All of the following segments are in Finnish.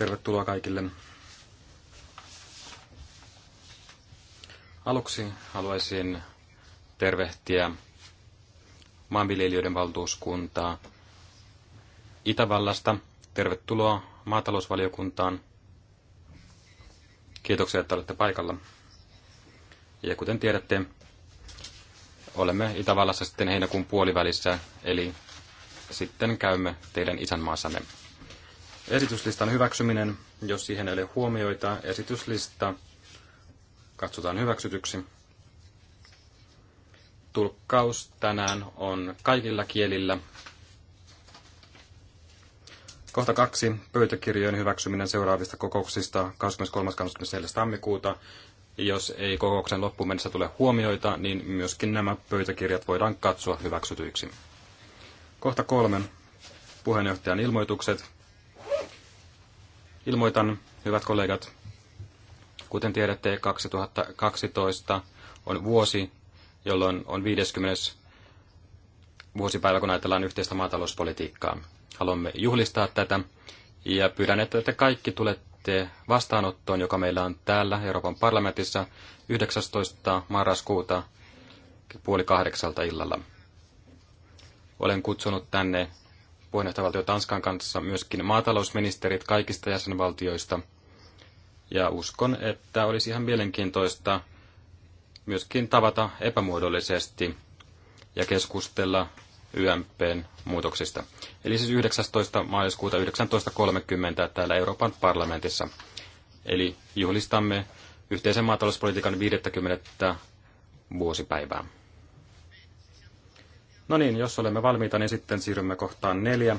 Tervetuloa kaikille. Aluksi haluaisin tervehtiä maanviljelijöiden valtuuskuntaa Itävallasta. Tervetuloa maatalousvaliokuntaan. Kiitoksia, että olette paikalla. Ja kuten tiedätte, olemme Itävallassa sitten heinäkuun puolivälissä, eli sitten käymme teidän isänmaassanne. Esityslistan hyväksyminen, jos siihen ei ole huomioita, esityslista katsotaan hyväksytyksi. Tulkkaus tänään on kaikilla kielillä. Kohta kaksi. Pöytäkirjojen hyväksyminen seuraavista kokouksista 23.24. tammikuuta. Jos ei kokouksen loppuun mennessä tule huomioita, niin myöskin nämä pöytäkirjat voidaan katsoa hyväksytyiksi. Kohta kolme. Puheenjohtajan ilmoitukset. Ilmoitan, hyvät kollegat, kuten tiedätte, 2012 on vuosi, jolloin on 50. vuosipäivä, kun ajatellaan yhteistä maatalouspolitiikkaa. Haluamme juhlistaa tätä ja pyydän, että te kaikki tulette vastaanottoon, joka meillä on täällä Euroopan parlamentissa 19. marraskuuta puoli kahdeksalta illalla. Olen kutsunut tänne puheenjohtajavaltio Tanskan kanssa myöskin maatalousministerit kaikista jäsenvaltioista. Ja uskon, että olisi ihan mielenkiintoista myöskin tavata epämuodollisesti ja keskustella YMPn muutoksista. Eli siis 19. maaliskuuta 19.30 täällä Euroopan parlamentissa. Eli juhlistamme yhteisen maatalouspolitiikan 50. vuosipäivää. No niin, jos olemme valmiita, niin sitten siirrymme kohtaan neljä.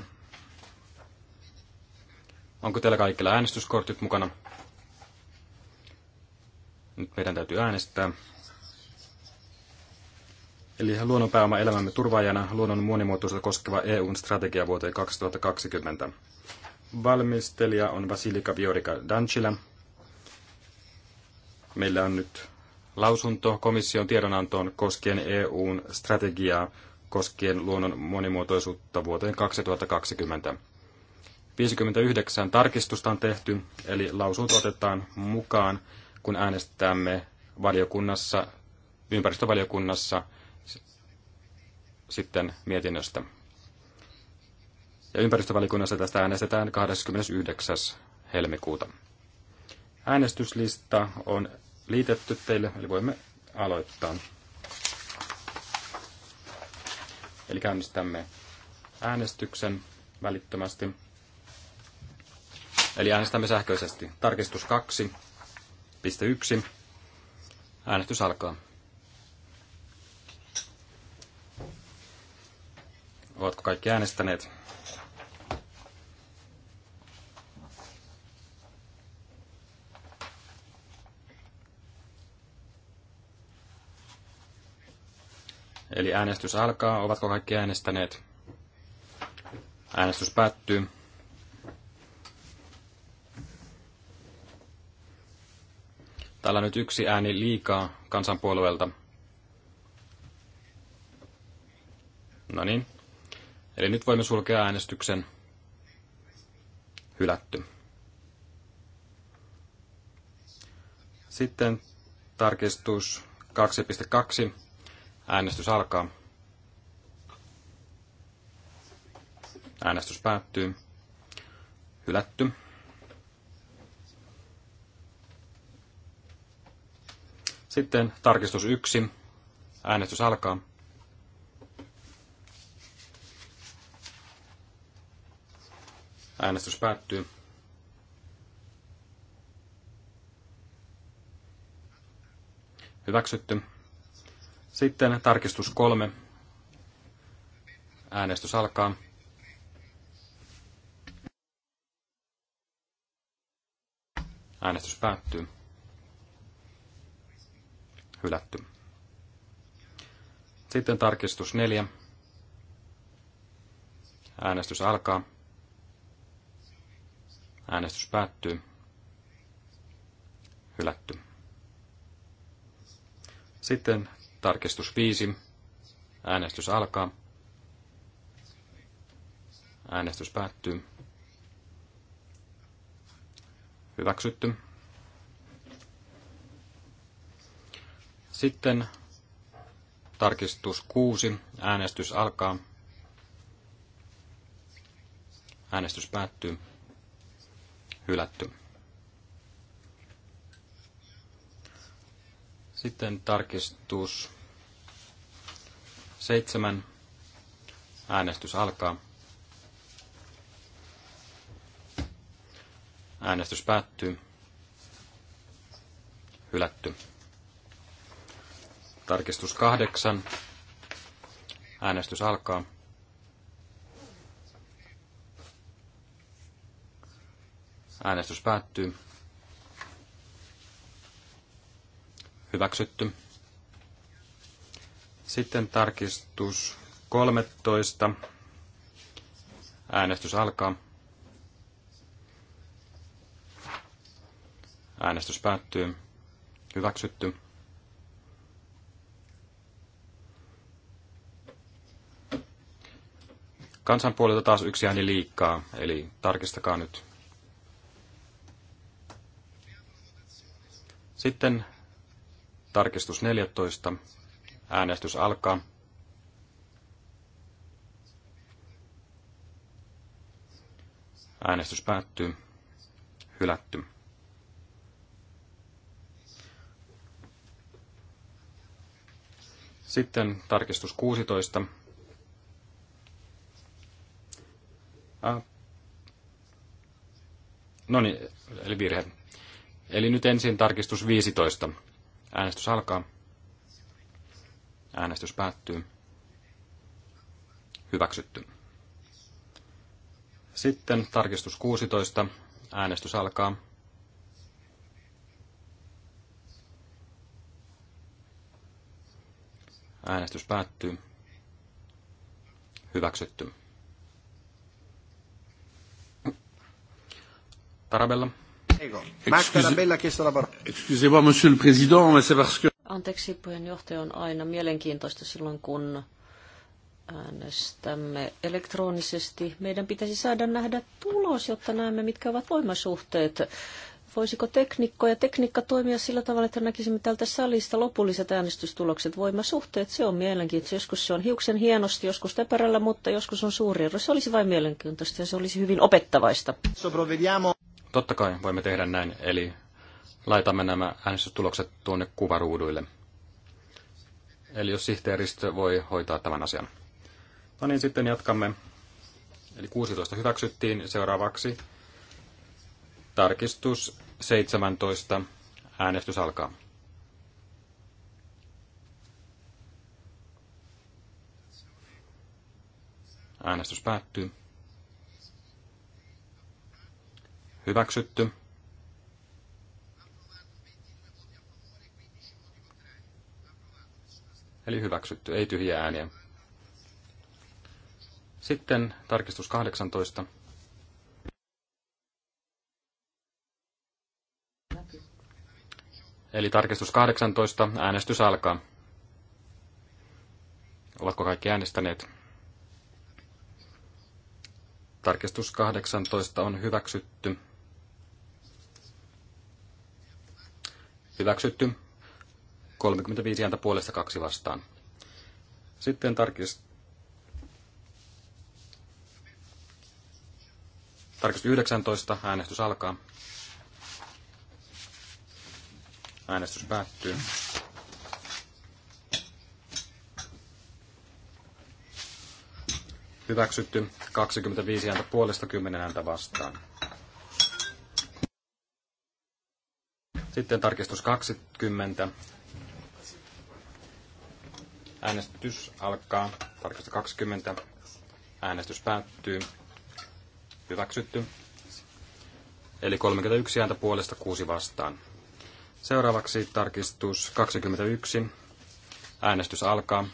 Onko teillä kaikilla äänestyskortit mukana? Nyt meidän täytyy äänestää. Eli luonnonpääoma elämämme turvaajana luonnon monimuotoisuutta koskeva EUn strategia vuoteen 2020. Valmistelija on Vasilika Viorika Dancila. Meillä on nyt lausunto komission tiedonantoon koskien EUn strategiaa koskien luonnon monimuotoisuutta vuoteen 2020. 59 tarkistusta on tehty, eli lausunto otetaan mukaan, kun äänestämme valiokunnassa, ympäristövaliokunnassa sitten mietinnöstä. Ja ympäristövaliokunnassa tästä äänestetään 29. helmikuuta. Äänestyslista on liitetty teille, eli voimme aloittaa. Eli käynnistämme äänestyksen välittömästi. Eli äänestämme sähköisesti. Tarkistus 2.1. piste Äänestys alkaa. Ovatko kaikki äänestäneet? Eli äänestys alkaa. Ovatko kaikki äänestäneet? Äänestys päättyy. Täällä on nyt yksi ääni liikaa kansanpuolueelta. No niin. Eli nyt voimme sulkea äänestyksen. Hylätty. Sitten tarkistus 2.2 Äänestys alkaa. Äänestys päättyy. Hylätty. Sitten tarkistus 1. Äänestys alkaa. Äänestys päättyy. Hyväksytty. Sitten tarkistus kolme. Äänestys alkaa. Äänestys päättyy. Hylätty. Sitten tarkistus neljä. Äänestys alkaa. Äänestys päättyy. Hylätty. Sitten Tarkistus 5. Äänestys alkaa. Äänestys päättyy. Hyväksytty. Sitten tarkistus 6. Äänestys alkaa. Äänestys päättyy. Hylätty. Sitten tarkistus seitsemän. Äänestys alkaa. Äänestys päättyy. Hylätty. Tarkistus kahdeksan. Äänestys alkaa. Äänestys päättyy. hyväksytty. Sitten tarkistus 13. Äänestys alkaa. Äänestys päättyy. Hyväksytty. Kansan puolelta taas yksi ääni liikkaa, eli tarkistakaa nyt. Sitten Tarkistus 14. Äänestys alkaa. Äänestys päättyy. Hylätty. Sitten tarkistus 16. Äh. No niin, eli virhe. Eli nyt ensin tarkistus 15. Äänestys alkaa. Äänestys päättyy. Hyväksytty. Sitten tarkistus 16. Äänestys alkaa. Äänestys päättyy. Hyväksytty. Tarabella. Anteeksi, puheenjohtaja on aina mielenkiintoista silloin, kun äänestämme elektronisesti. Meidän pitäisi saada nähdä tulos, jotta näemme, mitkä ovat voimasuhteet. Voisiko teknikko ja tekniikka toimia sillä tavalla, että näkisimme tältä salista lopulliset äänestystulokset, voimasuhteet? Se on mielenkiintoista. Joskus se on hiuksen hienosti, joskus täpärällä, mutta joskus on suuri ero. Se olisi vain mielenkiintoista ja se olisi hyvin opettavaista. Totta kai voimme tehdä näin, eli laitamme nämä äänestystulokset tuonne kuvaruuduille. Eli jos sihteeristö voi hoitaa tämän asian. No niin, sitten jatkamme. Eli 16 hyväksyttiin. Seuraavaksi tarkistus 17. Äänestys alkaa. Äänestys päättyy. Hyväksytty. Eli hyväksytty, ei tyhjiä ääniä. Sitten tarkistus 18. Eli tarkistus 18, äänestys alkaa. Ovatko kaikki äänestäneet? Tarkistus 18 on hyväksytty. Hyväksytty. 35 ääntä puolesta kaksi vastaan. Sitten tarkistus. Tarkistus 19. Äänestys alkaa. Äänestys päättyy. Hyväksytty 25 ääntä puolesta 10 ääntä vastaan. Sitten tarkistus 20. Äänestys alkaa. Tarkistus 20. Äänestys päättyy. Hyväksytty. Eli 31 ääntä puolesta 6 vastaan. Seuraavaksi tarkistus 21. Äänestys alkaa.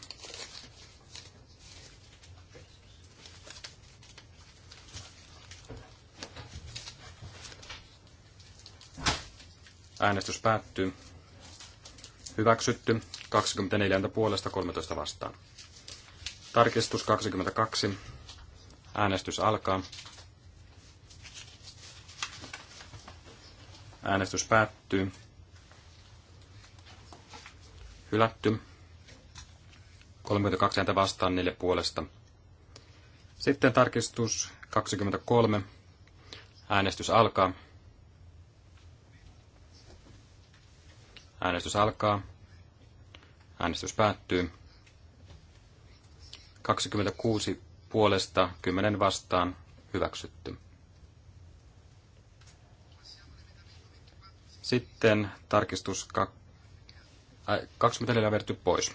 Äänestys päättyy. Hyväksytty 24 puolesta 13 vastaan. Tarkistus 22. Äänestys alkaa. Äänestys päättyy. Hylätty. 32 ääntä vastaan 4 puolesta. Sitten tarkistus 23. Äänestys alkaa. Äänestys alkaa. Äänestys päättyy. 26 puolesta 10 vastaan hyväksytty. Sitten tarkistus 24 verty pois.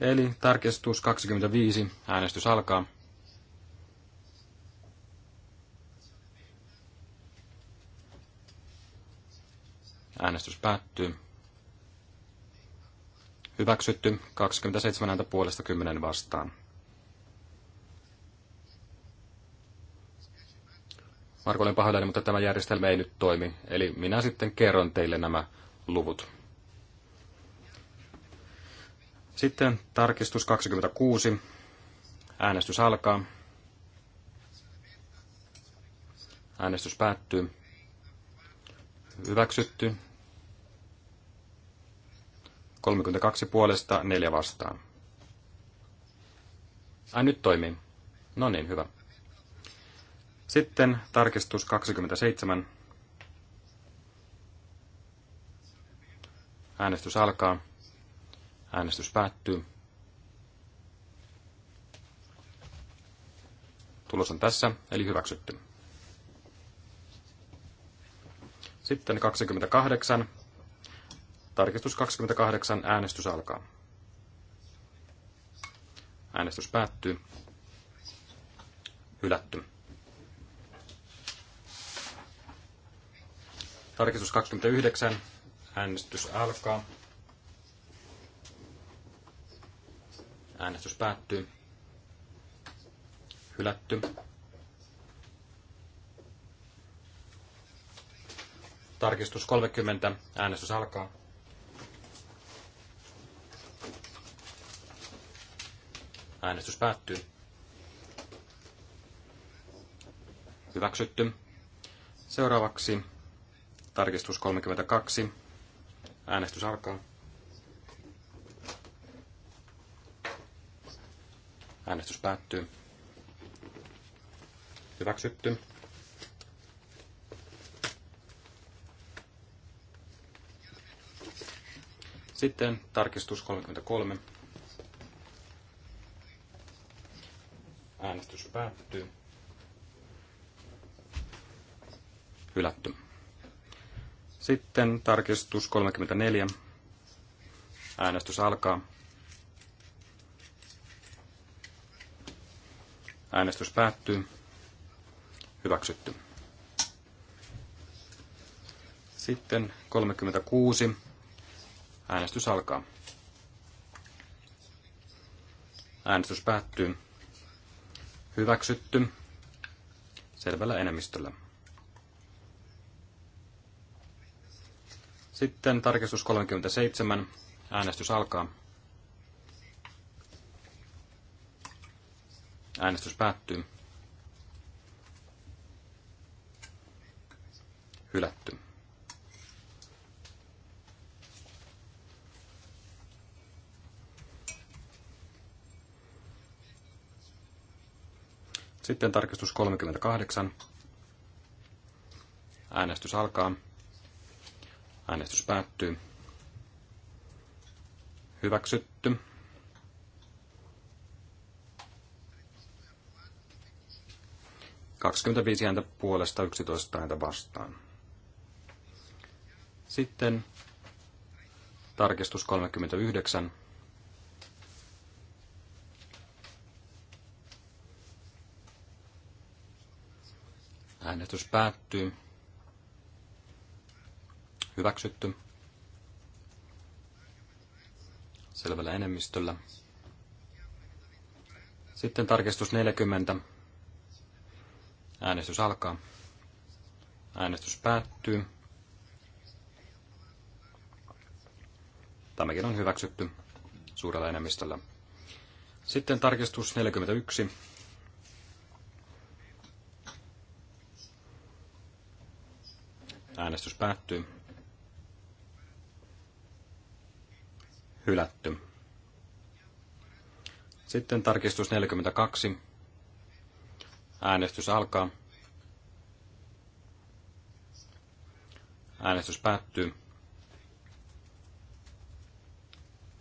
Eli tarkistus 25, äänestys alkaa. Äänestys päättyy. Hyväksytty 27 puolesta 10 vastaan. Marko, olen pahoillani, mutta tämä järjestelmä ei nyt toimi. Eli minä sitten kerron teille nämä luvut. Sitten tarkistus 26. Äänestys alkaa. Äänestys päättyy. Hyväksytty 32 puolesta, 4 vastaan. Ai nyt toimii. No niin, hyvä. Sitten tarkistus 27. Äänestys alkaa. Äänestys päättyy. Tulos on tässä, eli hyväksytty. Sitten 28 Tarkistus 28. Äänestys alkaa. Äänestys päättyy. Hylätty. Tarkistus 29. Äänestys alkaa. Äänestys päättyy. Hylätty. Tarkistus 30. Äänestys alkaa. Äänestys päättyy. Hyväksytty. Seuraavaksi tarkistus 32. Äänestys alkaa. Äänestys päättyy. Hyväksytty. Sitten tarkistus 33. Äänestys päättyy. Hylätty. Sitten tarkistus 34. Äänestys alkaa. Äänestys päättyy. Hyväksytty. Sitten 36. Äänestys alkaa. Äänestys päättyy. Hyväksytty. Selvällä enemmistöllä. Sitten tarkistus 37. Äänestys alkaa. Äänestys päättyy. Hylätty. Sitten tarkistus 38. Äänestys alkaa. Äänestys päättyy. Hyväksytty. viisi ääntä puolesta, 11 ääntä vastaan. Sitten tarkistus 39. Äänestys päättyy. Hyväksytty. Selvällä enemmistöllä. Sitten tarkistus 40. Äänestys alkaa. Äänestys päättyy. Tämäkin on hyväksytty suurella enemmistöllä. Sitten tarkistus 41. Äänestys päättyy. Hylätty. Sitten tarkistus 42. Äänestys alkaa. Äänestys päättyy.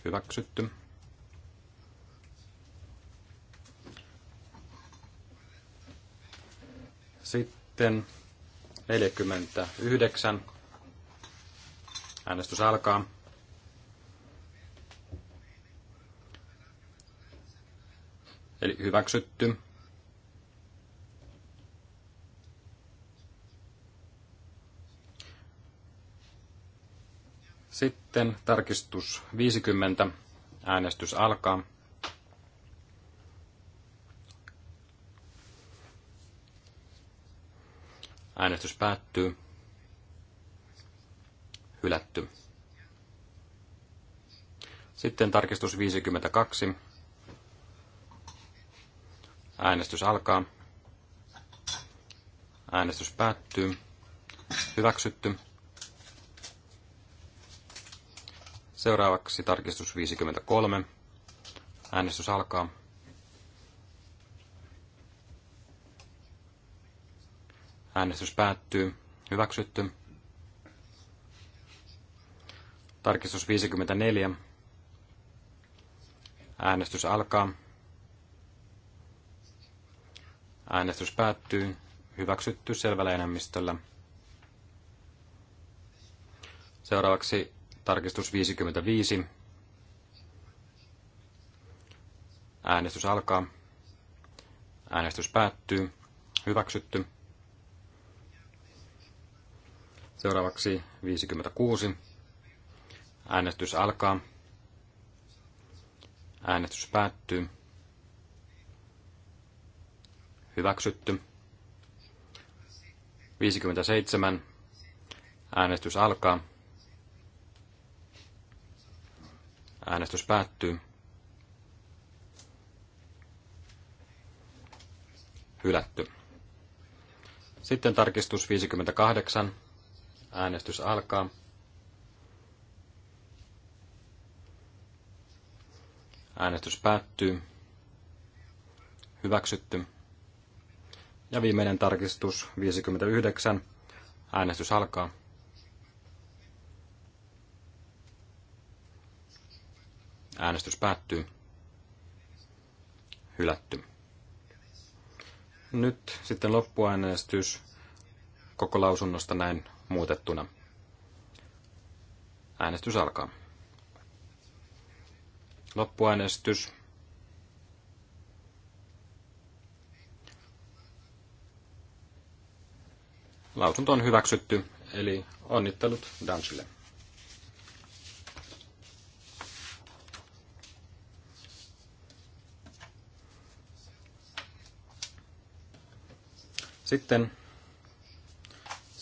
Hyväksytty. Sitten 49. Äänestys alkaa. Eli hyväksytty. Sitten tarkistus 50. Äänestys alkaa. Äänestys päättyy. Hylätty. Sitten tarkistus 52. Äänestys alkaa. Äänestys päättyy. Hyväksytty. Seuraavaksi tarkistus 53. Äänestys alkaa. Äänestys päättyy. Hyväksytty. Tarkistus 54. Äänestys alkaa. Äänestys päättyy. Hyväksytty selvällä enemmistöllä. Seuraavaksi tarkistus 55. Äänestys alkaa. Äänestys päättyy. Hyväksytty. Seuraavaksi 56. Äänestys alkaa. Äänestys päättyy. Hyväksytty. 57. Äänestys alkaa. Äänestys päättyy. Hylätty. Sitten tarkistus 58. Äänestys alkaa. Äänestys päättyy. Hyväksytty. Ja viimeinen tarkistus 59. Äänestys alkaa. Äänestys päättyy. Hylätty. Nyt sitten loppuäänestys koko lausunnosta näin muutettuna. Äänestys alkaa. Loppuäänestys. Lausunto on hyväksytty, eli onnittelut Dansille. Sitten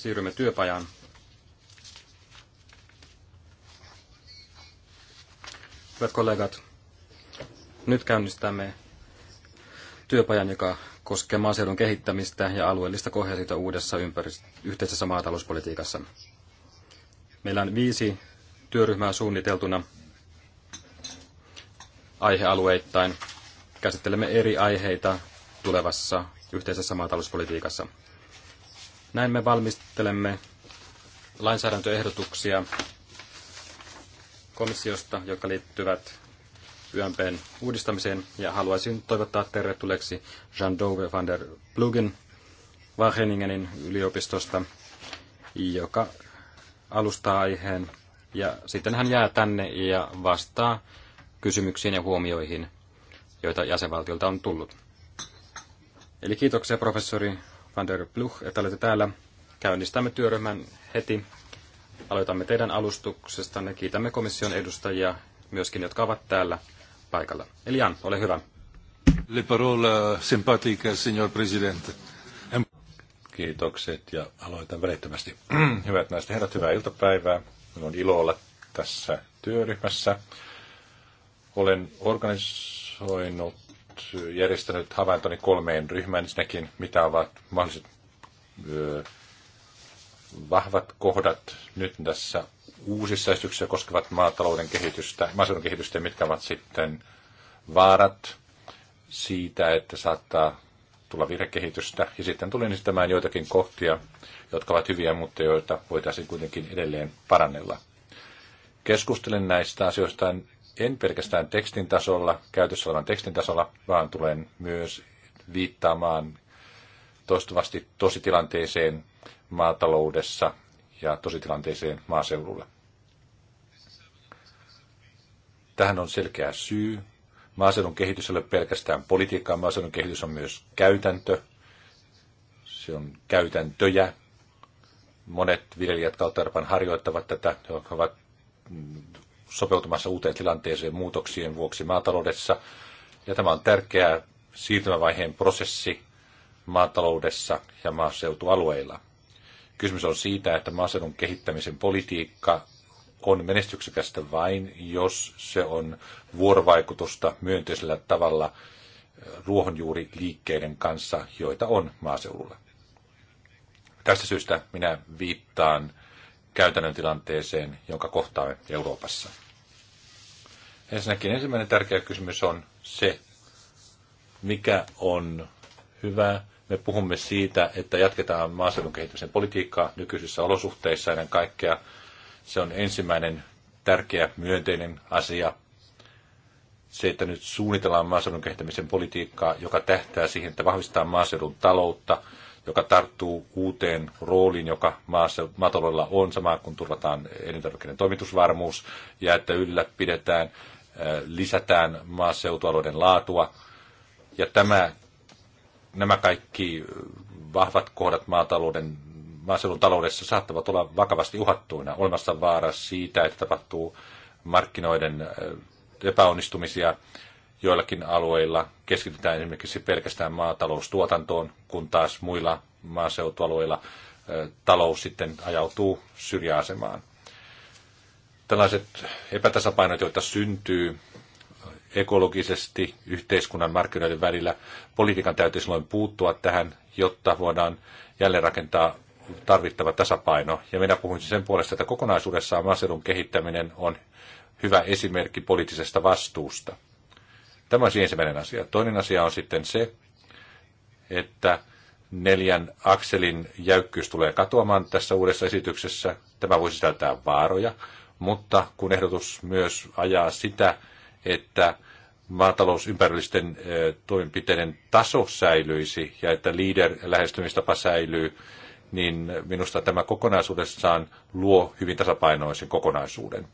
siirrymme työpajaan. Hyvät kollegat, nyt käynnistämme työpajan, joka koskee maaseudun kehittämistä ja alueellista kohdetta uudessa ympärist- yhteisessä maatalouspolitiikassa. Meillä on viisi työryhmää suunniteltuna aihealueittain. Käsittelemme eri aiheita tulevassa yhteisessä maatalouspolitiikassa. Näin me valmistelemme lainsäädäntöehdotuksia komissiosta, jotka liittyvät YMPn uudistamiseen, ja haluaisin toivottaa tervetulleeksi Jean Dove van der Plugen Wageningenin yliopistosta, joka alustaa aiheen, ja sitten hän jää tänne ja vastaa kysymyksiin ja huomioihin, joita jäsenvaltiolta on tullut. Eli kiitoksia professori van der Pluch, että olette täällä. Käynnistämme työryhmän heti. Aloitamme teidän alustuksestanne. Kiitämme komission edustajia myöskin, jotka ovat täällä paikalla. Eli Jan, ole hyvä. Le parole euh, sympathique, signor presidente. Kiitokset ja aloitan välittömästi. Hyvät naiset herrat, hyvää iltapäivää. Minun on ilo olla tässä työryhmässä. Olen organisoinut järjestänyt havaintoni kolmeen ryhmään. Ensinnäkin, mitä ovat mahdolliset ö, vahvat kohdat nyt tässä uusissa esityksissä koskevat maatalouden kehitystä, maaseudun kehitystä ja mitkä ovat sitten vaarat siitä, että saattaa tulla virhekehitystä. Ja sitten tulin esittämään joitakin kohtia, jotka ovat hyviä, mutta joita voitaisiin kuitenkin edelleen parannella. Keskustelen näistä asioista en pelkästään tekstin tasolla, käytössä olevan tekstin tasolla, vaan tulen myös viittaamaan toistuvasti tositilanteeseen maataloudessa ja tositilanteeseen maaseudulla. Tähän on selkeä syy. Maaseudun kehitys ei ole pelkästään politiikkaa, maaseudun kehitys on myös käytäntö. Se on käytäntöjä. Monet viljelijät kautta harjoittavat tätä, jotka ovat sopeutumassa uuteen tilanteeseen muutoksien vuoksi maataloudessa. Ja tämä on tärkeä siirtymävaiheen prosessi maataloudessa ja maaseutualueilla. Kysymys on siitä, että maaseudun kehittämisen politiikka on menestyksekästä vain, jos se on vuorovaikutusta myönteisellä tavalla ruohonjuuriliikkeiden kanssa, joita on maaseudulla. Tästä syystä minä viittaan käytännön tilanteeseen, jonka kohtaamme Euroopassa. Ensinnäkin ensimmäinen tärkeä kysymys on se, mikä on hyvä. Me puhumme siitä, että jatketaan maaseudun kehityksen politiikkaa nykyisissä olosuhteissa ennen kaikkea. Se on ensimmäinen tärkeä myönteinen asia. Se, että nyt suunnitellaan maaseudun kehittämisen politiikkaa, joka tähtää siihen, että vahvistaa maaseudun taloutta, joka tarttuu uuteen rooliin, joka maataloudella on, samaan kun turvataan elintarvikkeiden toimitusvarmuus, ja että ylläpidetään pidetään lisätään maaseutualueiden laatua. Ja tämä, nämä kaikki vahvat kohdat maatalouden, maaseudun taloudessa saattavat olla vakavasti uhattuina. Olemassa vaara siitä, että tapahtuu markkinoiden epäonnistumisia joillakin alueilla. Keskitytään esimerkiksi pelkästään maataloustuotantoon, kun taas muilla maaseutualueilla talous sitten ajautuu syrjäasemaan tällaiset epätasapainot, joita syntyy ekologisesti yhteiskunnan markkinoiden välillä, politiikan täytyy silloin puuttua tähän, jotta voidaan jälleen rakentaa tarvittava tasapaino. Ja minä puhun siis sen puolesta, että kokonaisuudessaan maaseudun kehittäminen on hyvä esimerkki poliittisesta vastuusta. Tämä on ensimmäinen asia. Toinen asia on sitten se, että neljän akselin jäykkyys tulee katoamaan tässä uudessa esityksessä. Tämä voi sisältää vaaroja, mutta kun ehdotus myös ajaa sitä, että maatalousympäristön toimenpiteiden taso säilyisi ja että leader-lähestymistapa säilyy, niin minusta tämä kokonaisuudessaan luo hyvin tasapainoisen kokonaisuuden.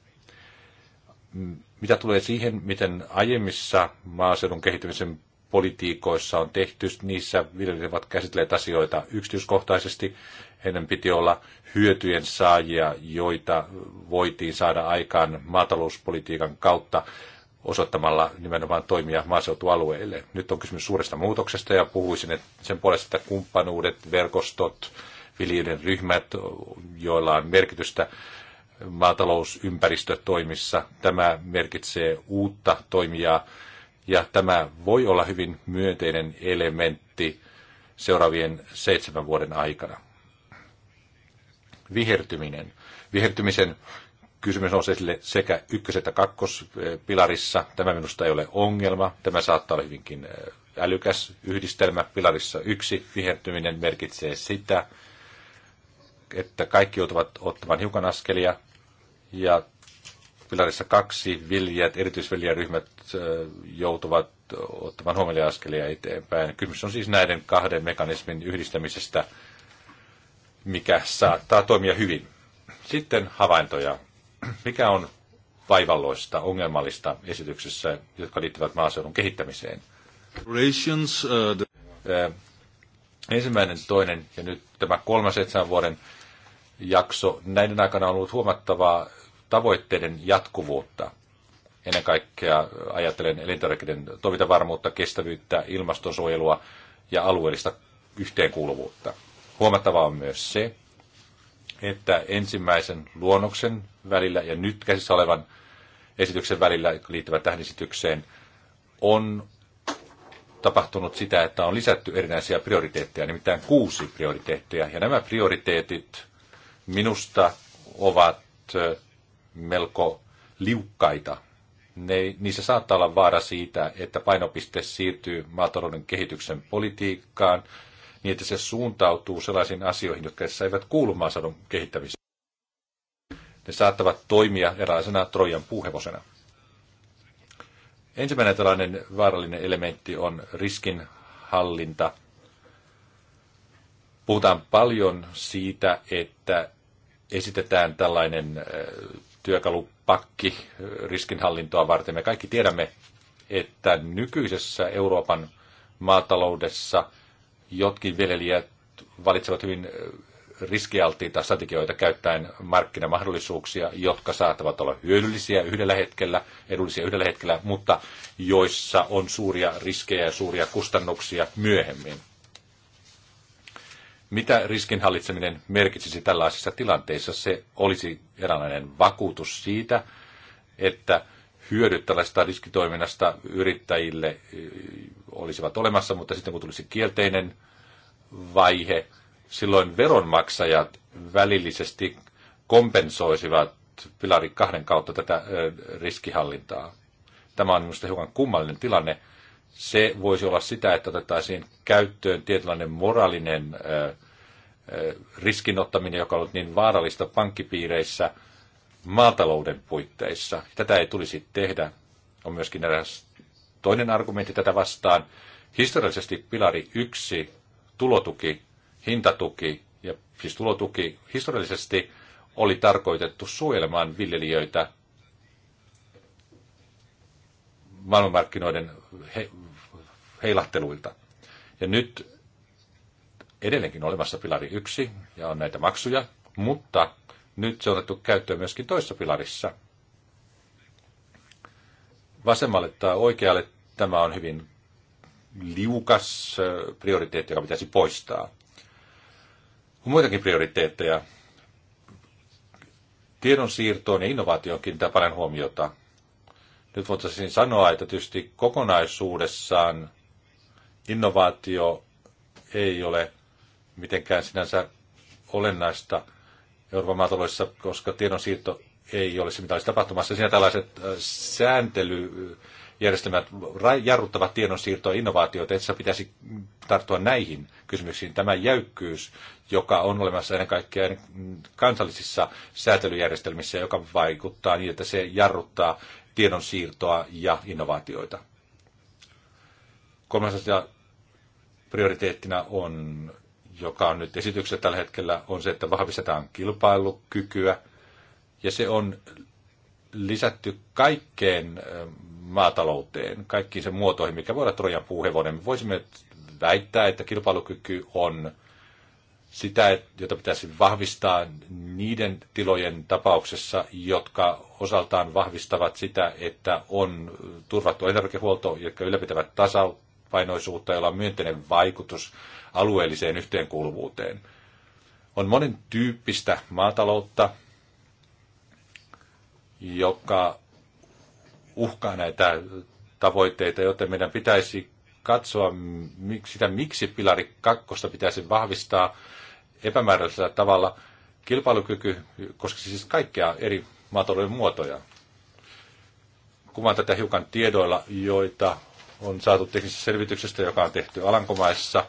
Mitä tulee siihen, miten aiemmissa maaseudun kehittämisen politiikoissa on tehty, niissä viljelijät ovat käsitelleet asioita yksityiskohtaisesti. Heidän piti olla hyötyjen saajia, joita voitiin saada aikaan maatalouspolitiikan kautta osoittamalla nimenomaan toimia maaseutualueille. Nyt on kysymys suuresta muutoksesta ja puhuisin että sen puolesta, että kumppanuudet, verkostot, viljelijöiden ryhmät, joilla on merkitystä maatalousympäristötoimissa. Tämä merkitsee uutta toimijaa ja tämä voi olla hyvin myönteinen elementti seuraavien seitsemän vuoden aikana. Vihertyminen. Vihertymisen kysymys on esille sekä ykkös- että kakkospilarissa. Tämä minusta ei ole ongelma. Tämä saattaa olla hyvinkin äh, älykäs yhdistelmä. Pilarissa yksi vihertyminen merkitsee sitä, että kaikki joutuvat ottamaan hiukan askelia ja pilarissa kaksi viljat, erityisviljaryhmät joutuvat ottamaan huomioon askelia eteenpäin. Kysymys on siis näiden kahden mekanismin yhdistämisestä, mikä saattaa toimia hyvin. Sitten havaintoja. Mikä on vaivalloista, ongelmallista esityksessä, jotka liittyvät maaseudun kehittämiseen? Relations, uh, the... Ensimmäinen, toinen ja nyt tämä kolmas seitsemän vuoden jakso. Näiden aikana on ollut huomattavaa tavoitteiden jatkuvuutta. Ennen kaikkea ajattelen elintarvikkeiden toimintavarmuutta, kestävyyttä, ilmastonsuojelua ja alueellista yhteenkuuluvuutta. Huomattavaa on myös se, että ensimmäisen luonnoksen välillä ja nyt käsissä olevan esityksen välillä, liittyvä tähän esitykseen, on tapahtunut sitä, että on lisätty erinäisiä prioriteetteja, nimittäin kuusi prioriteettia. Ja nämä prioriteetit minusta ovat melko liukkaita. Ne, niissä saattaa olla vaara siitä, että painopiste siirtyy maatalouden kehityksen politiikkaan, niin että se suuntautuu sellaisiin asioihin, jotka eivät kuulu maaseudun kehittämiseen. Ne saattavat toimia eräisenä Trojan puuhevosena. Ensimmäinen tällainen vaarallinen elementti on riskinhallinta. Puhutaan paljon siitä, että esitetään tällainen äh, työkalupakki riskinhallintoa varten. Me kaikki tiedämme, että nykyisessä Euroopan maataloudessa jotkin viljelijät valitsevat hyvin riskialttiita strategioita käyttäen markkinamahdollisuuksia, jotka saattavat olla hyödyllisiä yhdellä hetkellä, edullisia yhdellä hetkellä, mutta joissa on suuria riskejä ja suuria kustannuksia myöhemmin. Mitä riskinhallitseminen merkitsisi tällaisissa tilanteissa? Se olisi eräänlainen vakuutus siitä, että hyödyt tällaista riskitoiminnasta yrittäjille eh, olisivat olemassa, mutta sitten kun tulisi kielteinen vaihe, silloin veronmaksajat välillisesti kompensoisivat pilari kahden kautta tätä eh, riskihallintaa. Tämä on minusta hiukan kummallinen tilanne, se voisi olla sitä, että otettaisiin käyttöön tietynlainen moraalinen riskinottaminen, joka on ollut niin vaarallista pankkipiireissä maatalouden puitteissa. Tätä ei tulisi tehdä. On myöskin eräs toinen argumentti tätä vastaan. Historiallisesti pilari 1, tulotuki, hintatuki, ja siis tulotuki historiallisesti oli tarkoitettu suojelemaan viljelijöitä maailmanmarkkinoiden he, heilahteluilta. Ja nyt edelleenkin olemassa pilari yksi ja on näitä maksuja, mutta nyt se on otettu käyttöön myöskin toisessa pilarissa. Vasemmalle tai oikealle tämä on hyvin liukas prioriteetti, joka pitäisi poistaa. On muitakin prioriteetteja. Tiedonsiirtoon ja innovaatioonkin tämä paljon huomiota. Nyt voitaisiin sanoa, että tietysti kokonaisuudessaan innovaatio ei ole mitenkään sinänsä olennaista Euroopan maataloudessa, koska tiedonsiirto ei ole se, mitä olisi tapahtumassa. Siinä tällaiset äh, sääntelyjärjestelmät jarruttavat tiedonsiirtoa innovaatioita, että pitäisi tarttua näihin kysymyksiin. Tämä jäykkyys, joka on olemassa ennen kaikkea kansallisissa säätelyjärjestelmissä, joka vaikuttaa niin, että se jarruttaa tiedonsiirtoa ja innovaatioita. Kolmas asia prioriteettina on, joka on nyt esityksessä tällä hetkellä, on se, että vahvistetaan kilpailukykyä. Ja se on lisätty kaikkeen ähm, maatalouteen, kaikkiin sen muotoihin, mikä voi olla Trojan puuhevonen. Me voisimme väittää, että kilpailukyky on sitä, jota pitäisi vahvistaa niiden tilojen tapauksessa, jotka osaltaan vahvistavat sitä, että on turvattu energiahuolto, jotka ylläpitävät tasapainoisuutta, jolla on myönteinen vaikutus alueelliseen yhteenkuuluvuuteen. On monen tyyppistä maataloutta, joka uhkaa näitä tavoitteita, joten meidän pitäisi katsoa sitä, miksi pilari kakkosta pitäisi vahvistaa epämääräisellä tavalla. Kilpailukyky koskisi siis kaikkia eri maatalouden muotoja. Kuvaan tätä hiukan tiedoilla, joita on saatu teknisestä selvityksestä, joka on tehty Alankomaissa.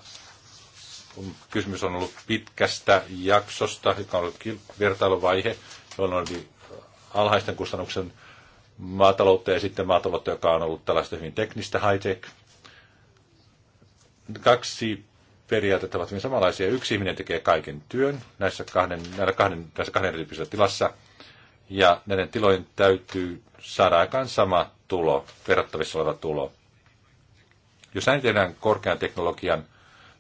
Kysymys on ollut pitkästä jaksosta, joka on ollut vertailuvaihe, jolloin oli alhaisten kustannuksen maataloutta ja sitten maataloutta, joka on ollut tällaista hyvin teknistä high-tech. Kaksi periaatteet ovat hyvin samanlaisia. Yksi ihminen tekee kaiken työn näissä kahden, näissä kahden, näissä kahden erityisessä tilassa, ja näiden tilojen täytyy saada aikaan sama tulo, verrattavissa oleva tulo. Jos näin tehdään korkean teknologian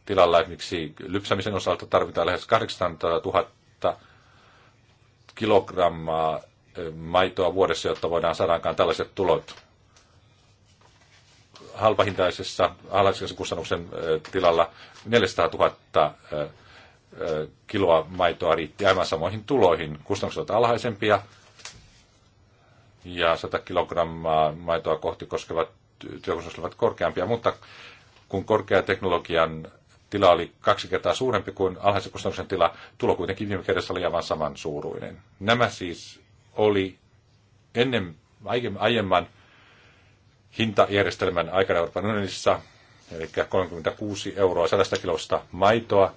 tilalla, esimerkiksi lypsämisen osalta tarvitaan lähes 800 000 kilogrammaa eh, maitoa vuodessa, jotta voidaan saada aikaan tällaiset tulot halpahintaisessa alhaisessa kustannuksen tilalla 400 000 kiloa maitoa riitti aivan samoihin tuloihin. Kustannukset ovat alhaisempia ja 100 kilogrammaa maitoa kohti koskevat työkustannukset ovat korkeampia, mutta kun korkean teknologian tila oli kaksi kertaa suurempi kuin alhaisen kustannuksen tila, tulo kuitenkin viime kerrassa oli aivan saman suuruinen. Nämä siis oli ennen aiemman hintajärjestelmän aikana Euroopan unionissa, eli 36 euroa 100 kilosta maitoa.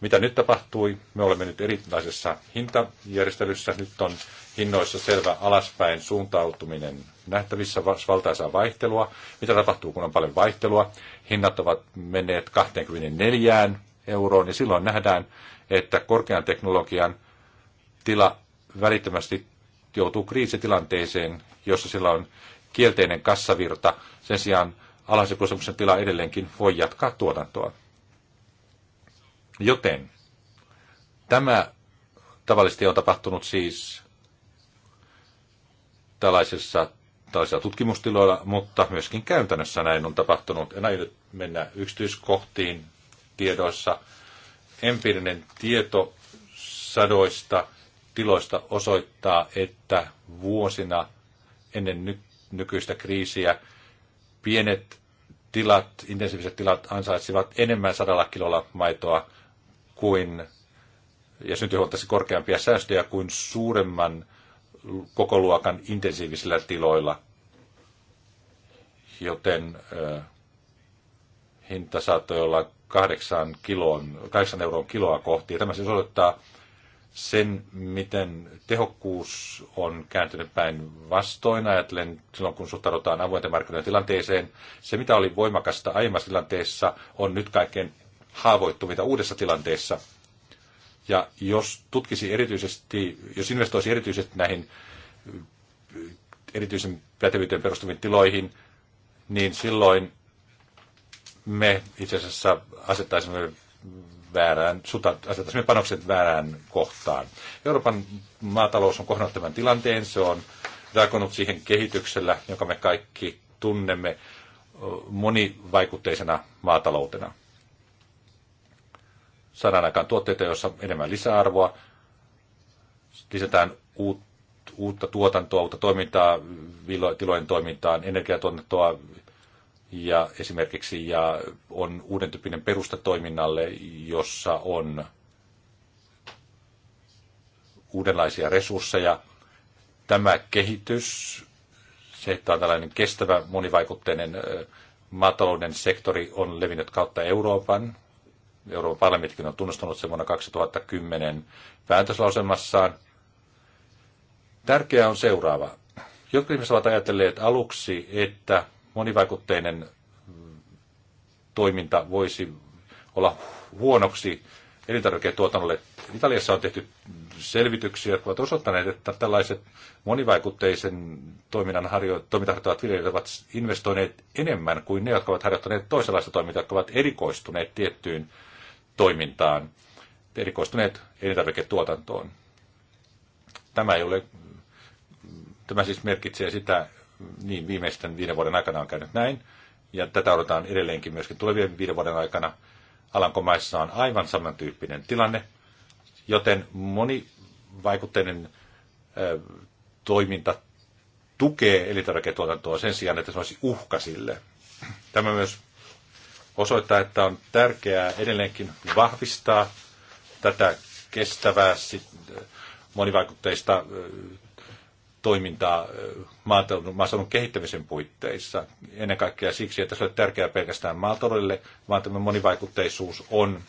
Mitä nyt tapahtui? Me olemme nyt erilaisessa hintajärjestelyssä. Nyt on hinnoissa selvä alaspäin suuntautuminen nähtävissä valtaisaa vaihtelua. Mitä tapahtuu, kun on paljon vaihtelua? Hinnat ovat menneet 24 euroon, ja silloin nähdään, että korkean teknologian tila välittömästi joutuu kriisitilanteeseen, jossa sillä on kielteinen kassavirta. Sen sijaan alhaisen tila edelleenkin voi jatkaa tuotantoa. Joten tämä tavallisesti on tapahtunut siis tällaisessa, tällaisilla tutkimustiloilla, mutta myöskin käytännössä näin on tapahtunut. En aio mennä yksityiskohtiin tiedoissa. Empiirinen tieto sadoista tiloista osoittaa, että vuosina ennen nyt nykyistä kriisiä. Pienet tilat, intensiiviset tilat ansaitsivat enemmän sadalla kilolla maitoa kuin, ja syntyy huomattavasti korkeampia säästöjä kuin suuremman kokoluokan intensiivisillä tiloilla. Joten äh, hinta saattoi olla 8, kiloon, kahdeksan euroon kiloa kohti. Ja tämä siis osoittaa, sen, miten tehokkuus on kääntynyt päin vastoin, ajatellen silloin kun suhtaudutaan avointen markkinoiden tilanteeseen. Se, mitä oli voimakasta aiemmassa tilanteessa, on nyt kaiken haavoittuvita uudessa tilanteessa. Ja jos tutkisi erityisesti, jos investoisi erityisesti näihin erityisen pätevyyteen perustuviin tiloihin, niin silloin me itse asiassa asettaisimme väärään, asetaisimme panokset väärään kohtaan. Euroopan maatalous on kohdannut tämän tilanteen, se on reagoinut siihen kehityksellä, jonka me kaikki tunnemme monivaikutteisena maataloutena. Saadaan aikaan tuotteita, joissa on enemmän lisäarvoa, lisätään uutta tuotantoa, uutta toimintaa, tilojen toimintaan, energiatuotantoa, ja esimerkiksi ja on uuden tyyppinen perusta toiminnalle, jossa on uudenlaisia resursseja. Tämä kehitys, se, että on tällainen kestävä monivaikutteinen maatalouden sektori on levinnyt kautta Euroopan. Euroopan parlamenttikin on tunnustanut sen vuonna 2010 päätöslausemassaan. Tärkeää on seuraava. Jotkut ihmiset ovat ajatelleet aluksi, että monivaikutteinen mm, toiminta voisi olla huonoksi elintarviketuotannolle. Italiassa on tehty selvityksiä, jotka ovat osoittaneet, että tällaiset monivaikutteisen toiminnan harjo- toimintaharjoittavat viljelijät ovat investoineet enemmän kuin ne, jotka ovat harjoittaneet toisenlaista toimintaa, jotka ovat erikoistuneet tiettyyn toimintaan, erikoistuneet elintarviketuotantoon. Tämä ei ole, mm, tämä siis merkitsee sitä, niin viimeisten viiden vuoden aikana on käynyt näin. Ja tätä odotetaan edelleenkin myöskin tulevien viiden vuoden aikana. Alankomaissa on aivan samantyyppinen tilanne, joten monivaikutteinen ö, toiminta tukee elintarviketuotantoa sen sijaan, että se olisi uhka sille. Tämä myös osoittaa, että on tärkeää edelleenkin vahvistaa tätä kestävää monivaikutteista toimintaa maatalouden kehittämisen puitteissa. Ennen kaikkea siksi, että se on tärkeää pelkästään maataloudelle, vaan tämä monivaikutteisuus on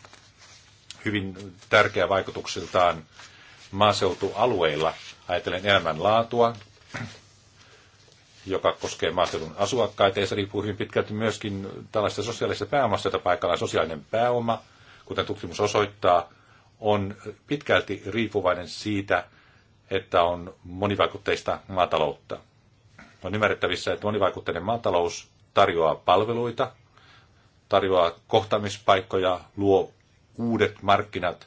hyvin tärkeä vaikutuksiltaan maaseutualueilla. Ajatellen elämänlaatua, joka koskee maaseudun asukkaita, ja se riippuu hyvin pitkälti myöskin tällaista sosiaalista pääomasta, jota paikalla sosiaalinen pääoma, kuten tutkimus osoittaa, on pitkälti riippuvainen siitä, että on monivaikutteista maataloutta. On ymmärrettävissä, että monivaikutteinen maatalous tarjoaa palveluita, tarjoaa kohtaamispaikkoja, luo uudet markkinat,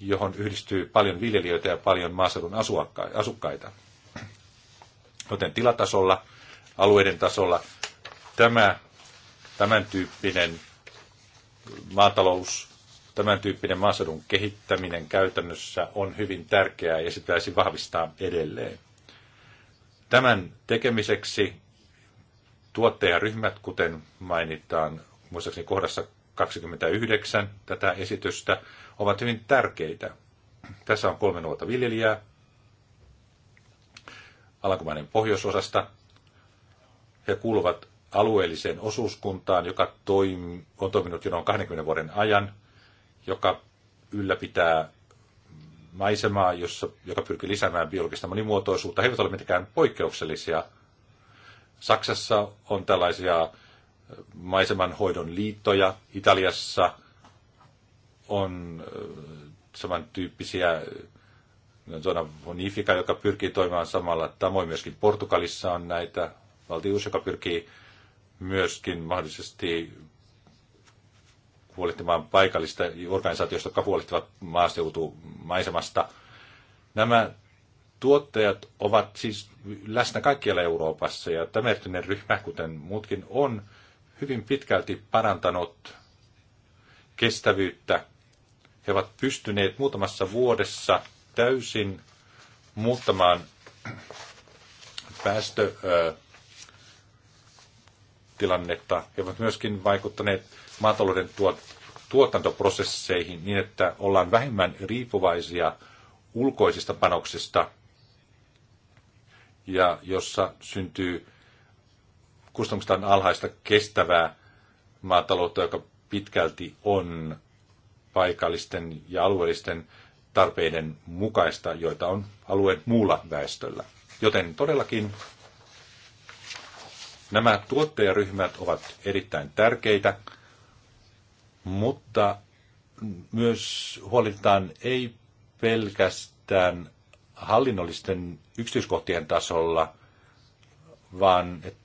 johon yhdistyy paljon viljelijöitä ja paljon maaseudun asukkaita. Joten tilatasolla, alueiden tasolla tämä, tämän tyyppinen maatalous Tämän tyyppinen maaseudun kehittäminen käytännössä on hyvin tärkeää ja sitä pitäisi vahvistaa edelleen. Tämän tekemiseksi tuottajaryhmät, kuten mainitaan muistaakseni kohdassa 29 tätä esitystä, ovat hyvin tärkeitä. Tässä on kolme nuorta viljelijää Alankomainen pohjoisosasta. He kuuluvat alueelliseen osuuskuntaan, joka toim, on toiminut jo noin 20 vuoden ajan – joka ylläpitää maisemaa, jossa, joka pyrkii lisäämään biologista monimuotoisuutta. He eivät ole mitenkään poikkeuksellisia. Saksassa on tällaisia maisemanhoidon liittoja, Italiassa on äh, samantyyppisiä äh, Zona Bonifica, joka pyrkii toimimaan samalla. on myöskin Portugalissa on näitä valtius, joka pyrkii myöskin mahdollisesti huolehtimaan paikallista organisaatioista, jotka huolehtivat maaseutumaisemasta. Nämä tuottajat ovat siis läsnä kaikkialla Euroopassa ja tämä ryhmä, kuten muutkin, on hyvin pitkälti parantanut kestävyyttä. He ovat pystyneet muutamassa vuodessa täysin muuttamaan päästötilannetta. He ovat myöskin vaikuttaneet maatalouden tuot, tuotantoprosesseihin niin, että ollaan vähemmän riippuvaisia ulkoisista panoksista ja jossa syntyy kustannuksistaan alhaista kestävää maataloutta, joka pitkälti on paikallisten ja alueellisten tarpeiden mukaista, joita on alueen muulla väestöllä. Joten todellakin nämä tuottajaryhmät ovat erittäin tärkeitä mutta myös huolitaan ei pelkästään hallinnollisten yksityiskohtien tasolla, vaan että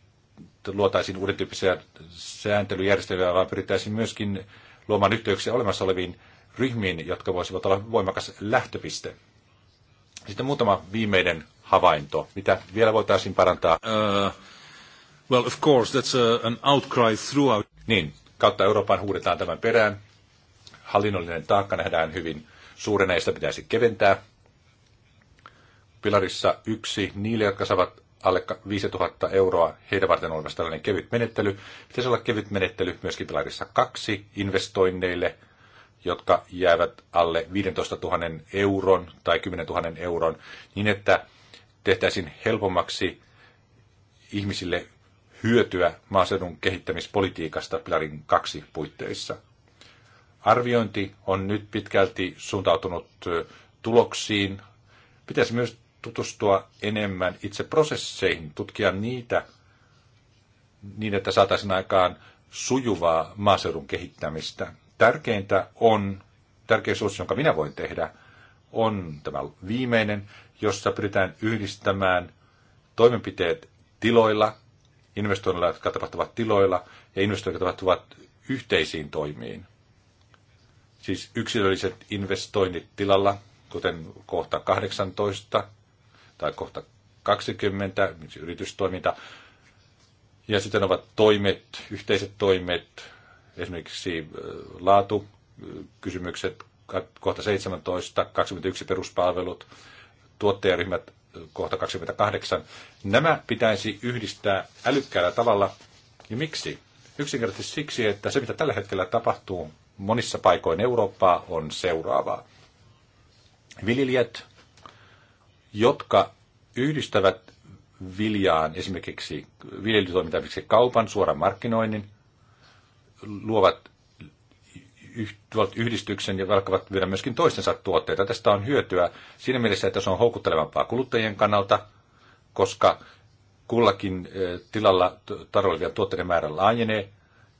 luotaisiin uuden tyyppisiä sääntelyjärjestelyjä, vaan pyrittäisiin myöskin luomaan yhteyksiä olemassa oleviin ryhmiin, jotka voisivat olla voimakas lähtöpiste. Sitten muutama viimeinen havainto. Mitä vielä voitaisiin parantaa? Uh, well, of course, that's a, uh, an outcry throughout. Niin, kautta Euroopan huudetaan tämän perään. Hallinnollinen taakka nähdään hyvin suurena ja sitä pitäisi keventää. Pilarissa yksi, niille, jotka saavat alle 5000 euroa, heidän varten olemassa tällainen kevyt menettely. Pitäisi olla kevyt menettely myöskin pilarissa kaksi investoinneille, jotka jäävät alle 15 000 euron tai 10 000 euron, niin että tehtäisiin helpommaksi ihmisille hyötyä maaseudun kehittämispolitiikasta pilarin kaksi puitteissa. Arviointi on nyt pitkälti suuntautunut tuloksiin. Pitäisi myös tutustua enemmän itse prosesseihin, tutkia niitä niin, että saataisiin aikaan sujuvaa maaseudun kehittämistä. Tärkeintä on, tärkeä suositus, jonka minä voin tehdä, on tämä viimeinen, jossa pyritään yhdistämään toimenpiteet tiloilla investoinnilla, jotka tapahtuvat tiloilla, ja jotka tapahtuvat yhteisiin toimiin. Siis yksilölliset investoinnit tilalla, kuten kohta 18 tai kohta 20, siis yritystoiminta, ja sitten ovat toimet, yhteiset toimet, esimerkiksi laatu, kysymykset kohta 17, 21 peruspalvelut, tuottajaryhmät kohta 28. Nämä pitäisi yhdistää älykkäällä tavalla. Ja miksi? Yksinkertaisesti siksi, että se mitä tällä hetkellä tapahtuu monissa paikoin Eurooppaa on seuraavaa. Viljelijät, jotka yhdistävät viljaan esimerkiksi viljelytoimintaan kaupan, suoran markkinoinnin, luovat yhdistyksen ja alkavat myydä myöskin toistensa tuotteita. Tästä on hyötyä siinä mielessä, että se on houkuttelevampaa kuluttajien kannalta, koska kullakin eh, tilalla tarjoilevien tuotteiden määrä laajenee,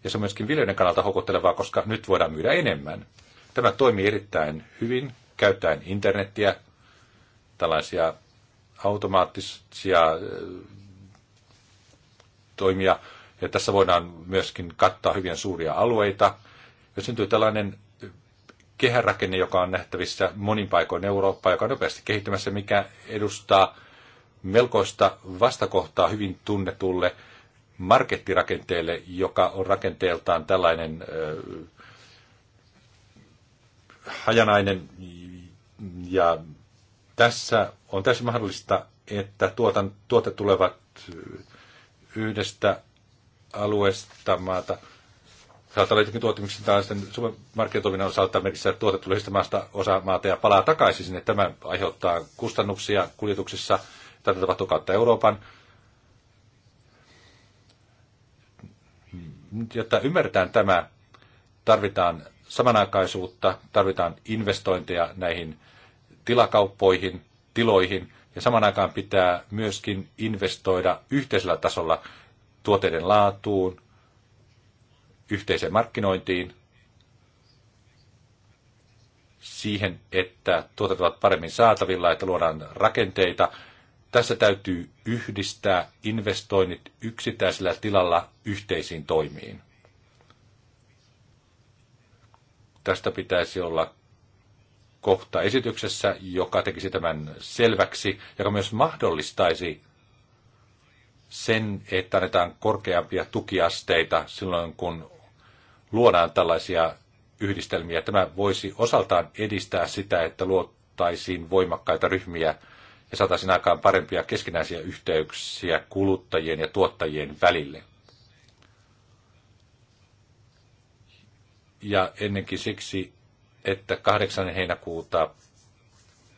ja se on myöskin viljelijöiden kannalta houkuttelevaa, koska nyt voidaan myydä enemmän. Tämä toimii erittäin hyvin, käyttäen internettiä, tällaisia automaattisia eh, toimia, ja tässä voidaan myöskin kattaa hyvin suuria alueita, jos syntyy tällainen kehärakenne, joka on nähtävissä monin paikoin Eurooppaa, joka on nopeasti kehittymässä, mikä edustaa melkoista vastakohtaa hyvin tunnetulle markettirakenteelle, joka on rakenteeltaan tällainen äh, hajanainen ja tässä on täysin mahdollista, että tuotan, tuote tulevat yhdestä alueesta maata – saattaa olla jotenkin tuote, miksi tämä sitten markkinatoiminnan saattaa merkissä tuote tulee sitä maasta osa maata ja palaa takaisin sinne. Tämä aiheuttaa kustannuksia kuljetuksissa. Tätä tapahtuu kautta Euroopan. Jotta ymmärretään tämä, tarvitaan samanaikaisuutta, tarvitaan investointeja näihin tilakauppoihin, tiloihin, ja saman aikaan pitää myöskin investoida yhteisellä tasolla tuotteiden laatuun, yhteiseen markkinointiin, siihen, että tuotet ovat paremmin saatavilla, että luodaan rakenteita. Tässä täytyy yhdistää investoinnit yksittäisellä tilalla yhteisiin toimiin. Tästä pitäisi olla kohta esityksessä, joka tekisi tämän selväksi, joka myös mahdollistaisi sen, että annetaan korkeampia tukiasteita silloin, kun luodaan tällaisia yhdistelmiä. Tämä voisi osaltaan edistää sitä, että luottaisiin voimakkaita ryhmiä ja saataisiin aikaan parempia keskinäisiä yhteyksiä kuluttajien ja tuottajien välille. Ja ennenkin siksi, että 8. heinäkuuta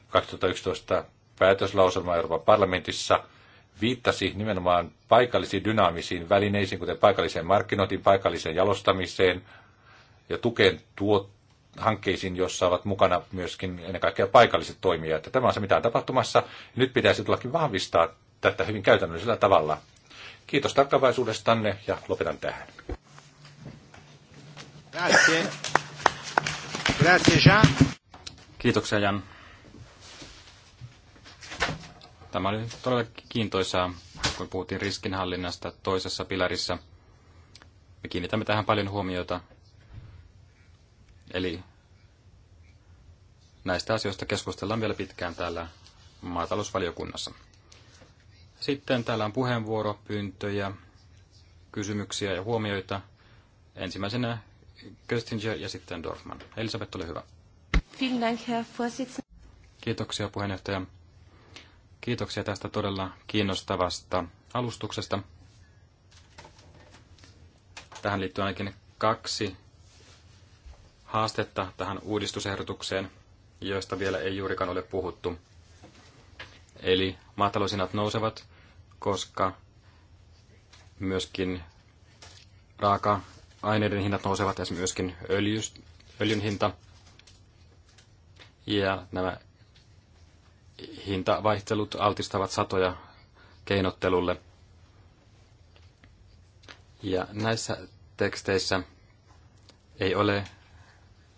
2011 päätöslauselma Euroopan parlamentissa – viittasi nimenomaan paikallisiin dynaamisiin välineisiin, kuten paikalliseen markkinointiin, paikalliseen jalostamiseen ja tukeen tuot hankkeisiin, joissa ovat mukana myöskin ennen kaikkea paikalliset toimijat. Että tämä on se, mitä on tapahtumassa. Nyt pitäisi tullakin vahvistaa tätä hyvin käytännöllisellä tavalla. Kiitos tarkkaavaisuudestanne ja lopetan tähän. Grazie. Grazie Jean. Kiitoksia Jan. Tämä oli todella kiintoisaa, kun puhuttiin riskinhallinnasta toisessa pilarissa. Me kiinnitämme tähän paljon huomiota. Eli näistä asioista keskustellaan vielä pitkään täällä maatalousvaliokunnassa. Sitten täällä on puheenvuoropyyntöjä, kysymyksiä ja huomioita. Ensimmäisenä Köstinger ja sitten Dorfman. Elisabeth, ole hyvä. Kiitoksia puheenjohtaja. Kiitoksia tästä todella kiinnostavasta alustuksesta. Tähän liittyy ainakin kaksi haastetta tähän uudistusehdotukseen, joista vielä ei juurikaan ole puhuttu. Eli maatalousinat nousevat, koska myöskin raaka-aineiden hinnat nousevat, esimerkiksi myöskin öljy, öljyn hinta. Ja nämä hintavaihtelut altistavat satoja keinottelulle. Ja näissä teksteissä ei ole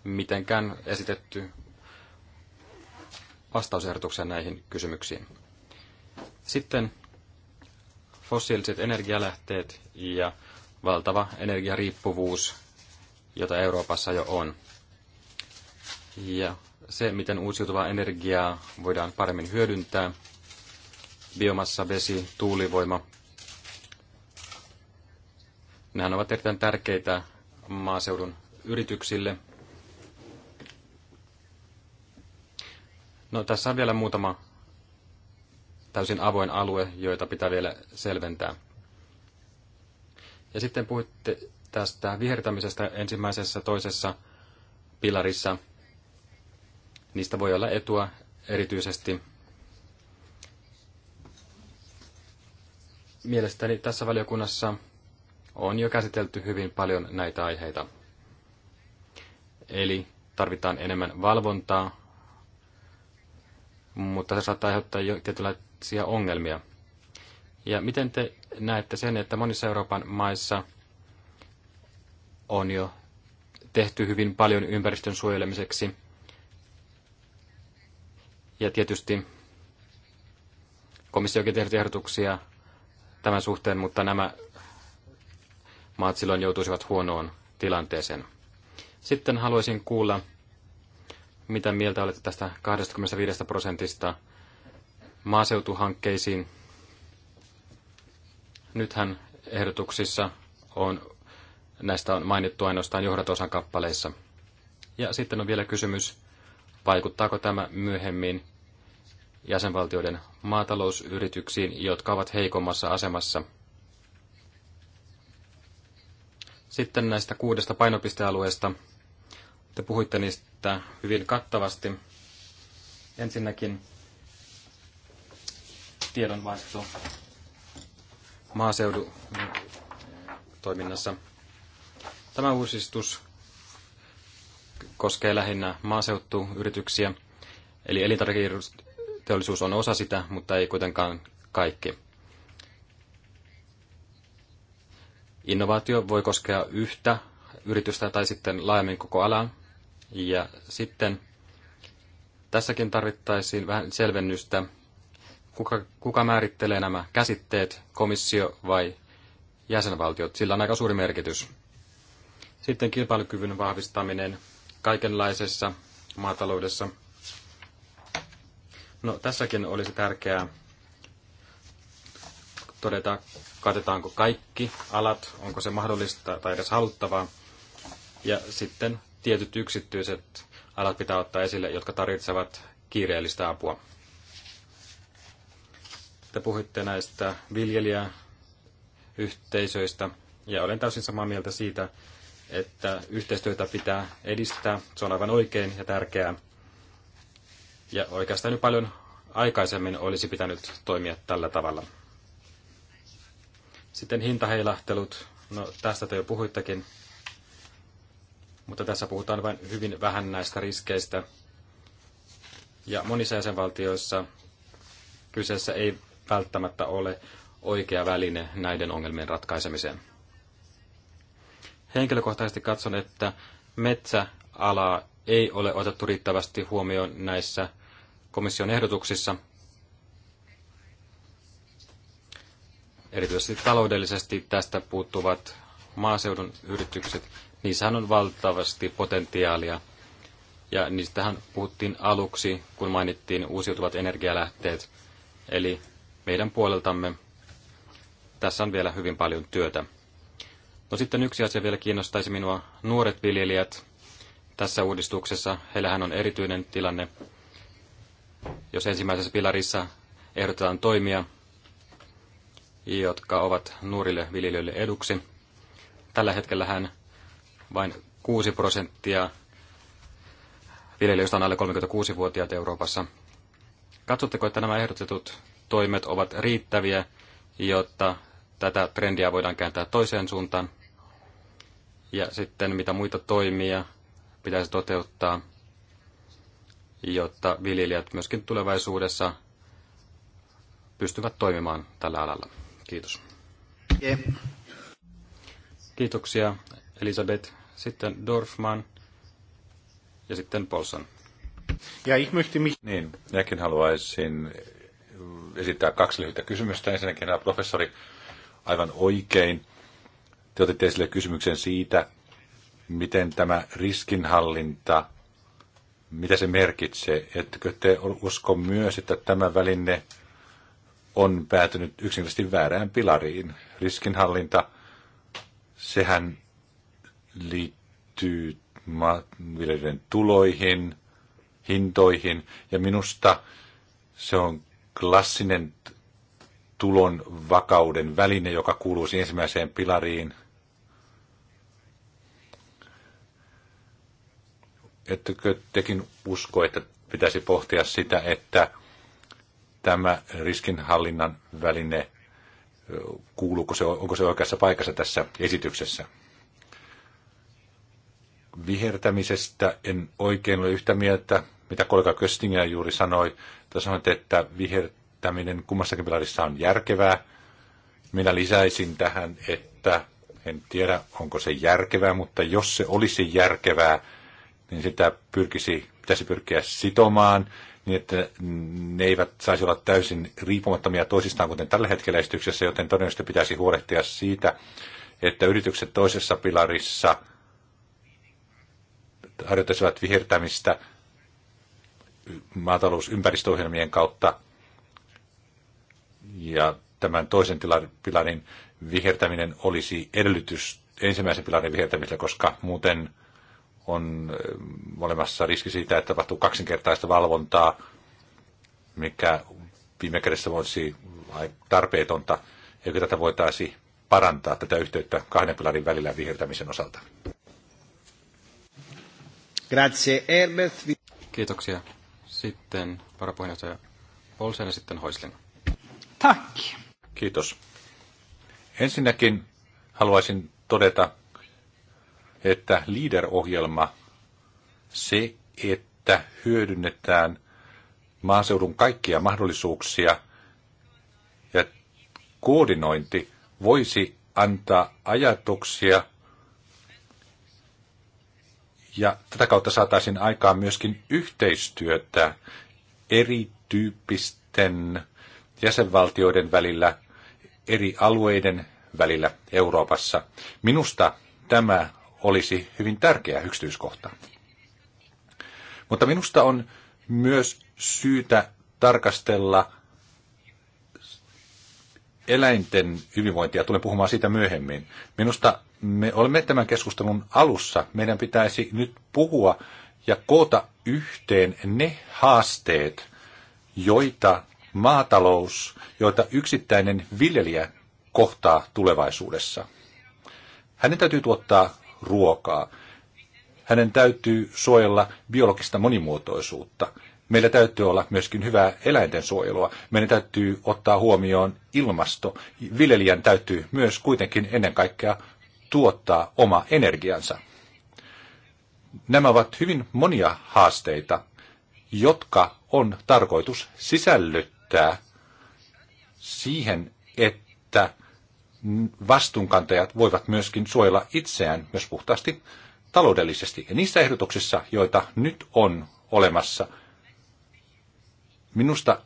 mitenkään esitetty vastausehdotuksia näihin kysymyksiin. Sitten fossiiliset energialähteet ja valtava energiariippuvuus, jota Euroopassa jo on. Ja se, miten uusiutuvaa energiaa voidaan paremmin hyödyntää, biomassa, vesi, tuulivoima, nehän ovat erittäin tärkeitä maaseudun yrityksille. No, tässä on vielä muutama täysin avoin alue, joita pitää vielä selventää. Ja sitten puhutte tästä vihertämisestä ensimmäisessä, toisessa pilarissa – Niistä voi olla etua erityisesti mielestäni tässä valiokunnassa on jo käsitelty hyvin paljon näitä aiheita. Eli tarvitaan enemmän valvontaa, mutta se saattaa aiheuttaa jo tietynlaisia ongelmia. Ja miten te näette sen, että monissa Euroopan maissa on jo tehty hyvin paljon ympäristön suojelemiseksi, ja tietysti komissiokin tehnyt ehdotuksia tämän suhteen, mutta nämä maat silloin joutuisivat huonoon tilanteeseen. Sitten haluaisin kuulla, mitä mieltä olette tästä 25 prosentista maaseutuhankkeisiin. Nythän ehdotuksissa on, näistä on mainittu ainoastaan johdatosan kappaleissa. Ja sitten on vielä kysymys Vaikuttaako tämä myöhemmin jäsenvaltioiden maatalousyrityksiin, jotka ovat heikommassa asemassa? Sitten näistä kuudesta painopistealueesta. Te puhuitte niistä hyvin kattavasti. Ensinnäkin tiedonvaihto maaseudun toiminnassa. Tämä uusistus koskee lähinnä maaseutuyrityksiä. Eli elintarviketeollisuus on osa sitä, mutta ei kuitenkaan kaikki. Innovaatio voi koskea yhtä yritystä tai sitten laajemmin koko alaa. Ja sitten tässäkin tarvittaisiin vähän selvennystä, kuka, kuka määrittelee nämä käsitteet, komissio vai jäsenvaltiot. Sillä on aika suuri merkitys. Sitten kilpailukyvyn vahvistaminen kaikenlaisessa maataloudessa. No, tässäkin olisi tärkeää todeta, katetaanko kaikki alat, onko se mahdollista tai edes haluttavaa. Ja sitten tietyt yksityiset alat pitää ottaa esille, jotka tarvitsevat kiireellistä apua. Te puhuitte näistä viljelijäyhteisöistä, ja olen täysin samaa mieltä siitä, että yhteistyötä pitää edistää. Se on aivan oikein ja tärkeää. Ja oikeastaan nyt paljon aikaisemmin olisi pitänyt toimia tällä tavalla. Sitten hintaheilahtelut. No tästä te jo puhuittekin. Mutta tässä puhutaan vain hyvin vähän näistä riskeistä. Ja monissa jäsenvaltioissa kyseessä ei välttämättä ole oikea väline näiden ongelmien ratkaisemiseen. Henkilökohtaisesti katson, että metsäalaa ei ole otettu riittävästi huomioon näissä komission ehdotuksissa. Erityisesti taloudellisesti tästä puuttuvat maaseudun yritykset. Niissähän on valtavasti potentiaalia. Ja niistähän puhuttiin aluksi, kun mainittiin uusiutuvat energialähteet. Eli meidän puoleltamme tässä on vielä hyvin paljon työtä. No sitten yksi asia vielä kiinnostaisi minua, nuoret viljelijät tässä uudistuksessa, heillähän on erityinen tilanne. Jos ensimmäisessä pilarissa ehdotetaan toimia, jotka ovat nuorille viljelijöille eduksi, tällä hetkellä hän vain 6 prosenttia viljelijöistä on alle 36-vuotiaat Euroopassa. Katsotteko, että nämä ehdotetut toimet ovat riittäviä, jotta tätä trendiä voidaan kääntää toiseen suuntaan? ja sitten mitä muita toimia pitäisi toteuttaa, jotta viljelijät myöskin tulevaisuudessa pystyvät toimimaan tällä alalla. Kiitos. Yeah. Kiitoksia Elisabeth, sitten Dorfman ja sitten Polson. Ja ich möchte mich... Niin, minäkin haluaisin esittää kaksi lyhyttä kysymystä. Ensinnäkin professori aivan oikein te otitte esille kysymyksen siitä, miten tämä riskinhallinta, mitä se merkitsee. Ettekö te usko myös, että tämä väline on päätynyt yksinkertaisesti väärään pilariin? Riskinhallinta, sehän liittyy maanviljelijöiden tuloihin, hintoihin, ja minusta se on klassinen tulon vakauden väline, joka kuuluu ensimmäiseen pilariin – ettekö tekin usko, että pitäisi pohtia sitä, että tämä riskinhallinnan väline, kuuluuko se, onko se oikeassa paikassa tässä esityksessä? Vihertämisestä en oikein ole yhtä mieltä, mitä kollega Köstinger juuri sanoi. Tässä sanoitte, että vihertäminen kummassakin pilarissa on järkevää. Minä lisäisin tähän, että en tiedä, onko se järkevää, mutta jos se olisi järkevää, niin sitä pyrkisi, pitäisi pyrkiä sitomaan niin, että ne eivät saisi olla täysin riippumattomia toisistaan, kuten tällä hetkellä esityksessä, joten todennäköisesti pitäisi huolehtia siitä, että yritykset toisessa pilarissa harjoittaisivat vihertämistä maatalousympäristöohjelmien kautta ja tämän toisen pilarin vihertäminen olisi edellytys ensimmäisen pilarin vihertämiselle, koska muuten – on eh, olemassa riski siitä, että tapahtuu kaksinkertaista valvontaa, mikä viime kädessä voisi tarpeetonta, eikö tätä voitaisiin parantaa tätä yhteyttä kahden pilarin välillä vihertämisen osalta. Grazie, Herbert. Kiitoksia. Sitten varapuheenjohtaja Olsen ja sitten Hoisling. Tack. Kiitos. Ensinnäkin haluaisin todeta että LEADER-ohjelma, se, että hyödynnetään maaseudun kaikkia mahdollisuuksia ja koordinointi voisi antaa ajatuksia ja tätä kautta saataisiin aikaan myöskin yhteistyötä erityyppisten jäsenvaltioiden välillä, eri alueiden välillä Euroopassa. Minusta tämä olisi hyvin tärkeä yksityiskohta. Mutta minusta on myös syytä tarkastella eläinten hyvinvointia. Tulen puhumaan siitä myöhemmin. Minusta me olemme tämän keskustelun alussa. Meidän pitäisi nyt puhua ja koota yhteen ne haasteet, joita maatalous, joita yksittäinen viljelijä kohtaa tulevaisuudessa. Hänen täytyy tuottaa ruokaa. Hänen täytyy suojella biologista monimuotoisuutta. Meillä täytyy olla myöskin hyvää eläinten suojelua. Meidän täytyy ottaa huomioon ilmasto. Viljelijän täytyy myös kuitenkin ennen kaikkea tuottaa oma energiansa. Nämä ovat hyvin monia haasteita, jotka on tarkoitus sisällyttää siihen, että vastuunkantajat voivat myöskin suojella itseään myös puhtaasti taloudellisesti. Ja niissä ehdotuksissa, joita nyt on olemassa, minusta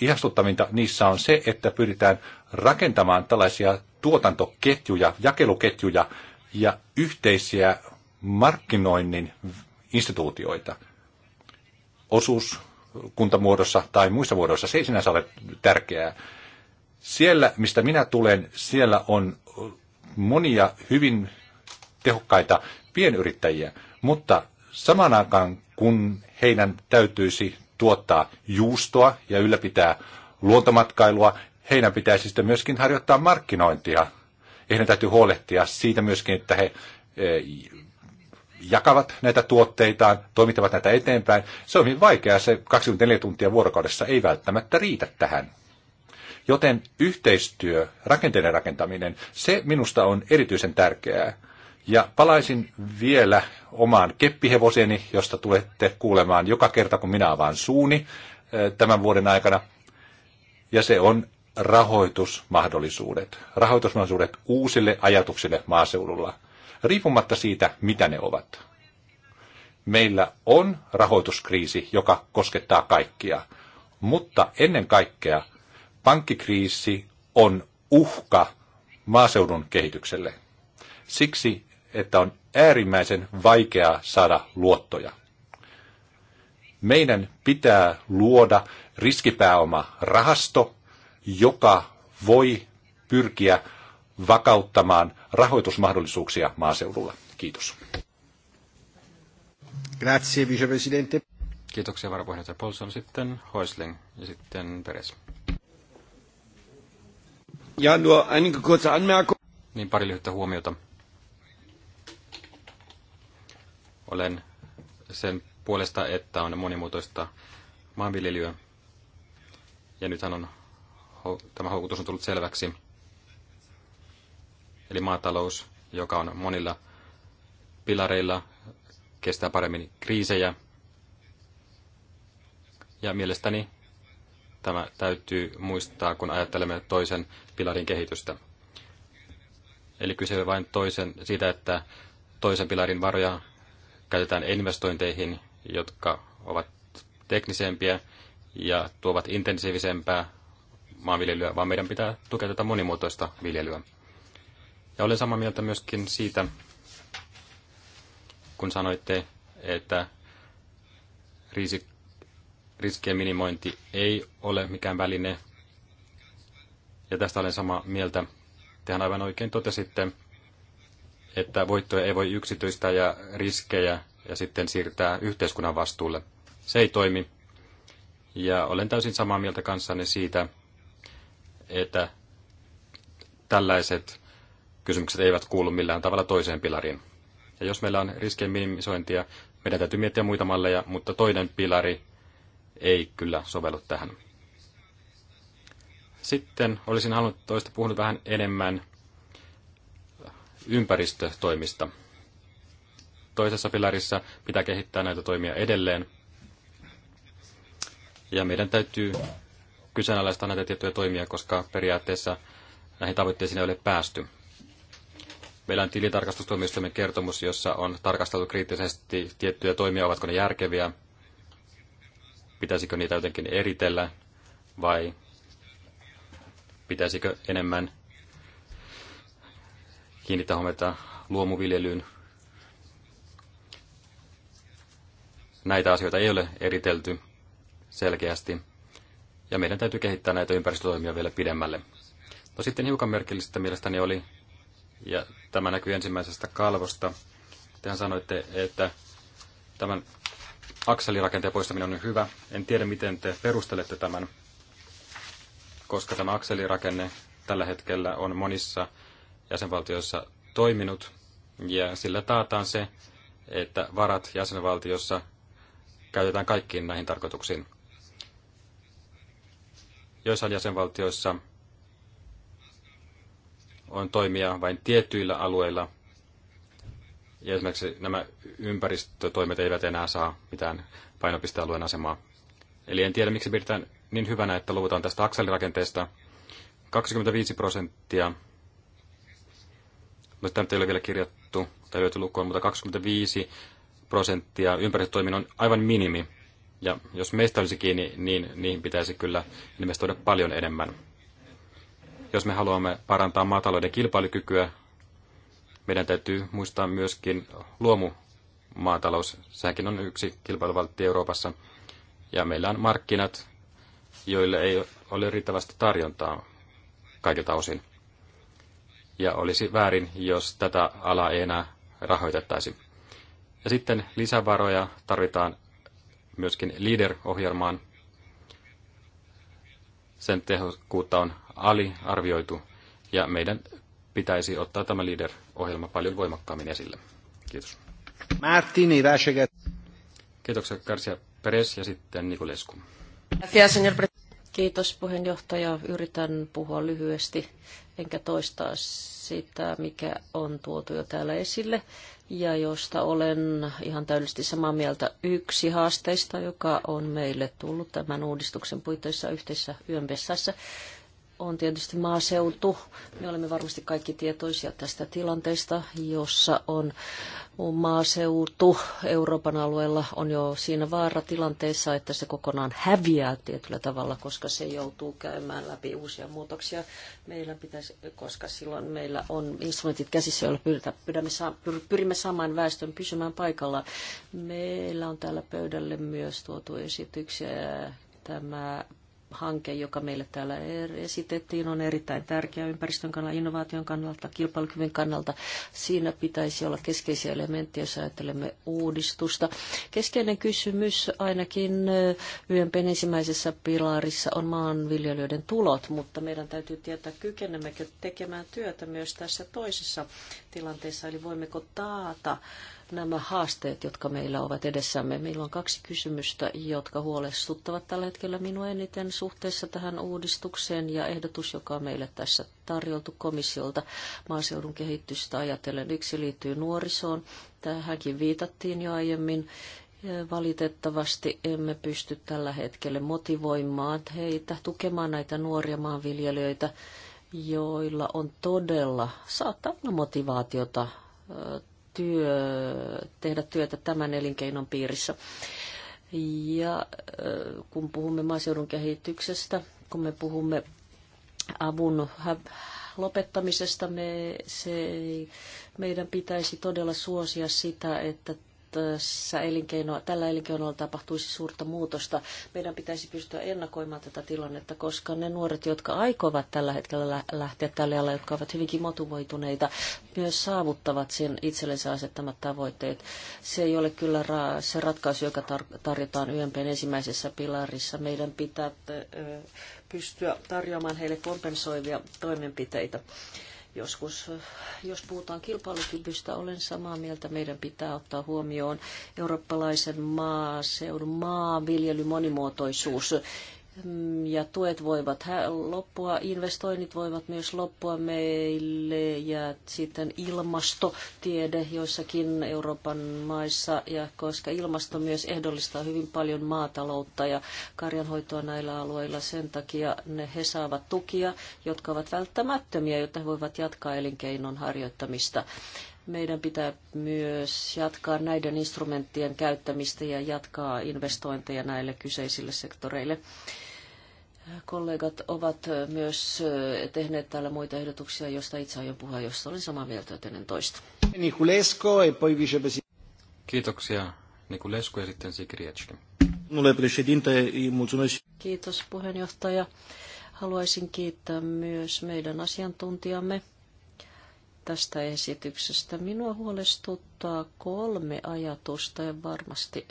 ihastuttavinta niissä on se, että pyritään rakentamaan tällaisia tuotantoketjuja, jakeluketjuja ja yhteisiä markkinoinnin instituutioita. Osuus kuntamuodossa tai muissa muodoissa, se ei sinänsä ole tärkeää. Siellä, mistä minä tulen, siellä on monia hyvin tehokkaita pienyrittäjiä, mutta samaan aikaan, kun heidän täytyisi tuottaa juustoa ja ylläpitää luontomatkailua, heidän pitäisi sitten myöskin harjoittaa markkinointia. heidän täytyy huolehtia siitä myöskin, että he e, jakavat näitä tuotteitaan, toimittavat näitä eteenpäin. Se on hyvin vaikeaa, se 24 tuntia vuorokaudessa ei välttämättä riitä tähän. Joten yhteistyö, rakenteiden rakentaminen, se minusta on erityisen tärkeää. Ja palaisin vielä omaan keppihevoseni, josta tulette kuulemaan joka kerta, kun minä avaan suuni eh, tämän vuoden aikana. Ja se on rahoitusmahdollisuudet. Rahoitusmahdollisuudet uusille ajatuksille maaseudulla, riippumatta siitä, mitä ne ovat. Meillä on rahoituskriisi, joka koskettaa kaikkia, mutta ennen kaikkea pankkikriisi on uhka maaseudun kehitykselle. Siksi, että on äärimmäisen vaikeaa saada luottoja. Meidän pitää luoda riskipääoma rahasto, joka voi pyrkiä vakauttamaan rahoitusmahdollisuuksia maaseudulla. Kiitos. Grazie, vicepresidente. Kiitoksia varapuheenjohtaja Paulson, sitten Hoisling ja sitten Peres. Ja, nur einige kurze Anmerkung. Niin pari lyhyttä huomiota. Olen sen puolesta, että on monimuotoista maanviljelyä. Ja nythän on, tämä houkutus on tullut selväksi. Eli maatalous, joka on monilla pilareilla, kestää paremmin kriisejä. Ja mielestäni Tämä täytyy muistaa, kun ajattelemme toisen pilarin kehitystä. Eli kyse on vain toisen, siitä, että toisen pilarin varoja käytetään investointeihin, jotka ovat teknisempiä ja tuovat intensiivisempää maanviljelyä, vaan meidän pitää tukea tätä monimuotoista viljelyä. Ja olen samaa mieltä myöskin siitä, kun sanoitte, että riisi riskien minimointi ei ole mikään väline, ja tästä olen samaa mieltä. Tehän aivan oikein totesitte, että voittoja ei voi yksityistää ja riskejä ja sitten siirtää yhteiskunnan vastuulle. Se ei toimi. Ja olen täysin samaa mieltä kanssanne siitä, että tällaiset kysymykset eivät kuulu millään tavalla toiseen pilariin. Ja jos meillä on riskien minimisointia, meidän täytyy miettiä muita malleja, mutta toinen pilari ei kyllä sovellu tähän. Sitten olisin halunnut toista puhunut vähän enemmän ympäristötoimista. Toisessa pilarissa pitää kehittää näitä toimia edelleen. Ja meidän täytyy kyseenalaistaa näitä tiettyjä toimia, koska periaatteessa näihin tavoitteisiin ei ole päästy. Meillä on tilitarkastustuomioistuimen kertomus, jossa on tarkasteltu kriittisesti tiettyjä toimia, ovatko ne järkeviä, Pitäisikö niitä jotenkin eritellä vai pitäisikö enemmän kiinnittää huomiota luomuviljelyyn? Näitä asioita ei ole eritelty selkeästi, ja meidän täytyy kehittää näitä ympäristötoimia vielä pidemmälle. No sitten hiukan merkillistä mielestäni oli, ja tämä näkyy ensimmäisestä kalvosta, tehän sanoitte, että tämän akselirakenteen poistaminen on hyvä. En tiedä, miten te perustelette tämän, koska tämä akselirakenne tällä hetkellä on monissa jäsenvaltioissa toiminut, ja sillä taataan se, että varat jäsenvaltiossa käytetään kaikkiin näihin tarkoituksiin. Joissain jäsenvaltioissa on toimia vain tietyillä alueilla, ja esimerkiksi nämä ympäristötoimet eivät enää saa mitään painopistealueen asemaa. Eli en tiedä, miksi pidetään niin hyvänä, että luvutaan tästä akselirakenteesta 25 prosenttia. No, tämä ei ole vielä kirjattu tai löyty lukkoon, mutta 25 prosenttia ympäristötoimin on aivan minimi. Ja jos meistä olisi kiinni, niin niihin pitäisi kyllä investoida paljon enemmän. Jos me haluamme parantaa maatalouden kilpailukykyä, meidän täytyy muistaa myöskin luomumaatalous. Sehänkin on yksi kilpailuvaltti Euroopassa. Ja meillä on markkinat, joille ei ole riittävästi tarjontaa kaikilta osin. Ja olisi väärin, jos tätä alaa ei enää rahoitettaisi. Ja sitten lisävaroja tarvitaan myöskin LEADER-ohjelmaan. Sen tehokkuutta on aliarvioitu ja meidän pitäisi ottaa tämä LEADER-ohjelma paljon voimakkaammin esille. Kiitos. Martin Kiitoksia Garcia Perez ja sitten Nikolescu. Kiitos puheenjohtaja. Yritän puhua lyhyesti, enkä toistaa sitä, mikä on tuotu jo täällä esille ja josta olen ihan täydellisesti samaa mieltä. Yksi haasteista, joka on meille tullut tämän uudistuksen puitteissa yhteisessä YMBSS on tietysti maaseutu. Me olemme varmasti kaikki tietoisia tästä tilanteesta, jossa on maaseutu Euroopan alueella on jo siinä vaaratilanteessa, että se kokonaan häviää tietyllä tavalla, koska se joutuu käymään läpi uusia muutoksia. Meillä pitäisi, koska silloin meillä on instrumentit käsissä, joilla pyrimme, pyrimme saamaan väestön pysymään paikalla. Meillä on täällä pöydälle myös tuotu esityksiä tämä hanke, joka meille täällä er- esitettiin, on erittäin tärkeä ympäristön kannalta, innovaation kannalta, kilpailukyvyn kannalta. Siinä pitäisi olla keskeisiä elementtejä, jos ajattelemme uudistusta. Keskeinen kysymys ainakin eh, YMPn ensimmäisessä pilarissa on maanviljelijöiden tulot, mutta meidän täytyy tietää, kykenemmekö tekemään työtä myös tässä toisessa tilanteessa, eli voimmeko taata nämä haasteet, jotka meillä ovat edessämme. Meillä on kaksi kysymystä, jotka huolestuttavat tällä hetkellä minua eniten suhteessa tähän uudistukseen ja ehdotus, joka on meille tässä tarjoltu komissiolta maaseudun kehitystä ajatellen. Yksi liittyy nuorisoon. Tähänkin viitattiin jo aiemmin. Valitettavasti emme pysty tällä hetkellä motivoimaan heitä, tukemaan näitä nuoria maanviljelijöitä, joilla on todella, saattaa olla motivaatiota työ, tehdä työtä tämän elinkeinon piirissä. Ja kun puhumme maaseudun kehityksestä, kun me puhumme avun lopettamisesta, me, se, meidän pitäisi todella suosia sitä, että tässä elinkeino, tällä elinkeinolla tapahtuisi suurta muutosta. Meidän pitäisi pystyä ennakoimaan tätä tilannetta, koska ne nuoret, jotka aikovat tällä hetkellä lähteä tälle alalle, jotka ovat hyvinkin motivoituneita, myös saavuttavat sen itsellensä asettamat tavoitteet. Se ei ole kyllä ra- se ratkaisu, joka tar- tarjotaan YMPn ensimmäisessä pilarissa. Meidän pitää pystyä tarjoamaan heille kompensoivia toimenpiteitä. Joskus, jos puhutaan kilpailukyvystä, olen samaa mieltä. Meidän pitää ottaa huomioon eurooppalaisen maaseudun maanviljelymonimuotoisuus. Mm, ja tuet voivat loppua, investoinnit voivat myös loppua meille ja sitten ilmastotiede joissakin Euroopan maissa, ja koska ilmasto myös ehdollistaa hyvin paljon maataloutta ja karjanhoitoa näillä alueilla, sen takia ne he saavat tukia, jotka ovat välttämättömiä, jotta he voivat jatkaa elinkeinon harjoittamista meidän pitää myös jatkaa näiden instrumenttien käyttämistä ja jatkaa investointeja näille kyseisille sektoreille. Kollegat ovat myös tehneet täällä muita ehdotuksia, josta itse aion puhua, josta olen samaa mieltä, joten en toista. Niculesco ja e poi Kiitoksia Niculescu ja sitten Sikrietski. Kiitos puheenjohtaja. Haluaisin kiittää myös meidän asiantuntijamme tästä esityksestä. Minua huolestuttaa kolme ajatusta ja varmasti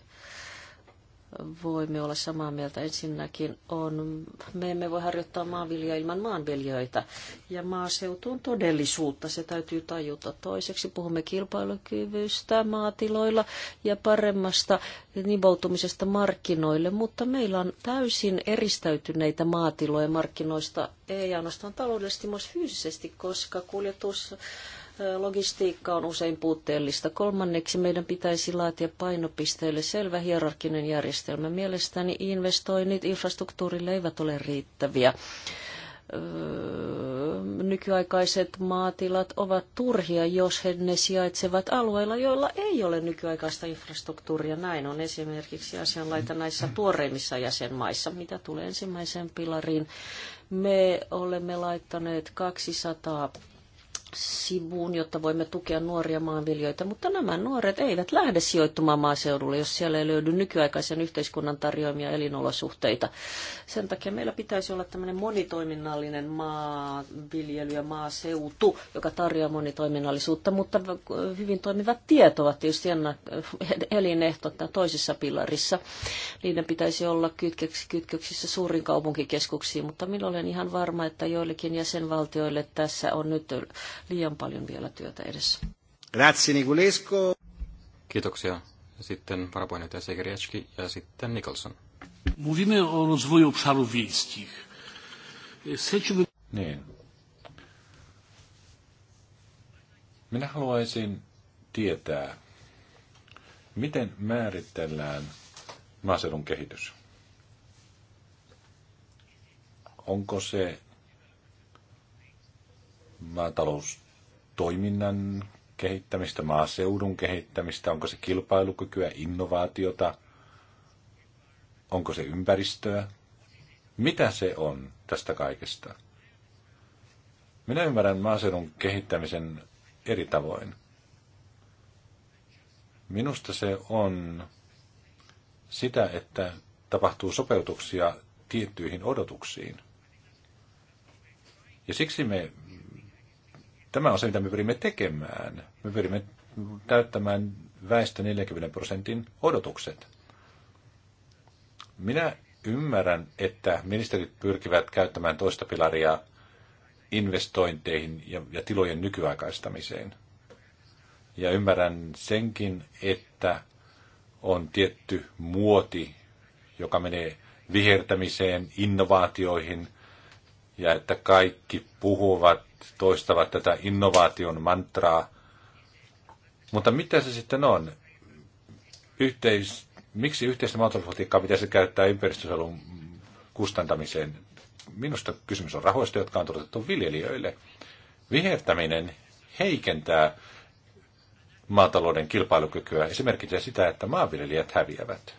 voimme olla samaa mieltä. Ensinnäkin on, me emme voi harjoittaa maanviljaa ilman maanviljoita. Ja maaseutu on todellisuutta, se täytyy tajuta. Toiseksi puhumme kilpailukyvystä maatiloilla ja paremmasta nivoutumisesta markkinoille, mutta meillä on täysin eristäytyneitä maatiloja markkinoista, ei ainoastaan taloudellisesti, myös fyysisesti, koska kuljetus Logistiikka on usein puutteellista. Kolmanneksi meidän pitäisi laatia painopisteille selvä hierarkinen järjestelmä. Mielestäni investoinnit infrastruktuurille eivät ole riittäviä nykyaikaiset maatilat ovat turhia, jos he ne sijaitsevat alueilla, joilla ei ole nykyaikaista infrastruktuuria. Näin on esimerkiksi asianlaita näissä tuoreimmissa jäsenmaissa. Mitä tulee ensimmäiseen pilariin, me olemme laittaneet 200 sivuun, jotta voimme tukea nuoria maanviljoita, mutta nämä nuoret eivät lähde sijoittumaan maaseudulle, jos siellä ei löydy nykyaikaisen yhteiskunnan tarjoamia elinolosuhteita. Sen takia meillä pitäisi olla tämmöinen monitoiminnallinen maanviljely ja maaseutu, joka tarjoaa monitoiminnallisuutta, mutta hyvin toimivat tiet ovat tietysti elinehto toisessa pilarissa. Niiden pitäisi olla kytköksissä suurin kaupunkikeskuksiin, mutta minä olen ihan varma, että joillekin jäsenvaltioille tässä on nyt liian paljon vielä työtä edessä. Grazie Niculesco. Kiitoksia. Sitten varapuheenjohtaja Segeriecki ja sitten Nicholson. Mówimy o rozwoju obszarów wiejskich. Niin. Minä haluaisin tietää, miten määritellään maaseudun kehitys. Onko se maataloustoiminnan kehittämistä, maaseudun kehittämistä, onko se kilpailukykyä, innovaatiota, onko se ympäristöä, mitä se on tästä kaikesta. Minä ymmärrän maaseudun kehittämisen eri tavoin. Minusta se on sitä, että tapahtuu sopeutuksia tiettyihin odotuksiin. Ja siksi me Tämä on se, mitä me pyrimme tekemään. Me pyrimme täyttämään väestö 40 prosentin odotukset. Minä ymmärrän, että ministerit pyrkivät käyttämään toista pilaria investointeihin ja, ja tilojen nykyaikaistamiseen. Ja ymmärrän senkin, että on tietty muoti, joka menee vihertämiseen, innovaatioihin, ja että kaikki puhuvat toistavat tätä innovaation mantraa. Mutta mitä se sitten on? Yhteis, miksi yhteistä maatalouspolitiikkaa pitäisi käyttää ympäristösalun kustantamiseen? Minusta kysymys on rahoista, jotka on tuotettu viljelijöille. Vihertäminen heikentää maatalouden kilpailukykyä. Esimerkiksi sitä, että maanviljelijät häviävät.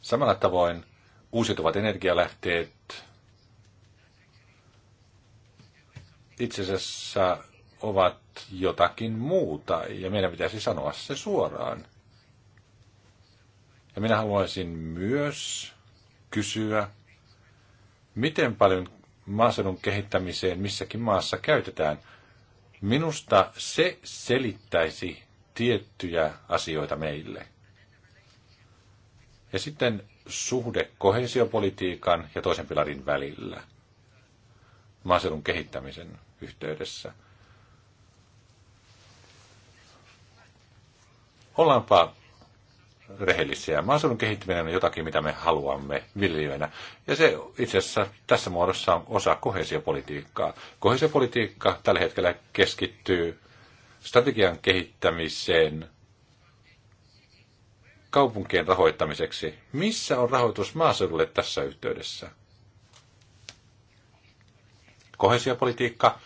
Samalla tavoin uusiutuvat energialähteet itse asiassa ovat jotakin muuta, ja meidän pitäisi sanoa se suoraan. Ja minä haluaisin myös kysyä, miten paljon maaseudun kehittämiseen missäkin maassa käytetään. Minusta se selittäisi tiettyjä asioita meille. Ja sitten suhde kohesiopolitiikan ja toisen pilarin välillä. Maaseudun kehittämisen yhteydessä. Ollaanpa rehellisiä. Maaseudun kehittyminen on jotakin, mitä me haluamme viljelijöinä. Ja se itse asiassa tässä muodossa on osa kohesiopolitiikkaa. Kohesiopolitiikka tällä hetkellä keskittyy strategian kehittämiseen kaupunkien rahoittamiseksi. Missä on rahoitus maaseudulle tässä yhteydessä? kohesiopolitiikka,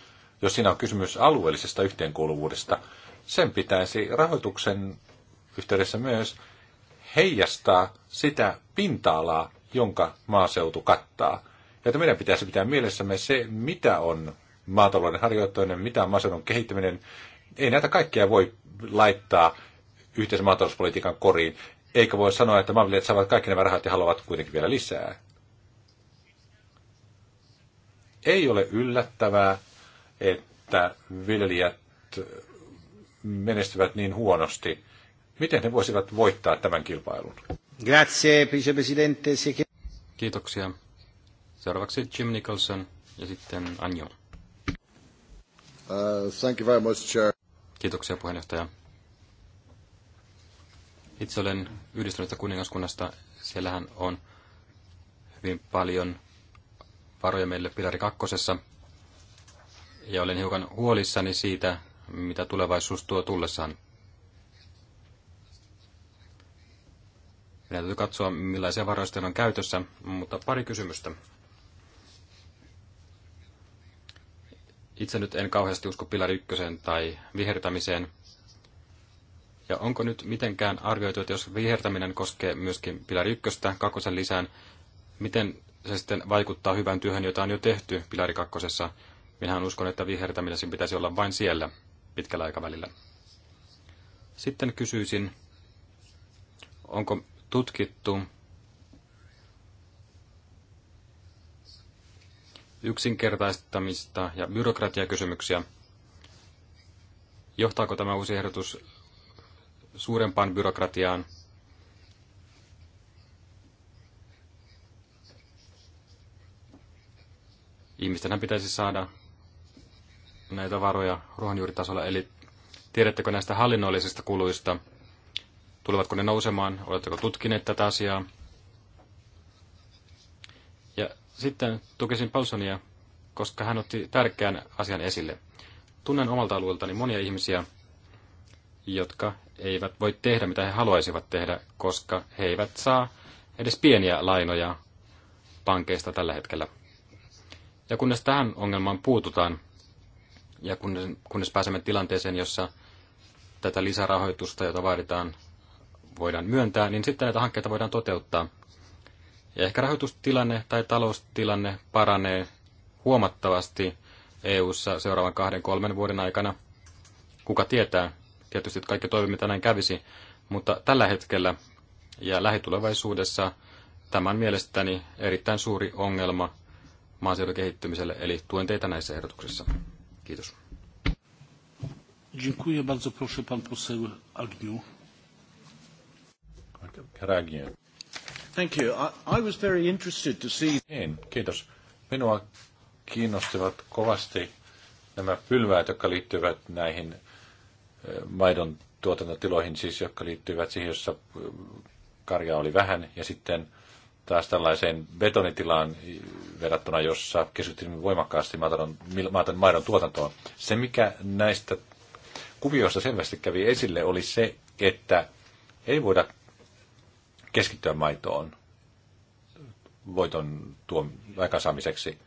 jos siinä on kysymys alueellisesta yhteenkuuluvuudesta, sen pitäisi rahoituksen yhteydessä myös heijastaa sitä pinta-alaa, jonka maaseutu kattaa. Ja meidän pitäisi pitää mielessämme se, mitä on maatalouden harjoittaminen, mitä on maaseudun kehittäminen. Ei näitä kaikkia voi laittaa yhteisen maatalouspolitiikan koriin, eikä voi sanoa, että maanviljelijät saavat kaikki nämä rahat ja haluavat kuitenkin vielä lisää. Ei ole yllättävää, että viljelijät menestyvät niin huonosti. Miten he voisivat voittaa tämän kilpailun? Grazie, vicepresidente. Kiitoksia. Seuraavaksi Jim Nicholson ja sitten Anjo. Uh, thank you very much, Chair. Kiitoksia puheenjohtaja. Itse olen yhdistyneestä kuningaskunnasta. Siellähän on hyvin paljon varoja meille Pilari kakkosessa. Ja olen hiukan huolissani siitä, mitä tulevaisuus tuo tullessaan. Meidän täytyy katsoa, millaisia varoja on käytössä, mutta pari kysymystä. Itse nyt en kauheasti usko Pilari ykköseen tai vihertämiseen. Ja onko nyt mitenkään arvioitu, että jos vihertäminen koskee myöskin Pilari ykköstä kakkosen lisään, miten se sitten vaikuttaa hyvän työhön, jota on jo tehty Pilari kakkosessa. Minähän uskon, että sen pitäisi olla vain siellä pitkällä aikavälillä. Sitten kysyisin, onko tutkittu yksinkertaistamista ja byrokratiakysymyksiä. Johtaako tämä uusi ehdotus suurempaan byrokratiaan Ihmistenhän pitäisi saada näitä varoja ruohonjuuritasolla, eli tiedättekö näistä hallinnollisista kuluista? Tulevatko ne nousemaan? Oletteko tutkineet tätä asiaa? Ja sitten tukisin Paulsonia, koska hän otti tärkeän asian esille. Tunnen omalta alueeltani monia ihmisiä, jotka eivät voi tehdä mitä he haluaisivat tehdä, koska he eivät saa edes pieniä lainoja pankeista tällä hetkellä. Ja kunnes tähän ongelmaan puututaan, ja kunnes, kunnes pääsemme tilanteeseen, jossa tätä lisärahoitusta, jota vaaditaan, voidaan myöntää, niin sitten näitä hankkeita voidaan toteuttaa. Ja ehkä rahoitustilanne tai taloustilanne paranee huomattavasti EU-ssa seuraavan kahden, kolmen vuoden aikana. Kuka tietää? Tietysti että kaikki toivomme, tänään näin kävisi, mutta tällä hetkellä ja lähitulevaisuudessa tämän mielestäni erittäin suuri ongelma – maaseudun kehittymiselle, eli tuen teitä näissä ehdotuksissa. Kiitos. Dziękuję bardzo. Proszę pan poseł Agniu. Thank you. I, I was very interested to see... Niin, kiitos. Minua kiinnostivat kovasti nämä pylväät, jotka liittyvät näihin eh, maidon tuotantotiloihin, siis jotka liittyvät siihen, jossa eh, karjaa oli vähän, ja sitten taas tällaiseen betonitilaan verrattuna, jossa keskitymme voimakkaasti maatalouden, maidon tuotantoon. Se, mikä näistä kuvioista selvästi kävi esille, oli se, että ei voida keskittyä maitoon voiton tuon aikaansaamiseksi.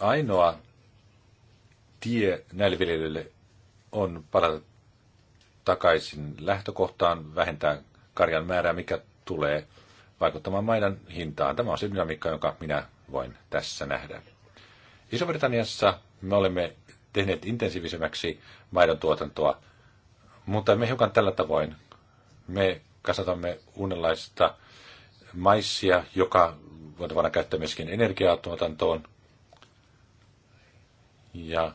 Ainoa tie näille viljelijöille on palata takaisin lähtökohtaan, vähentää karjan määrää, mikä tulee vaikuttamaan maidon hintaan. Tämä on se dynamiikka, jonka minä voin tässä nähdä. Iso-Britanniassa me olemme tehneet intensiivisemmäksi maidon tuotantoa, mutta me hiukan tällä tavoin. Me kasvatamme uudenlaista maissia, joka voidaan käyttää myöskin tuotantoon Ja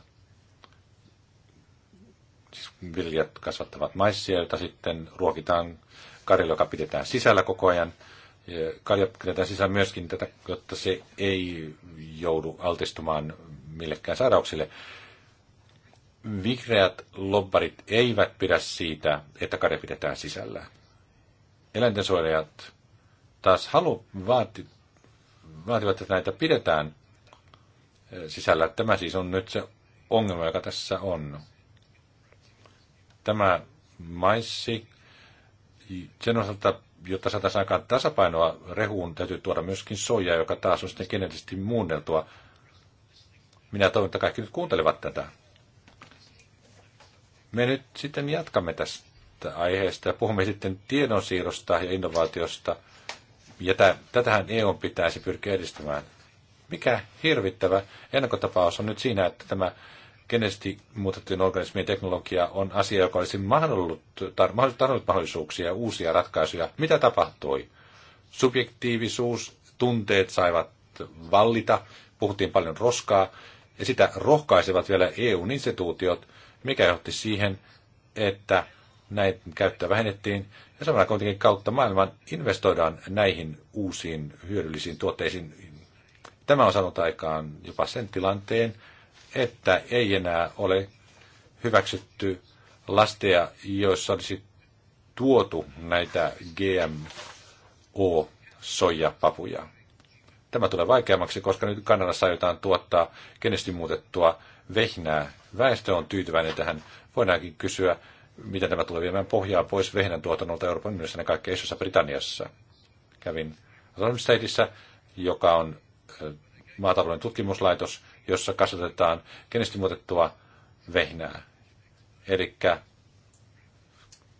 siis viljat kasvattavat maissia, joita sitten ruokitaan karjalle, joka pidetään sisällä koko ajan. Karja pidetään sisällä myöskin tätä, jotta se ei joudu altistumaan millekään sairauksille. Vihreät lobbarit eivät pidä siitä, että karja pidetään sisällä. Eläintensuojelijat taas halu vaati, vaativat, että näitä pidetään eh, sisällä. Tämä siis on nyt se ongelma, joka tässä on. Tämä maissi sen osalta, jotta saataisiin aikaan tasapainoa rehuun, täytyy tuoda myöskin soijaa, joka taas on sitten geneettisesti muunneltua. Minä toivon, että kaikki nyt kuuntelevat tätä. Me nyt sitten jatkamme tästä aiheesta ja puhumme sitten tiedonsiirrosta ja innovaatiosta. Ja tätähän EU pitäisi pyrkiä edistämään. Mikä hirvittävä ennakkotapaus on nyt siinä, että tämä genesti muutettujen organismien teknologia on asia, joka olisi mahdollut, tarjonnut mahdollisuuksia ja uusia ratkaisuja. Mitä tapahtui? Subjektiivisuus, tunteet saivat vallita, puhuttiin paljon roskaa, ja sitä rohkaisivat vielä EU-instituutiot, mikä johti siihen, että näitä käyttöä vähennettiin, ja samalla kuitenkin kautta maailman investoidaan näihin uusiin hyödyllisiin tuotteisiin. Tämä on saanut aikaan jopa sen tilanteen, että ei enää ole hyväksytty lasteja, joissa olisi tuotu näitä GMO-soijapapuja. Tämä tulee vaikeammaksi, koska nyt Kanadassa aiotaan tuottaa kenesti muutettua vehnää. Väestö on tyytyväinen tähän. Voidaankin kysyä, miten tämä tulee viemään pohjaa pois vehnän tuotannolta Euroopan unionissa ja kaikkea isossa Britanniassa. Kävin Rotherham joka on maatalouden tutkimuslaitos, jossa kasvatetaan kenesti muutettua vehnää. Eli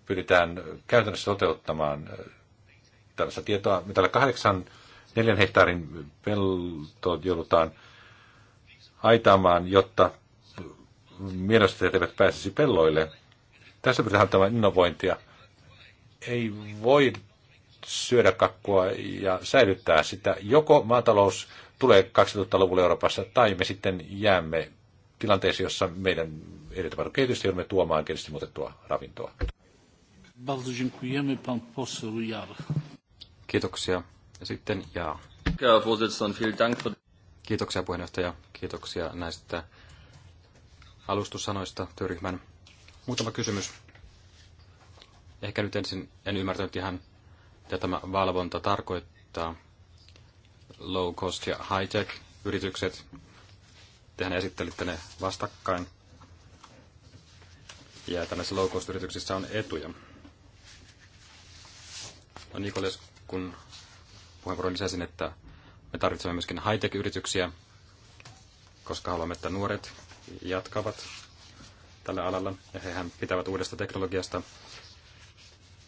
pyritään käytännössä toteuttamaan äh, tällaista tietoa. mitä täällä kahdeksan neljän hehtaarin peltoa joudutaan aitaamaan, jotta mielestäni eivät pääsisi pelloille. Tässä pitää tämä innovointia. Ei voi syödä kakkua ja säilyttää sitä. Joko maatalous tulee 2000-luvulla Euroopassa, tai me sitten jäämme tilanteeseen, jossa meidän edeltävän kehitystä joudumme tuomaan kehitystä muutettua ravintoa. Kiitoksia. Ja sitten Jaa. Kiitoksia puheenjohtaja. Kiitoksia näistä alustussanoista työryhmän. Muutama kysymys. Ehkä nyt ensin en ymmärtänyt ihan, mitä tämä valvonta tarkoittaa low cost ja high tech yritykset. Tehän esittelitte ne vastakkain. Ja tällaisissa low cost yrityksissä on etuja. No Nikoles, kun puheenvuoron lisäsin, että me tarvitsemme myöskin high tech yrityksiä, koska haluamme, että nuoret jatkavat tällä alalla ja hehän pitävät uudesta teknologiasta.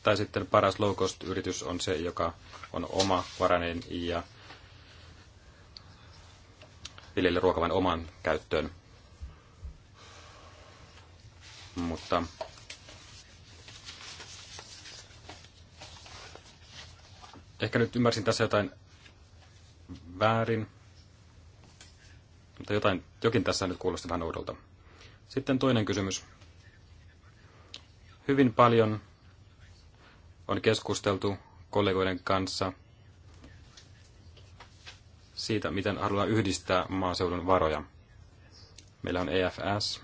Tai sitten paras low cost yritys on se, joka on oma varainen ja viljelijä ruoka vain omaan käyttöön. Mutta ehkä nyt ymmärsin tässä jotain väärin, mutta jotain, jokin tässä nyt kuulosti vähän oudolta. Sitten toinen kysymys. Hyvin paljon on keskusteltu kollegoiden kanssa – siitä, miten halutaan yhdistää maaseudun varoja. Meillä on EFS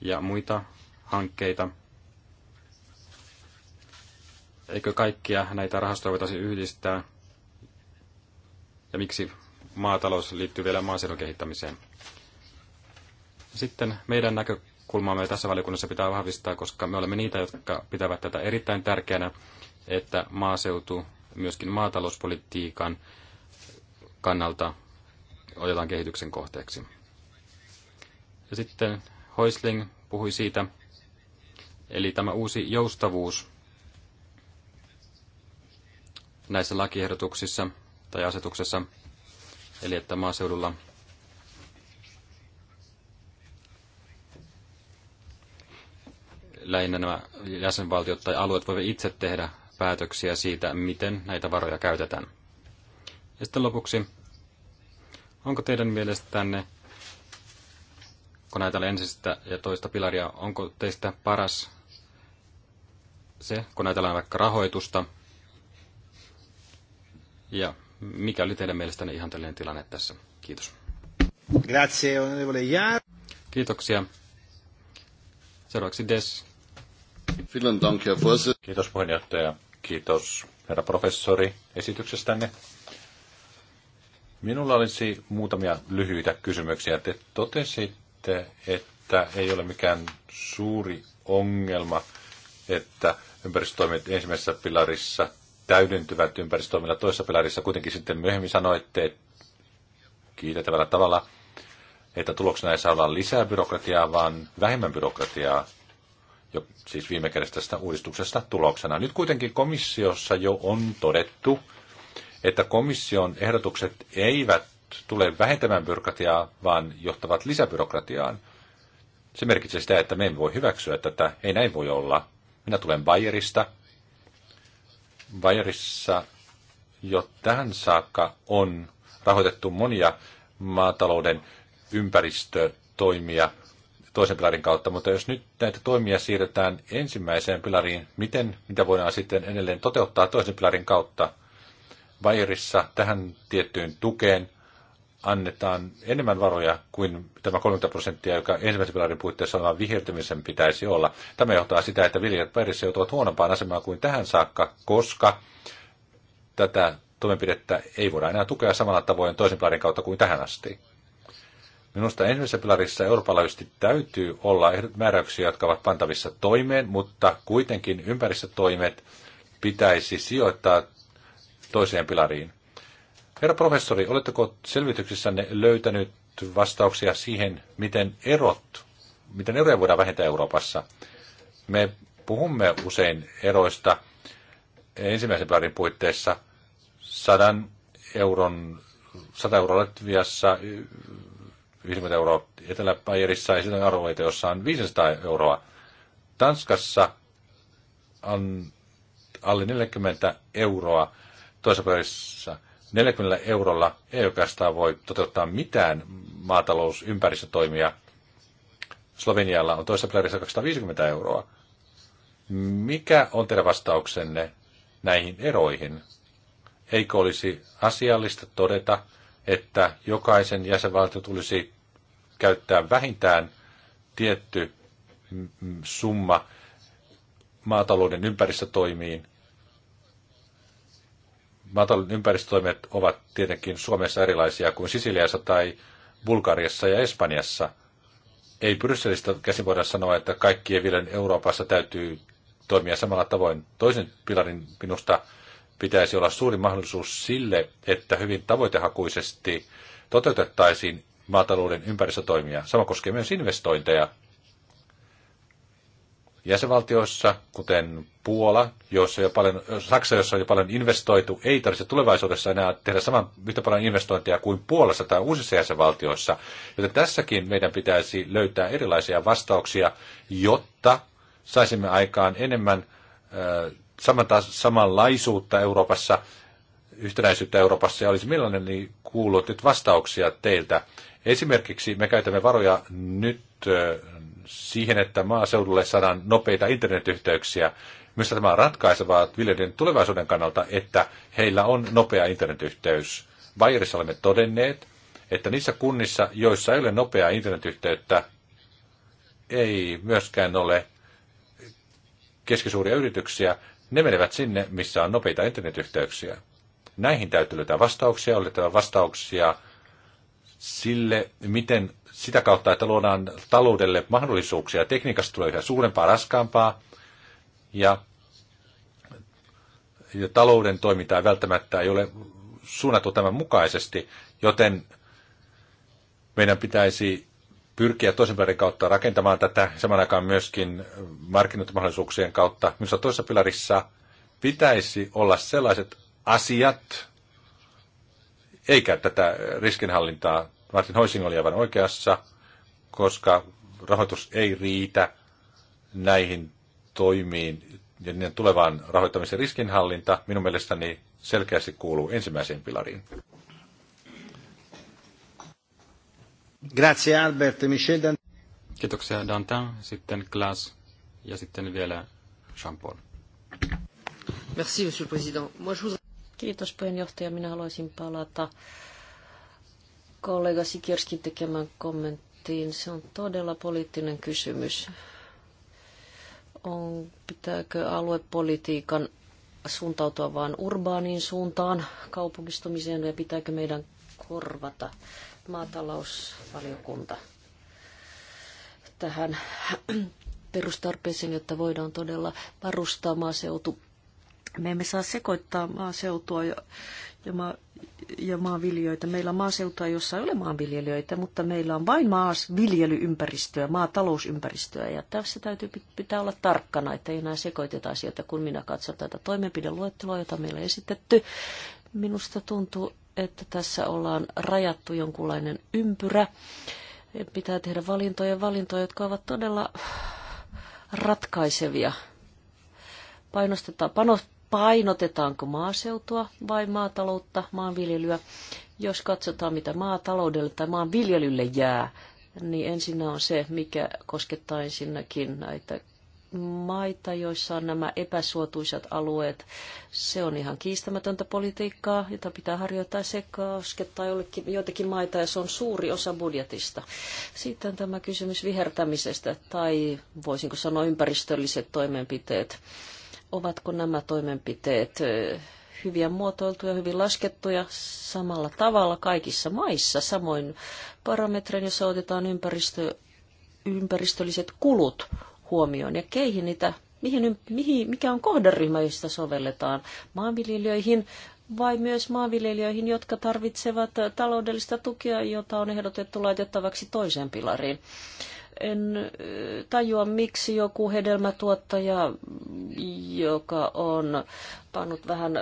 ja muita hankkeita. Eikö kaikkia näitä rahastoja voitaisiin yhdistää? Ja miksi maatalous liittyy vielä maaseudun kehittämiseen? Sitten meidän näkökulmamme tässä valiokunnassa pitää vahvistaa, koska me olemme niitä, jotka pitävät tätä erittäin tärkeänä, että maaseutu myöskin maatalouspolitiikan kannalta otetaan kehityksen kohteeksi. Ja sitten Hoisling puhui siitä, eli tämä uusi joustavuus näissä lakiehdotuksissa tai asetuksessa, eli että maaseudulla lähinnä nämä jäsenvaltiot tai alueet voivat itse tehdä päätöksiä siitä, miten näitä varoja käytetään. Ja sitten lopuksi, onko teidän mielestänne, kun ajatellaan ensistä ja toista pilaria, onko teistä paras se, kun ajatellaan vaikka rahoitusta, ja mikä oli teidän mielestänne tällainen tilanne tässä? Kiitos. Grazie, onorevole Kiitoksia. Seuraavaksi Des Kiitos puheenjohtaja. Kiitos herra professori esityksestänne. Minulla olisi muutamia lyhyitä kysymyksiä. Te totesitte, että ei ole mikään suuri ongelma, että ympäristötoimet ensimmäisessä pilarissa täydentyvät ympäristötoimilla toisessa pilarissa. Kuitenkin sitten myöhemmin sanoitte kiitettävällä tavalla, että tuloksena ei saa olla lisää byrokratiaa, vaan vähemmän byrokratiaa jo, siis viime kädessä tästä uudistuksesta tuloksena. Nyt kuitenkin komissiossa jo on todettu, että komission ehdotukset eivät tule vähentämään byrokratiaa, vaan johtavat lisäbyrokratiaan. Se merkitsee sitä, että me emme voi hyväksyä tätä. Ei näin voi olla. Minä tulen Bayerista. Bayerissa jo tähän saakka on rahoitettu monia maatalouden ympäristötoimia – toisen pilarin kautta, mutta jos nyt näitä toimia siirretään ensimmäiseen pilariin, miten mitä voidaan sitten edelleen toteuttaa toisen pilarin kautta? Vajerissa tähän tiettyyn tukeen annetaan enemmän varoja kuin tämä 30 prosenttia, joka ensimmäisen pilarin puitteissa olevan vihertymisen pitäisi olla. Tämä johtaa sitä, että viljelijät vajerissa joutuvat huonompaan asemaan kuin tähän saakka, koska tätä toimenpidettä ei voida enää tukea samalla tavoin toisen pilarin kautta kuin tähän asti. Minusta ensimmäisessä pilarissa eurooppalaisesti täytyy olla määräyksiä, jotka ovat pantavissa toimeen, mutta kuitenkin ympäristötoimet pitäisi sijoittaa toiseen pilariin. Herra professori, oletteko selvityksissänne löytänyt vastauksia siihen, miten erot, miten eroja voidaan vähentää Euroopassa? Me puhumme usein eroista ensimmäisen pilarin puitteissa sadan euron, 100 euroa Latviassa, 50 euroa. etelä päijärissä ja sitä arvoita, jossa on 500 euroa. Tanskassa on alle 40 euroa. Toisessa Bayerissa 40 eurolla ei oikeastaan voi toteuttaa mitään maatalousympäristötoimia. Slovenialla on toisessa Bayerissa 250 euroa. Mikä on teidän vastauksenne näihin eroihin? Eikö olisi asiallista todeta, että jokaisen jäsenvaltio tulisi käyttää vähintään tietty summa maatalouden ympäristötoimiin. Maatalouden ympäristötoimet ovat tietenkin Suomessa erilaisia kuin Sisiliassa tai Bulgariassa ja Espanjassa. Ei Brysselistä käsin voida sanoa, että kaikkien vielä Euroopassa täytyy toimia samalla tavoin. Toisen pilarin minusta pitäisi olla suuri mahdollisuus sille, että hyvin tavoitehakuisesti toteutettaisiin maatalouden ympäristötoimia. Sama koskee myös investointeja. Jäsenvaltioissa, kuten Puola, jossa jo paljon, Saksa, jossa on jo paljon investoitu, ei tarvitse tulevaisuudessa enää tehdä saman yhtä paljon investointeja kuin Puolassa tai uusissa jäsenvaltioissa. Joten tässäkin meidän pitäisi löytää erilaisia vastauksia, jotta saisimme aikaan enemmän samanlaisuutta Euroopassa, yhtenäisyyttä Euroopassa, ja olisi millainen niin kuullut nyt vastauksia teiltä. Esimerkiksi me käytämme varoja nyt siihen, että maaseudulle saadaan nopeita internetyhteyksiä. Myös tämä on ratkaisevaa viljelijöiden tulevaisuuden kannalta, että heillä on nopea internetyhteys. Bayerissa olemme todenneet, että niissä kunnissa, joissa ei ole nopeaa internetyhteyttä, ei myöskään ole keskisuuria yrityksiä, ne menevät sinne, missä on nopeita internetyhteyksiä. Näihin täytyy löytää vastauksia, löytää vastauksia sille, miten sitä kautta, että luodaan taloudelle mahdollisuuksia. Tekniikasta tulee yhä suurempaa, raskaampaa ja, ja talouden toimintaa välttämättä ei ole suunnattu tämän mukaisesti, joten meidän pitäisi pyrkiä toisen pilarin kautta rakentamaan tätä, saman aikaan myöskin markkinointimahdollisuuksien kautta. Minusta toisessa pilarissa pitäisi olla sellaiset asiat, eikä tätä riskinhallintaa. Martin Hoising oli aivan oikeassa, koska rahoitus ei riitä näihin toimiin ja niiden tulevaan rahoittamisen riskinhallinta minun mielestäni selkeästi kuuluu ensimmäiseen pilariin. Grazie Albert. Michel Kiitoksia Dantin, sitten Klaas ja sitten vielä Jean-Paul. Merci, monsieur le président. Moi, je Kiitos puheenjohtaja. Minä haluaisin palata kollega Sikirskin tekemään kommenttiin. Se on todella poliittinen kysymys. On, pitääkö aluepolitiikan suuntautua vain urbaaniin suuntaan, kaupungistumiseen ja pitääkö meidän korvata maatalousvaliokunta tähän perustarpeeseen, jotta voidaan todella varustaa maaseutu. Me emme saa sekoittaa maaseutua ja, ja, ma, ja maanviljelijöitä. Meillä on maaseutua, jossa ei ole maanviljelijöitä, mutta meillä on vain maasviljelyympäristöä, maatalousympäristöä. Ja tässä täytyy pitää olla tarkkana, että ei enää sekoiteta asioita, kun minä katson tätä toimenpideluetteloa, jota meillä on esitetty. Minusta tuntuu, että tässä ollaan rajattu jonkunlainen ympyrä. Pitää tehdä valintoja, valintoja, jotka ovat todella ratkaisevia. Painostetaan, panos, painotetaanko maaseutua vai maataloutta, maanviljelyä. Jos katsotaan, mitä maataloudelle tai maanviljelylle jää, niin ensinnä on se, mikä koskettaa ensinnäkin näitä maita, joissa on nämä epäsuotuisat alueet. Se on ihan kiistämätöntä politiikkaa, jota pitää harjoittaa sekä koskettaa jollekin, joitakin maita ja se on suuri osa budjetista. Sitten tämä kysymys vihertämisestä tai voisinko sanoa ympäristölliset toimenpiteet. Ovatko nämä toimenpiteet hyviä muotoiltuja, hyvin laskettuja samalla tavalla kaikissa maissa, samoin parametrin, jossa otetaan ympäristö, ympäristölliset kulut huomioon ja keihin niitä, mihin, mihin, mikä on kohderyhmä, josta sovelletaan maanviljelijöihin vai myös maanviljelijöihin, jotka tarvitsevat taloudellista tukea, jota on ehdotettu laitettavaksi toiseen pilariin en tajua, miksi joku hedelmätuottaja, joka on pannut vähän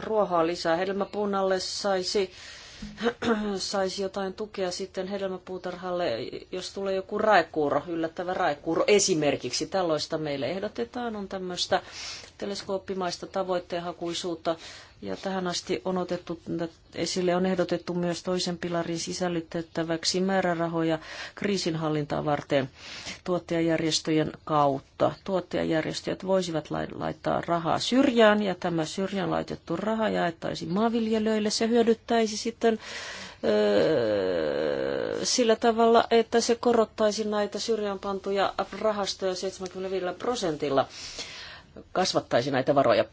ruohaa lisää hedelmäpunalle, saisi saisi jotain tukea sitten hedelmäpuutarhalle, jos tulee joku raikuuro, yllättävä raikuuro esimerkiksi. Tällaista meille ehdotetaan, on tämmöistä teleskooppimaista tavoitteenhakuisuutta ja tähän asti on otettu esille, on ehdotettu myös toisen pilarin sisällytettäväksi määrärahoja kriisinhallintaa varten tuottajajärjestöjen kautta. Tuottajajärjestöt voisivat laittaa rahaa syrjään ja tämä syrjään laitettu raha jaettaisiin maanviljelijöille. Se hyödyttäisi sitten sillä tavalla, että se korottaisi näitä syrjään pantuja rahastoja 75 prosentilla kasvattaisi näitä varoja.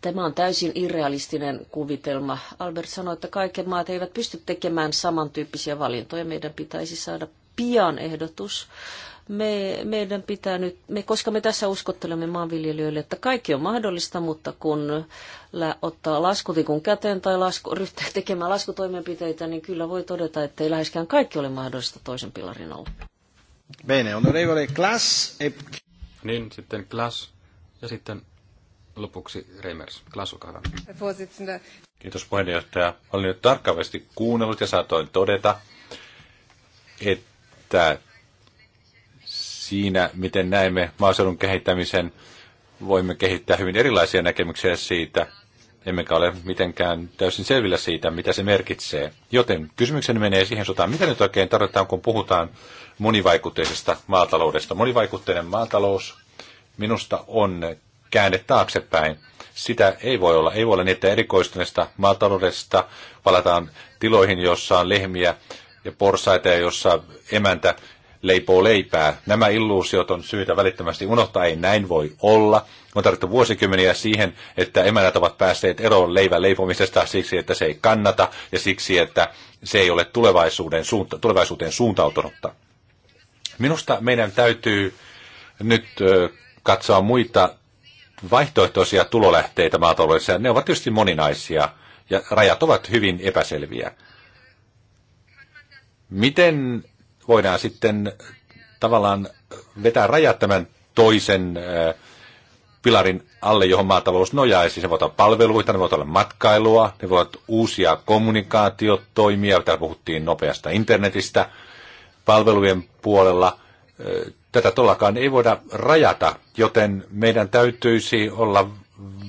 Tämä on täysin irrealistinen kuvitelma. Albert sanoi, että kaiken maat eivät pysty tekemään samantyyppisiä valintoja. Meidän pitäisi saada pian ehdotus. Me, meidän pitää nyt, me, koska me tässä uskottelemme maanviljelijöille, että kaikki on mahdollista, mutta kun lä, ottaa laskutikun käteen tai lasku, ryhtyy tekemään laskutoimenpiteitä, niin kyllä voi todeta, että ei läheskään kaikki ole mahdollista toisen pilarin olla. Bene, onorevole Klaas. E- niin, sitten Klaas ja sitten lopuksi Reimers. Klasukahva. Kiitos puheenjohtaja. Olen nyt tarkkaavasti kuunnellut ja saatoin todeta, että siinä, miten näemme maaseudun kehittämisen, voimme kehittää hyvin erilaisia näkemyksiä siitä, emmekä ole mitenkään täysin selvillä siitä, mitä se merkitsee. Joten kysymykseni menee siihen sotaan, mitä nyt oikein tarvitaan, kun puhutaan monivaikutteisesta maataloudesta. Monivaikutteinen maatalous minusta on käänne taaksepäin. Sitä ei voi olla. Ei voi olla niin, että erikoistuneesta maataloudesta palataan tiloihin, jossa on lehmiä ja porsaita ja jossa emäntä leipoo leipää. Nämä illuusiot on syytä välittömästi unohtaa, ei näin voi olla. On tarvittu vuosikymmeniä siihen, että emänät ovat päässeet eroon leivän leipomisesta siksi, että se ei kannata ja siksi, että se ei ole tulevaisuuden suunta, tulevaisuuteen suuntautunutta. Minusta meidän täytyy nyt katsoa muita vaihtoehtoisia tulolähteitä maataloudessa. Ne ovat tietysti moninaisia ja rajat ovat hyvin epäselviä. Miten voidaan sitten tavallaan vetää rajat tämän toisen äh, pilarin alle, johon maatalous nojaisi. Se voi olla palveluita, ne voivat olla matkailua, ne voivat uusia kommunikaatiotoimia, täällä puhuttiin nopeasta internetistä, palvelujen puolella äh, tätä tollakaan ei voida rajata, joten meidän täytyisi olla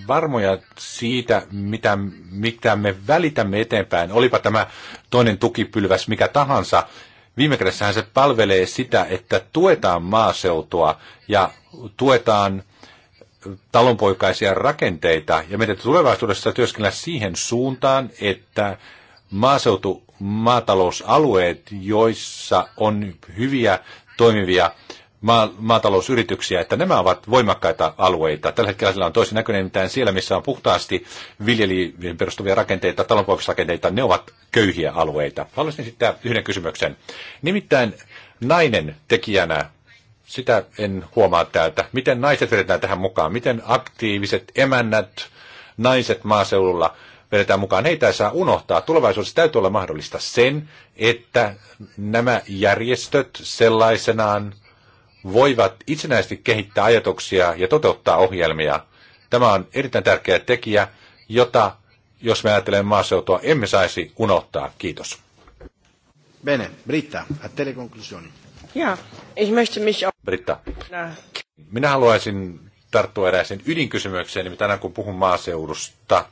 varmoja siitä, mitä, mitä me välitämme eteenpäin. Olipa tämä toinen tukipylväs mikä tahansa, viime kädessähän se palvelee sitä, että tuetaan maaseutua ja tuetaan talonpoikaisia rakenteita ja meidän tulevaisuudessa työskennellä siihen suuntaan, että maaseutu maatalousalueet, joissa on hyviä toimivia maatalousyrityksiä, että nämä ovat voimakkaita alueita. Tällä hetkellä sillä on toisen näköinen mitään siellä, missä on puhtaasti viljelijöiden perustuvia rakenteita, talonpoikaisrakenteita, ne ovat köyhiä alueita. Haluaisin esittää yhden kysymyksen. Nimittäin nainen tekijänä, sitä en huomaa täältä, miten naiset vedetään tähän mukaan, miten aktiiviset emännät, naiset maaseudulla vedetään mukaan. Heitä ei saa unohtaa. Tulevaisuudessa täytyy olla mahdollista sen, että nämä järjestöt sellaisenaan voivat itsenäisesti kehittää ajatuksia ja toteuttaa ohjelmia. Tämä on erittäin tärkeä tekijä, jota, jos me ajattelemme maaseutua, emme saisi unohtaa. Kiitos. Bene, Britta, a te Ja, ich möchte mich auch... Britta, minä haluaisin tarttua erääseen ydinkysymykseen, nimittäin aina kun puhun maaseudusta,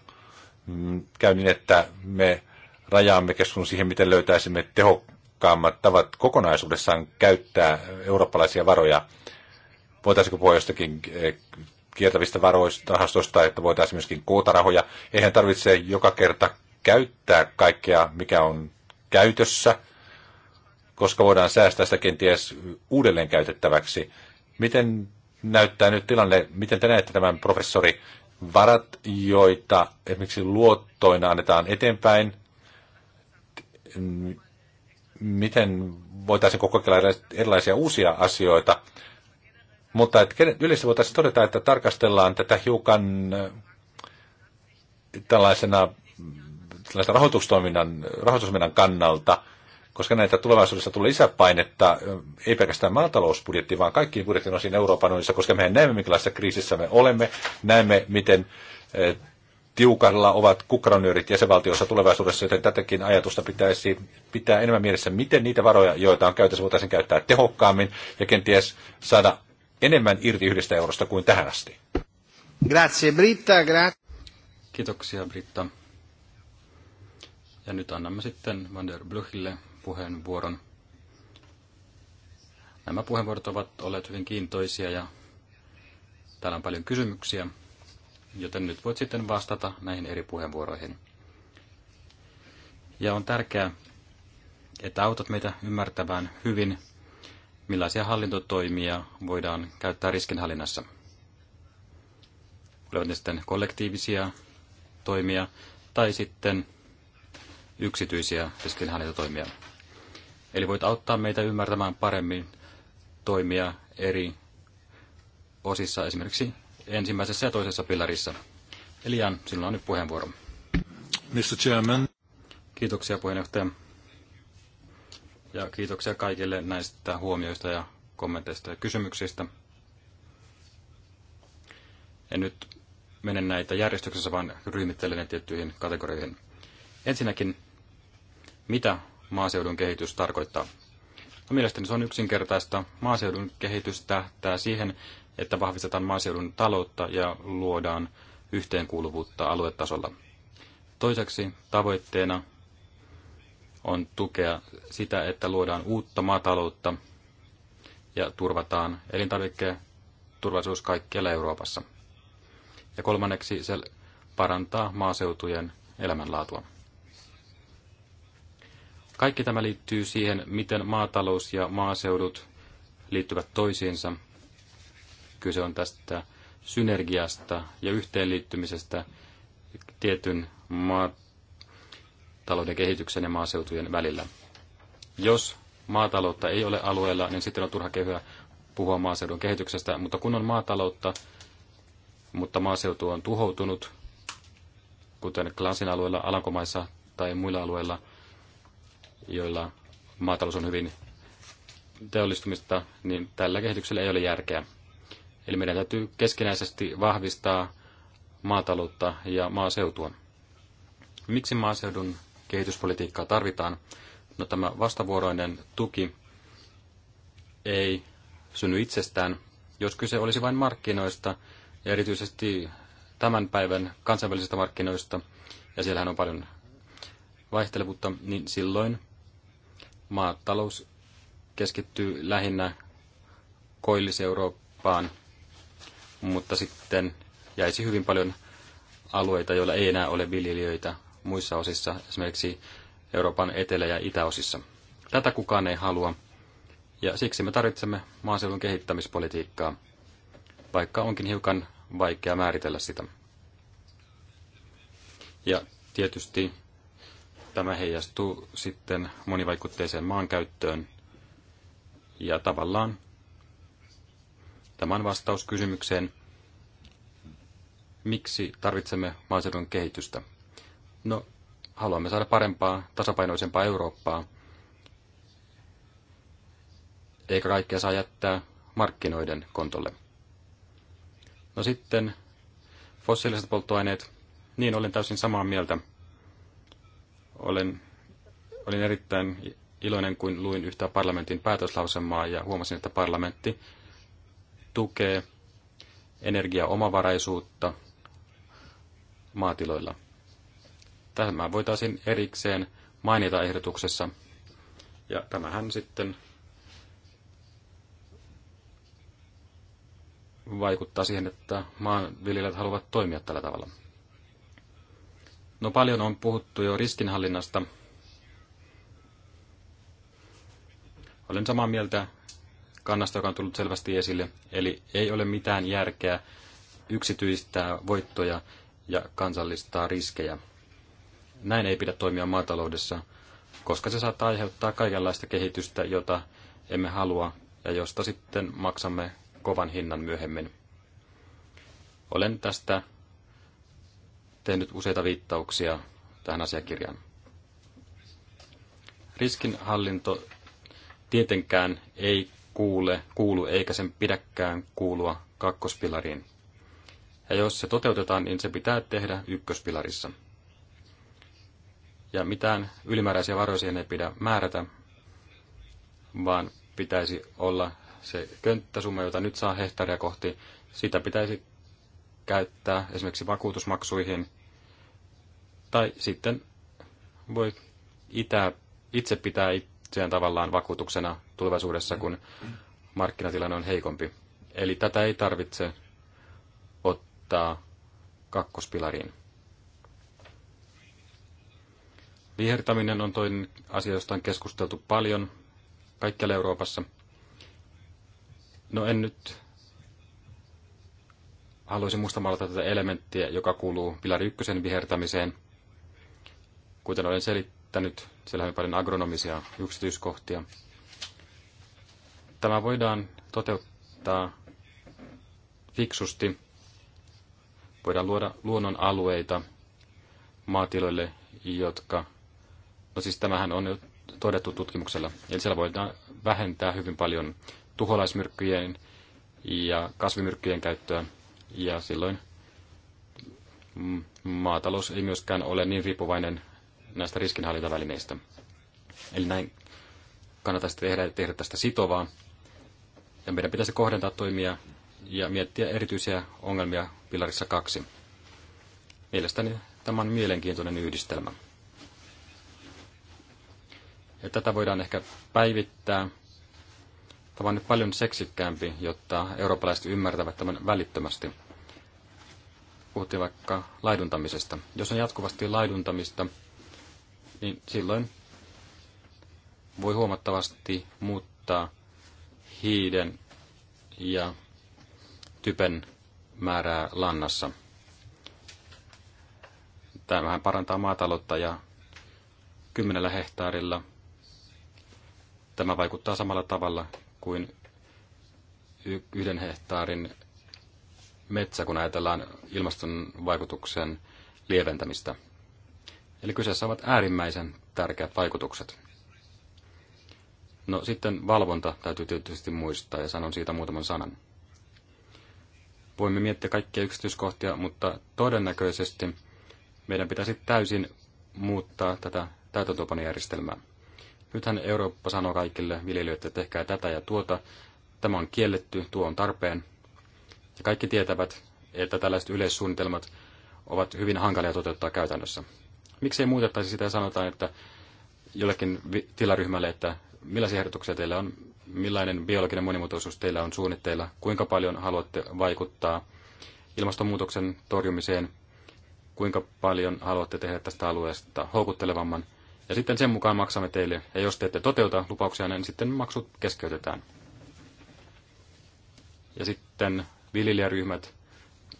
mm, käy niin, että me rajaamme keskustelun siihen, miten löytäisimme teho, tehokkaammat tavat kokonaisuudessaan käyttää eurooppalaisia varoja? Voitaisiinko puhua jostakin eh, kiertävistä varoista, rahastosta, että voitaisiin myöskin koota rahoja? Eihän tarvitse joka kerta käyttää kaikkea, mikä on käytössä, koska voidaan säästää sitä kenties uudelleen käytettäväksi. Miten näyttää nyt tilanne, miten te näette tämän professori, varat, joita esimerkiksi luottoina annetaan eteenpäin, miten voitaisiin kokeilla erilaisia uusia asioita. Mutta että yleensä voitaisiin todeta, että tarkastellaan tätä hiukan äh, tällaisena, tällaisena rahoitustoiminnan, rahoitustoiminnan kannalta, koska näitä tulevaisuudessa tulee lisäpainetta, äh, ei pelkästään maatalousbudjetti, vaan kaikkiin budjettiin osin Euroopan unionissa, koska mehän näemme, minkälaisessa kriisissä me olemme, näemme, miten äh, tiukalla ovat kukkaronnyörit jäsenvaltioissa tulevaisuudessa, joten tätäkin ajatusta pitäisi pitää enemmän mielessä, miten niitä varoja, joita on käytössä, voitaisiin käyttää tehokkaammin ja kenties saada enemmän irti yhdestä eurosta kuin tähän asti. Grazie Britta, grazie. Kiitoksia Britta. Ja nyt annamme sitten Van der Bluchille puheenvuoron. Nämä puheenvuorot ovat olleet hyvin kiintoisia ja täällä on paljon kysymyksiä. Joten nyt voit sitten vastata näihin eri puheenvuoroihin. Ja on tärkeää, että autat meitä ymmärtämään hyvin, millaisia hallintotoimia voidaan käyttää riskinhallinnassa. Olevat ne sitten kollektiivisia toimia tai sitten yksityisiä riskinhallintotoimia. Eli voit auttaa meitä ymmärtämään paremmin toimia eri osissa, esimerkiksi ensimmäisessä ja toisessa pilarissa. Eli Jan, sinulla on nyt puheenvuoro. Mr. Chairman. Kiitoksia puheenjohtaja. Ja kiitoksia kaikille näistä huomioista ja kommenteista ja kysymyksistä. En nyt mene näitä järjestyksessä, vaan ryhmittelen ne tiettyihin kategorioihin. Ensinnäkin, mitä maaseudun kehitys tarkoittaa? No, mielestäni se on yksinkertaista. Maaseudun kehitys tähtää siihen, että vahvistetaan maaseudun taloutta ja luodaan yhteenkuuluvuutta aluetasolla. Toiseksi tavoitteena on tukea sitä, että luodaan uutta maataloutta ja turvataan elintarvikkeen turvallisuus kaikkialla Euroopassa. Ja kolmanneksi se parantaa maaseutujen elämänlaatua. Kaikki tämä liittyy siihen, miten maatalous ja maaseudut liittyvät toisiinsa Kyse on tästä synergiasta ja yhteenliittymisestä tietyn maatalouden kehityksen ja maaseutujen välillä. Jos maataloutta ei ole alueella, niin sitten on turha kehyä puhua maaseudun kehityksestä, mutta kun on maataloutta, mutta maaseutu on tuhoutunut, kuten Klasin alueella, Alankomaissa tai muilla alueilla, joilla maatalous on hyvin teollistumista, niin tällä kehityksellä ei ole järkeä. Eli meidän täytyy keskinäisesti vahvistaa maataloutta ja maaseutua. Miksi maaseudun kehityspolitiikkaa tarvitaan? No tämä vastavuoroinen tuki ei synny itsestään. Jos kyse olisi vain markkinoista, ja erityisesti tämän päivän kansainvälisistä markkinoista, ja siellähän on paljon vaihtelevuutta, niin silloin maatalous keskittyy lähinnä koillis-Eurooppaan – mutta sitten jäisi hyvin paljon alueita, joilla ei enää ole viljelijöitä muissa osissa, esimerkiksi Euroopan etelä- ja itäosissa. Tätä kukaan ei halua, ja siksi me tarvitsemme maaseudun kehittämispolitiikkaa, vaikka onkin hiukan vaikea määritellä sitä. Ja tietysti tämä heijastuu sitten monivaikutteiseen maankäyttöön, ja tavallaan Tämä vastaus kysymykseen, miksi tarvitsemme maaseudun kehitystä. No, haluamme saada parempaa, tasapainoisempaa Eurooppaa, eikä kaikkea saa jättää markkinoiden kontolle. No sitten fossiiliset polttoaineet. Niin, olen täysin samaa mieltä. Olen, olin erittäin iloinen, kun luin yhtä parlamentin päätöslausemaa ja huomasin, että parlamentti tukee energiaomavaraisuutta maatiloilla. Tämä voitaisiin erikseen mainita ehdotuksessa. Ja tämähän sitten vaikuttaa siihen, että maanviljelijät haluavat toimia tällä tavalla. No paljon on puhuttu jo riskinhallinnasta. Olen samaa mieltä kannasta, joka on tullut selvästi esille. Eli ei ole mitään järkeä yksityistää voittoja ja kansallistaa riskejä. Näin ei pidä toimia maataloudessa, koska se saattaa aiheuttaa kaikenlaista kehitystä, jota emme halua ja josta sitten maksamme kovan hinnan myöhemmin. Olen tästä tehnyt useita viittauksia tähän asiakirjaan. Riskinhallinto tietenkään ei kuule, kuulu eikä sen pidäkään kuulua kakkospilariin. Ja jos se toteutetaan, niin se pitää tehdä ykköspilarissa. Ja mitään ylimääräisiä varoja siihen ei pidä määrätä, vaan pitäisi olla se könttäsumma, jota nyt saa hehtaaria kohti, sitä pitäisi käyttää esimerkiksi vakuutusmaksuihin. Tai sitten voi itse pitää sen tavallaan vakuutuksena tulevaisuudessa, kun markkinatilanne on heikompi. Eli tätä ei tarvitse ottaa kakkospilariin. Vihertäminen on toinen asia, josta on keskusteltu paljon kaikkialla Euroopassa. No en nyt haluaisin mustamalata tätä elementtiä, joka kuuluu pilari ykkösen vihertämiseen. Kuten olen selittänyt, käyttänyt. Siellä on paljon agronomisia yksityiskohtia. Tämä voidaan toteuttaa fiksusti. Voidaan luoda luonnonalueita maatiloille, jotka... No siis tämähän on jo todettu tutkimuksella. Eli siellä voidaan vähentää hyvin paljon tuholaismyrkkyjen ja kasvimyrkkyjen käyttöä. Ja silloin mm, maatalous ei myöskään ole niin riippuvainen näistä riskinhallintavälineistä. Eli näin kannattaisi tehdä, tehdä tästä sitovaa. Ja meidän pitäisi kohdentaa toimia ja miettiä erityisiä ongelmia pilarissa kaksi. Mielestäni tämä on mielenkiintoinen yhdistelmä. Ja tätä voidaan ehkä päivittää. Tämä on nyt paljon seksikkäämpi, jotta eurooppalaiset ymmärtävät tämän välittömästi. Puhuttiin vaikka laiduntamisesta. Jos on jatkuvasti laiduntamista, niin silloin voi huomattavasti muuttaa hiiden ja typen määrää lannassa. Tämähän parantaa maataloutta ja kymmenellä hehtaarilla tämä vaikuttaa samalla tavalla kuin yhden hehtaarin metsä, kun ajatellaan ilmaston vaikutuksen lieventämistä. Eli kyseessä ovat äärimmäisen tärkeät vaikutukset. No sitten valvonta täytyy tietysti muistaa ja sanon siitä muutaman sanan. Voimme miettiä kaikkia yksityiskohtia, mutta todennäköisesti meidän pitäisi täysin muuttaa tätä täytäntöpanojärjestelmää. Nythän Eurooppa sanoo kaikille viljelijöille, että tehkää tätä ja tuota. Tämä on kielletty, tuo on tarpeen. Ja kaikki tietävät, että tällaiset yleissuunnitelmat ovat hyvin hankalia toteuttaa käytännössä miksei muutettaisi sitä ja sanotaan, että jollekin tilaryhmälle, että millaisia ehdotuksia teillä on, millainen biologinen monimuotoisuus teillä on suunnitteilla, kuinka paljon haluatte vaikuttaa ilmastonmuutoksen torjumiseen, kuinka paljon haluatte tehdä tästä alueesta houkuttelevamman. Ja sitten sen mukaan maksamme teille, ja jos te ette toteuta lupauksia, niin sitten maksut keskeytetään. Ja sitten viljelijäryhmät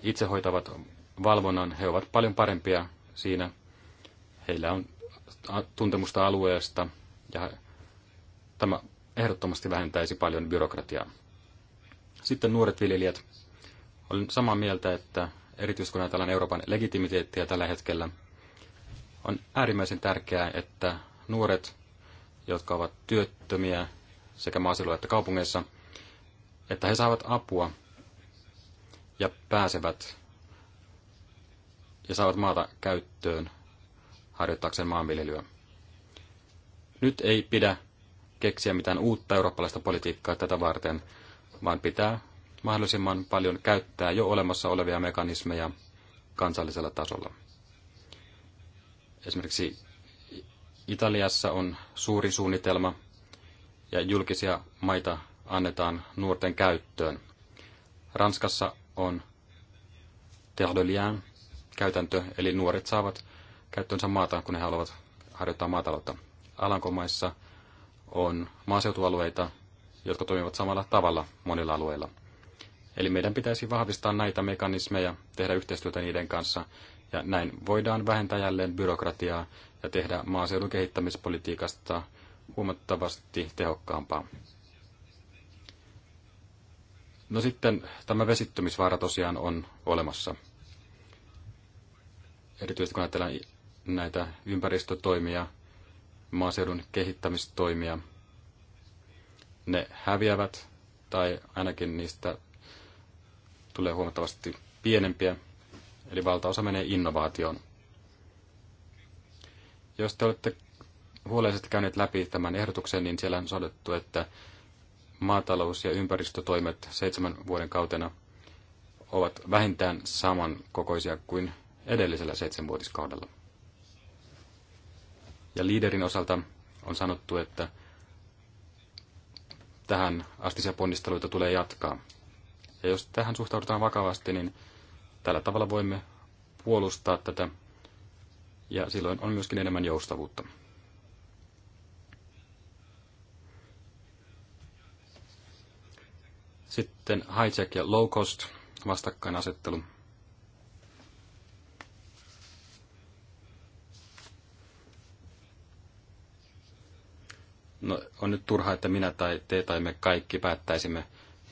itse hoitavat valvonnan, he ovat paljon parempia siinä Heillä on tuntemusta alueesta ja tämä ehdottomasti vähentäisi paljon byrokratiaa. Sitten nuoret viljelijät. Olen samaa mieltä, että erityisesti kun ajatellaan Euroopan legitimiteettiä tällä hetkellä, on äärimmäisen tärkeää, että nuoret, jotka ovat työttömiä sekä maaseudulla että kaupungeissa, että he saavat apua ja pääsevät ja saavat maata käyttöön harjoittaakseen maanviljelyä. Nyt ei pidä keksiä mitään uutta eurooppalaista politiikkaa tätä varten, vaan pitää mahdollisimman paljon käyttää jo olemassa olevia mekanismeja kansallisella tasolla. Esimerkiksi Italiassa on suuri suunnitelma ja julkisia maita annetaan nuorten käyttöön. Ranskassa on Lien käytäntö, eli nuoret saavat käyttöönsä maata, kun he haluavat harjoittaa maataloutta. Alankomaissa on maaseutualueita, jotka toimivat samalla tavalla monilla alueilla. Eli meidän pitäisi vahvistaa näitä mekanismeja, tehdä yhteistyötä niiden kanssa, ja näin voidaan vähentää jälleen byrokratiaa ja tehdä maaseudun kehittämispolitiikasta huomattavasti tehokkaampaa. No sitten tämä vesittymisvaara tosiaan on olemassa. Erityisesti kun ajatellaan näitä ympäristötoimia, maaseudun kehittämistoimia. Ne häviävät, tai ainakin niistä tulee huomattavasti pienempiä, eli valtaosa menee innovaatioon. Jos te olette huolellisesti käyneet läpi tämän ehdotuksen, niin siellä on sanottu, että maatalous- ja ympäristötoimet seitsemän vuoden kautena ovat vähintään samankokoisia kuin edellisellä seitsemänvuotiskaudella. Ja liiderin osalta on sanottu, että tähän astisia ponnisteluita tulee jatkaa. Ja jos tähän suhtaudutaan vakavasti, niin tällä tavalla voimme puolustaa tätä ja silloin on myöskin enemmän joustavuutta. Sitten high-tech ja low-cost vastakkainasettelu. No, on nyt turha, että minä tai te tai me kaikki päättäisimme,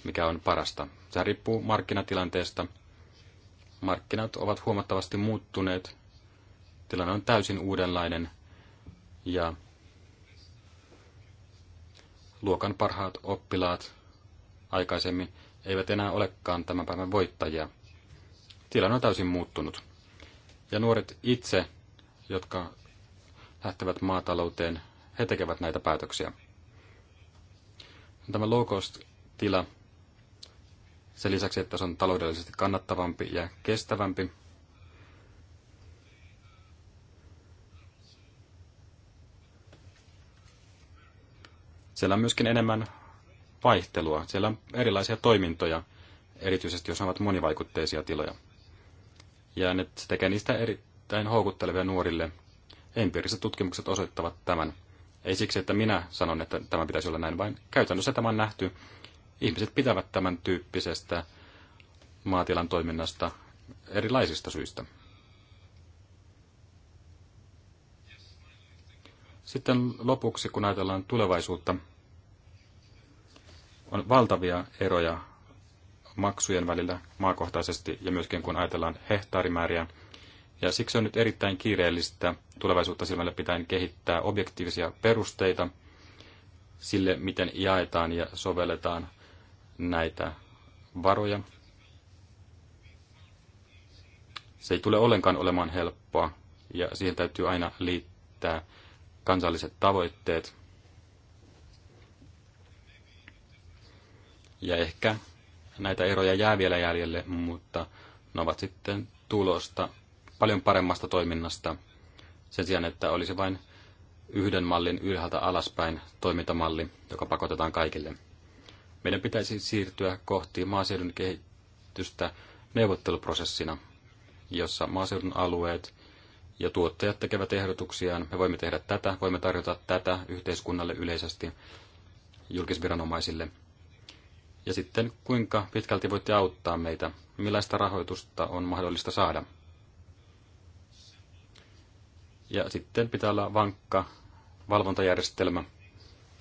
mikä on parasta. Se riippuu markkinatilanteesta. Markkinat ovat huomattavasti muuttuneet. Tilanne on täysin uudenlainen ja luokan parhaat oppilaat aikaisemmin eivät enää olekaan tämän päivän voittajia. Tilanne on täysin muuttunut. Ja nuoret itse, jotka lähtevät maatalouteen, he tekevät näitä päätöksiä. Tämä low cost tila, sen lisäksi, että se on taloudellisesti kannattavampi ja kestävämpi, siellä on myöskin enemmän vaihtelua. Siellä on erilaisia toimintoja, erityisesti jos ovat monivaikutteisia tiloja. Ja ne, se tekee niistä erittäin houkuttelevia nuorille. Empiiriset tutkimukset osoittavat tämän. Ei siksi, että minä sanon, että tämä pitäisi olla näin, vaan käytännössä tämä on nähty. Ihmiset pitävät tämän tyyppisestä maatilan toiminnasta erilaisista syistä. Sitten lopuksi, kun ajatellaan tulevaisuutta, on valtavia eroja maksujen välillä maakohtaisesti ja myöskin kun ajatellaan hehtaarimääriä ja siksi on nyt erittäin kiireellistä tulevaisuutta silmällä pitäen kehittää objektiivisia perusteita sille, miten jaetaan ja sovelletaan näitä varoja. Se ei tule ollenkaan olemaan helppoa ja siihen täytyy aina liittää kansalliset tavoitteet. Ja ehkä näitä eroja jää vielä jäljelle, mutta ne ovat sitten tulosta paljon paremmasta toiminnasta sen sijaan, että olisi vain yhden mallin ylhäältä alaspäin toimintamalli, joka pakotetaan kaikille. Meidän pitäisi siirtyä kohti maaseudun kehitystä neuvotteluprosessina, jossa maaseudun alueet ja tuottajat tekevät ehdotuksiaan. Me voimme tehdä tätä, voimme tarjota tätä yhteiskunnalle yleisesti, julkisviranomaisille. Ja sitten kuinka pitkälti voitte auttaa meitä, millaista rahoitusta on mahdollista saada. Ja sitten pitää olla vankka valvontajärjestelmä,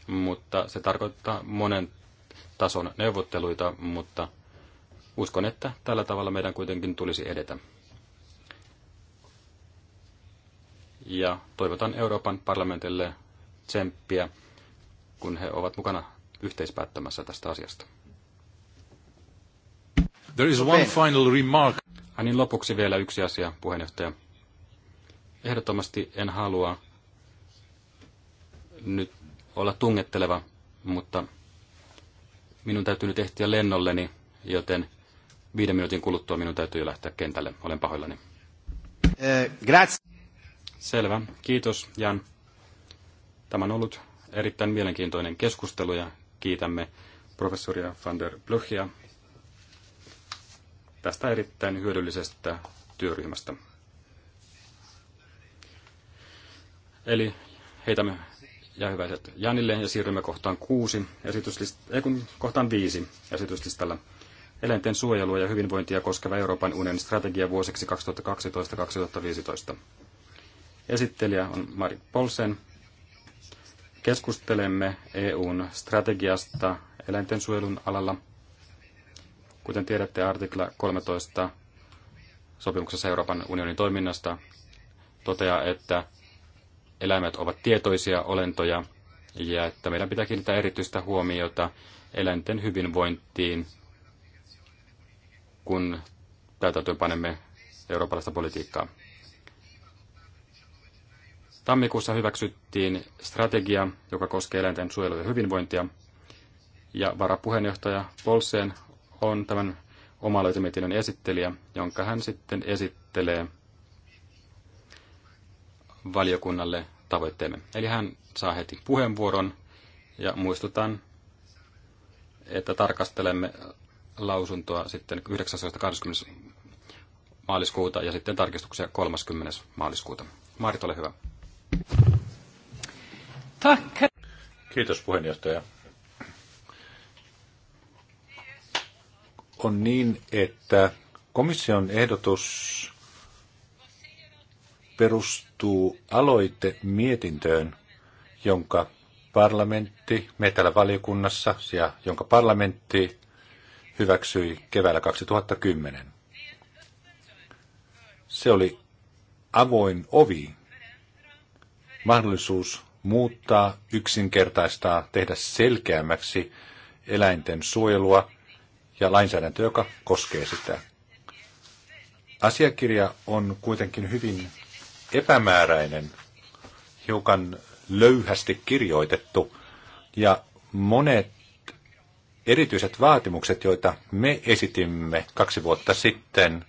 mutta se tarkoittaa monen tason neuvotteluita, mutta uskon, että tällä tavalla meidän kuitenkin tulisi edetä. Ja toivotan Euroopan parlamentille tsemppiä, kun he ovat mukana yhteispäättämässä tästä asiasta. There is one final remark. Niin, lopuksi vielä yksi asia, puheenjohtaja ehdottomasti en halua nyt olla tungetteleva, mutta minun täytyy nyt ehtiä lennolleni, joten viiden minuutin kuluttua minun täytyy lähteä kentälle. Olen pahoillani. Äh, Selvä. Kiitos, Jan. Tämä on ollut erittäin mielenkiintoinen keskustelu ja kiitämme professoria van der Bluchia tästä erittäin hyödyllisestä työryhmästä. Eli heitämme jäähyväiset Janille ja siirrymme kohtaan kuusi, esityslist- ei kun kohtaan viisi esityslistalla. Eläinten suojelua ja hyvinvointia koskeva Euroopan unionin strategia vuosiksi 2012-2015. Esittelijä on Mari Polsen. Keskustelemme EUn strategiasta eläinten suojelun alalla. Kuten tiedätte, artikla 13 sopimuksessa Euroopan unionin toiminnasta toteaa, että eläimet ovat tietoisia olentoja ja että meidän pitää kiinnittää erityistä huomiota eläinten hyvinvointiin, kun täytäntöönpanemme eurooppalaista politiikkaa. Tammikuussa hyväksyttiin strategia, joka koskee eläinten suojelua ja hyvinvointia, ja varapuheenjohtaja Polseen on tämän oma esittelijä, jonka hän sitten esittelee – valiokunnalle tavoitteemme. Eli hän saa heti puheenvuoron ja muistutan, että tarkastelemme lausuntoa sitten 19.20. maaliskuuta ja sitten tarkistuksia 30. maaliskuuta. Maarit, ole hyvä. Tack. Kiitos puheenjohtaja. On niin, että komission ehdotus perustuu aloite mietintöön, jonka parlamentti, me täällä valiokunnassa, ja jonka parlamentti hyväksyi keväällä 2010. Se oli avoin ovi, mahdollisuus muuttaa, yksinkertaistaa, tehdä selkeämmäksi eläinten suojelua ja lainsäädäntö, joka koskee sitä. Asiakirja on kuitenkin hyvin epämääräinen, hiukan löyhästi kirjoitettu ja monet erityiset vaatimukset, joita me esitimme kaksi vuotta sitten,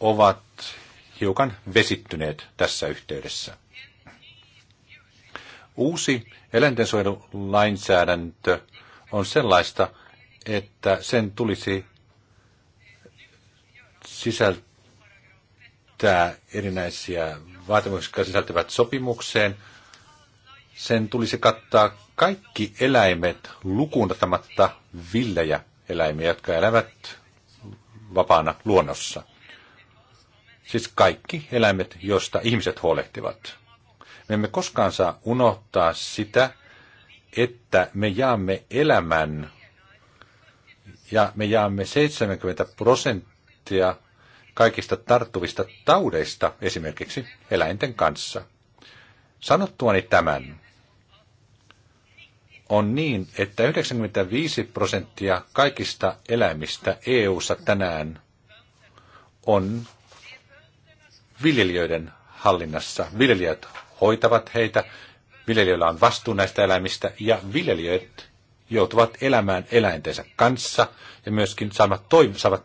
ovat hiukan vesittyneet tässä yhteydessä. Uusi eläintensuojelulainsäädäntö on sellaista, että sen tulisi sisältää liittää erinäisiä vaatimuksia, jotka sisältyvät sopimukseen. Sen tulisi kattaa kaikki eläimet lukuun ottamatta villejä eläimiä, jotka elävät vapaana luonnossa. Siis kaikki eläimet, joista ihmiset huolehtivat. Me emme koskaan saa unohtaa sitä, että me jaamme elämän ja me jaamme 70 prosenttia kaikista tarttuvista taudeista, esimerkiksi eläinten kanssa. Sanottuani tämän on niin, että 95 prosenttia kaikista eläimistä EU-ssa tänään on viljelijöiden hallinnassa. Viljelijät hoitavat heitä, viljelijöillä on vastuu näistä eläimistä ja viljelijät joutuvat elämään eläintensä kanssa ja myöskin saavat,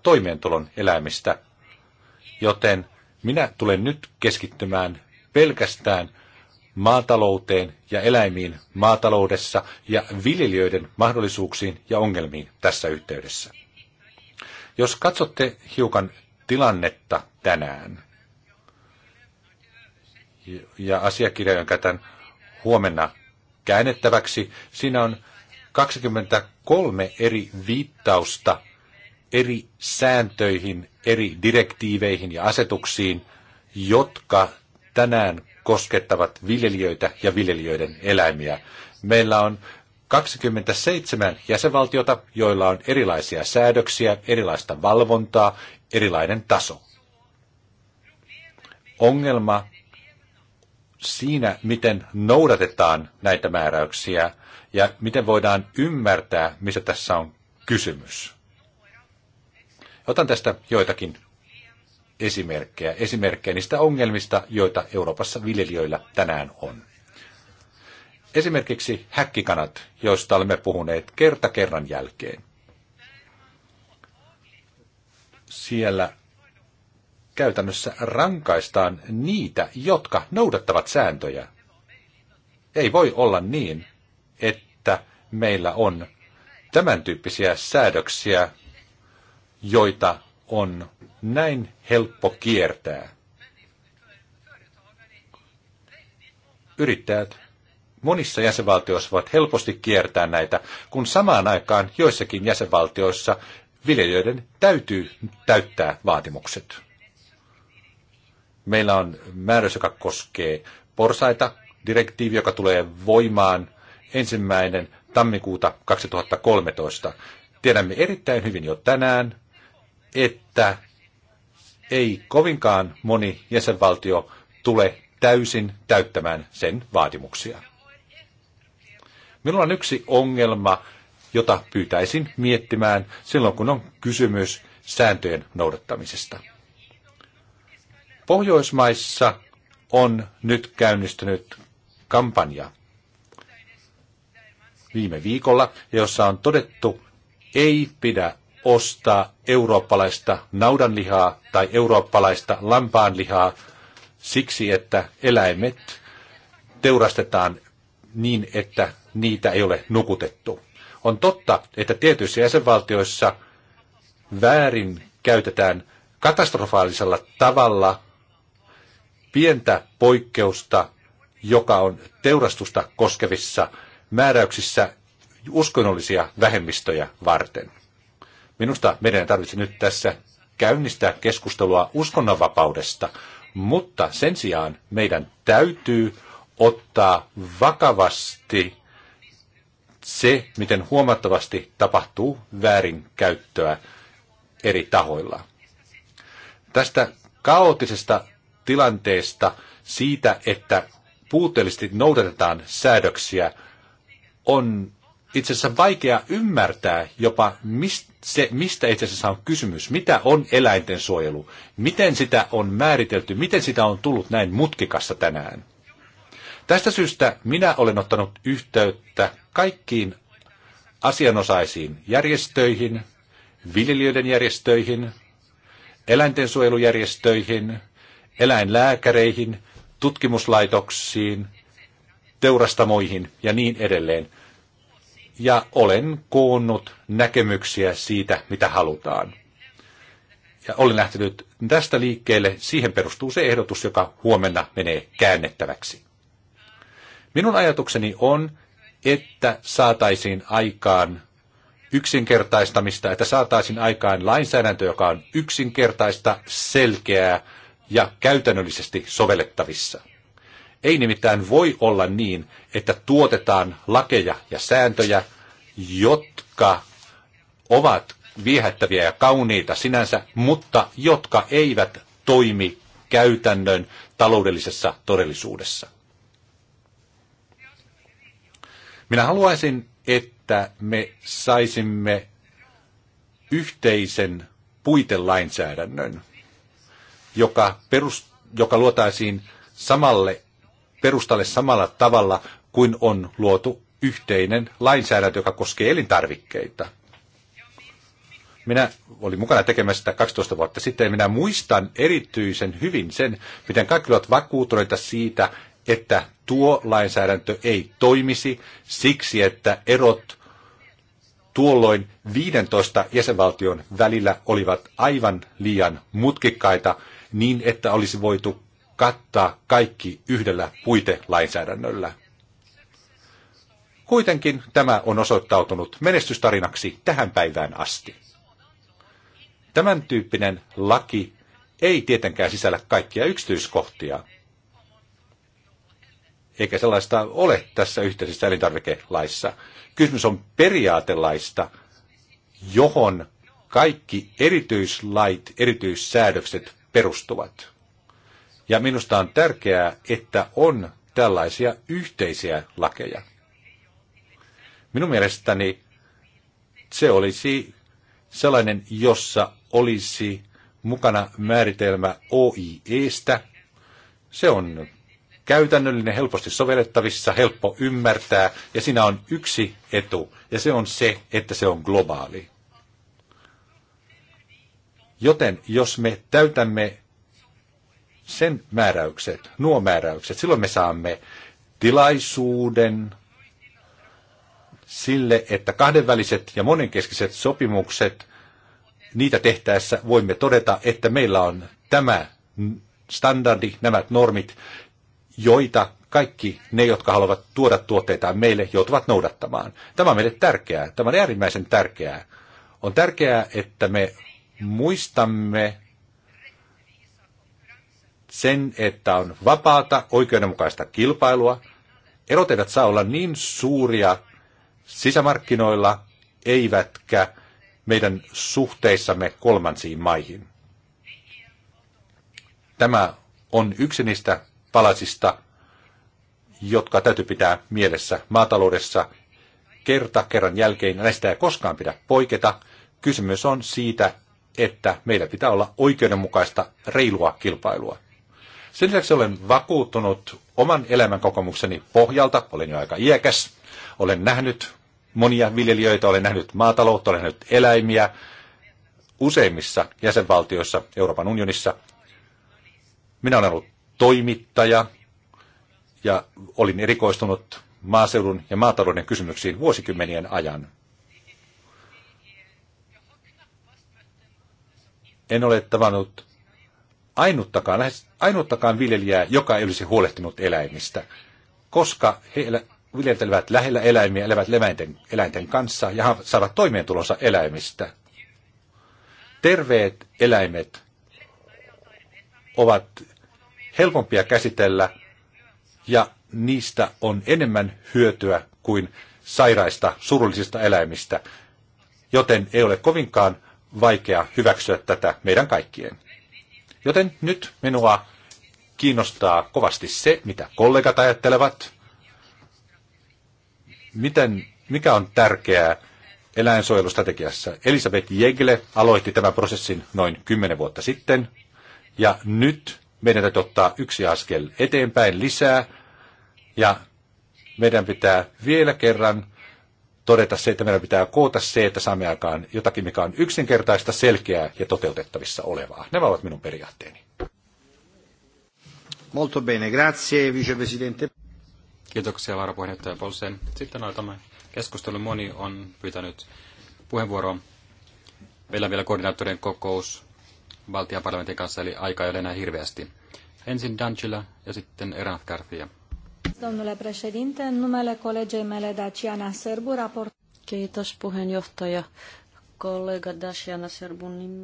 toimeentulon eläimistä. Joten minä tulen nyt keskittymään pelkästään maatalouteen ja eläimiin maataloudessa ja viljelijöiden mahdollisuuksiin ja ongelmiin tässä yhteydessä. Jos katsotte hiukan tilannetta tänään ja asiakirja, jonka tämän huomenna käännettäväksi, siinä on 23 eri viittausta eri sääntöihin, eri direktiiveihin ja asetuksiin, jotka tänään koskettavat viljelijöitä ja viljelijöiden eläimiä. Meillä on 27 jäsenvaltiota, joilla on erilaisia säädöksiä, erilaista valvontaa, erilainen taso. Ongelma siinä, miten noudatetaan näitä määräyksiä ja miten voidaan ymmärtää, missä tässä on kysymys. Otan tästä joitakin esimerkkejä, esimerkkejä niistä ongelmista, joita Euroopassa viljelijöillä tänään on. Esimerkiksi häkkikanat, joista olemme puhuneet kerta kerran jälkeen. Siellä käytännössä rankaistaan niitä, jotka noudattavat sääntöjä. Ei voi olla niin, että meillä on tämän tyyppisiä säädöksiä, joita on näin helppo kiertää. Yrittäjät monissa jäsenvaltioissa voivat helposti kiertää näitä, kun samaan aikaan joissakin jäsenvaltioissa viljelijöiden täytyy täyttää vaatimukset. Meillä on määräys, joka koskee porsaita, direktiivi, joka tulee voimaan ensimmäinen tammikuuta 2013. Tiedämme erittäin hyvin jo tänään, että ei kovinkaan moni jäsenvaltio tule täysin täyttämään sen vaatimuksia. Minulla on yksi ongelma, jota pyytäisin miettimään silloin, kun on kysymys sääntöjen noudattamisesta. Pohjoismaissa on nyt käynnistynyt kampanja viime viikolla, jossa on todettu, ei pidä ostaa eurooppalaista naudanlihaa tai eurooppalaista lampaanlihaa siksi, että eläimet teurastetaan niin, että niitä ei ole nukutettu. On totta, että tietyissä jäsenvaltioissa väärin käytetään katastrofaalisella tavalla pientä poikkeusta, joka on teurastusta koskevissa määräyksissä uskonnollisia vähemmistöjä varten. Minusta meidän tarvitsi nyt tässä käynnistää keskustelua uskonnonvapaudesta, mutta sen sijaan meidän täytyy ottaa vakavasti se, miten huomattavasti tapahtuu väärinkäyttöä eri tahoilla. Tästä kaoottisesta tilanteesta siitä, että puutteellisesti noudatetaan säädöksiä, on itse asiassa vaikea ymmärtää jopa mist, se, mistä itse asiassa on kysymys, mitä on eläinten suojelu, miten sitä on määritelty, miten sitä on tullut näin mutkikassa tänään. Tästä syystä minä olen ottanut yhteyttä kaikkiin asianosaisiin järjestöihin, viljelijöiden järjestöihin, eläintensuojelujärjestöihin, eläinlääkäreihin, tutkimuslaitoksiin, teurastamoihin ja niin edelleen ja olen koonnut näkemyksiä siitä, mitä halutaan. Ja olen lähtenyt tästä liikkeelle, siihen perustuu se ehdotus, joka huomenna menee käännettäväksi. Minun ajatukseni on, että saataisiin aikaan yksinkertaistamista, että saataisiin aikaan lainsäädäntö, joka on yksinkertaista, selkeää ja käytännöllisesti sovellettavissa. Ei nimittäin voi olla niin, että tuotetaan lakeja ja sääntöjä, jotka ovat viehättäviä ja kauniita sinänsä, mutta jotka eivät toimi käytännön taloudellisessa todellisuudessa. Minä haluaisin, että me saisimme yhteisen puitelainsäädännön, joka, perus, joka luotaisiin samalle perustalle samalla tavalla kuin on luotu yhteinen lainsäädäntö, joka koskee elintarvikkeita. Minä olin mukana tekemässä sitä 12 vuotta sitten ja minä muistan erityisen hyvin sen, miten kaikki olivat vakuutuneita siitä, että tuo lainsäädäntö ei toimisi siksi, että erot tuolloin 15 jäsenvaltion välillä olivat aivan liian mutkikkaita niin, että olisi voitu kattaa kaikki yhdellä puitelainsäädännöllä. Kuitenkin tämä on osoittautunut menestystarinaksi tähän päivään asti. Tämän tyyppinen laki ei tietenkään sisällä kaikkia yksityiskohtia, eikä sellaista ole tässä yhteisessä elintarvikelaissa. Kysymys on periaatelaista, johon kaikki erityislait, erityissäädökset perustuvat. Ja minusta on tärkeää, että on tällaisia yhteisiä lakeja. Minun mielestäni se olisi sellainen, jossa olisi mukana määritelmä OIEstä. Se on käytännöllinen, helposti sovellettavissa, helppo ymmärtää, ja siinä on yksi etu, ja se on se, että se on globaali. Joten jos me täytämme sen määräykset, nuo määräykset, silloin me saamme tilaisuuden sille, että kahdenväliset ja monenkeskiset sopimukset, niitä tehtäessä voimme todeta, että meillä on tämä standardi, nämä normit, joita kaikki ne, jotka haluavat tuoda tuotteitaan meille, joutuvat noudattamaan. Tämä on meille tärkeää. Tämä on äärimmäisen tärkeää. On tärkeää, että me muistamme sen, että on vapaata, oikeudenmukaista kilpailua. Erot eivät saa olla niin suuria sisämarkkinoilla, eivätkä meidän suhteissamme kolmansiin maihin. Tämä on yksi niistä palasista, jotka täytyy pitää mielessä maataloudessa kerta kerran jälkeen. Näistä ei koskaan pidä poiketa. Kysymys on siitä, että meillä pitää olla oikeudenmukaista, reilua kilpailua. Sen lisäksi olen vakuuttunut oman elämänkokemukseni pohjalta, olen jo aika iäkäs, olen nähnyt monia viljelijöitä, olen nähnyt maataloutta, olen nähnyt eläimiä useimmissa jäsenvaltioissa Euroopan unionissa. Minä olen ollut toimittaja ja olin erikoistunut maaseudun ja maatalouden kysymyksiin vuosikymmenien ajan. En ole tavannut ainuttakaan, lähes ainuttakaan viljelijää, joka ei olisi huolehtinut eläimistä, koska he elä, lähellä eläimiä, elävät eläinten, eläinten kanssa ja saavat toimeentulonsa eläimistä. Terveet eläimet ovat helpompia käsitellä ja niistä on enemmän hyötyä kuin sairaista, surullisista eläimistä, joten ei ole kovinkaan vaikea hyväksyä tätä meidän kaikkien. Joten nyt minua kiinnostaa kovasti se, mitä kollegat ajattelevat, miten, mikä on tärkeää eläinsuojelustrategiassa. Elisabeth Jegle aloitti tämän prosessin noin kymmenen vuotta sitten, ja nyt meidän täytyy ottaa yksi askel eteenpäin lisää, ja meidän pitää vielä kerran todeta se, että meidän pitää koota se, että saamme aikaan jotakin, mikä on yksinkertaista, selkeää ja toteutettavissa olevaa. Nämä ovat minun periaatteeni. Molto bene, grazie vicepresidente. Kiitoksia varapuheenjohtaja Polsen. Sitten aloitamme keskustelun. Moni on pyytänyt puheenvuoroa. Meillä on vielä koordinaattorien kokous parlamentin kanssa, eli aika ei ole enää hirveästi. Ensin Dancilla ja sitten Erhard Garcia domnule președinte. În numele colegei mele Daciana Sârbu, raport... Kiitos puheenjohtaja. Kollega Daciana Serbun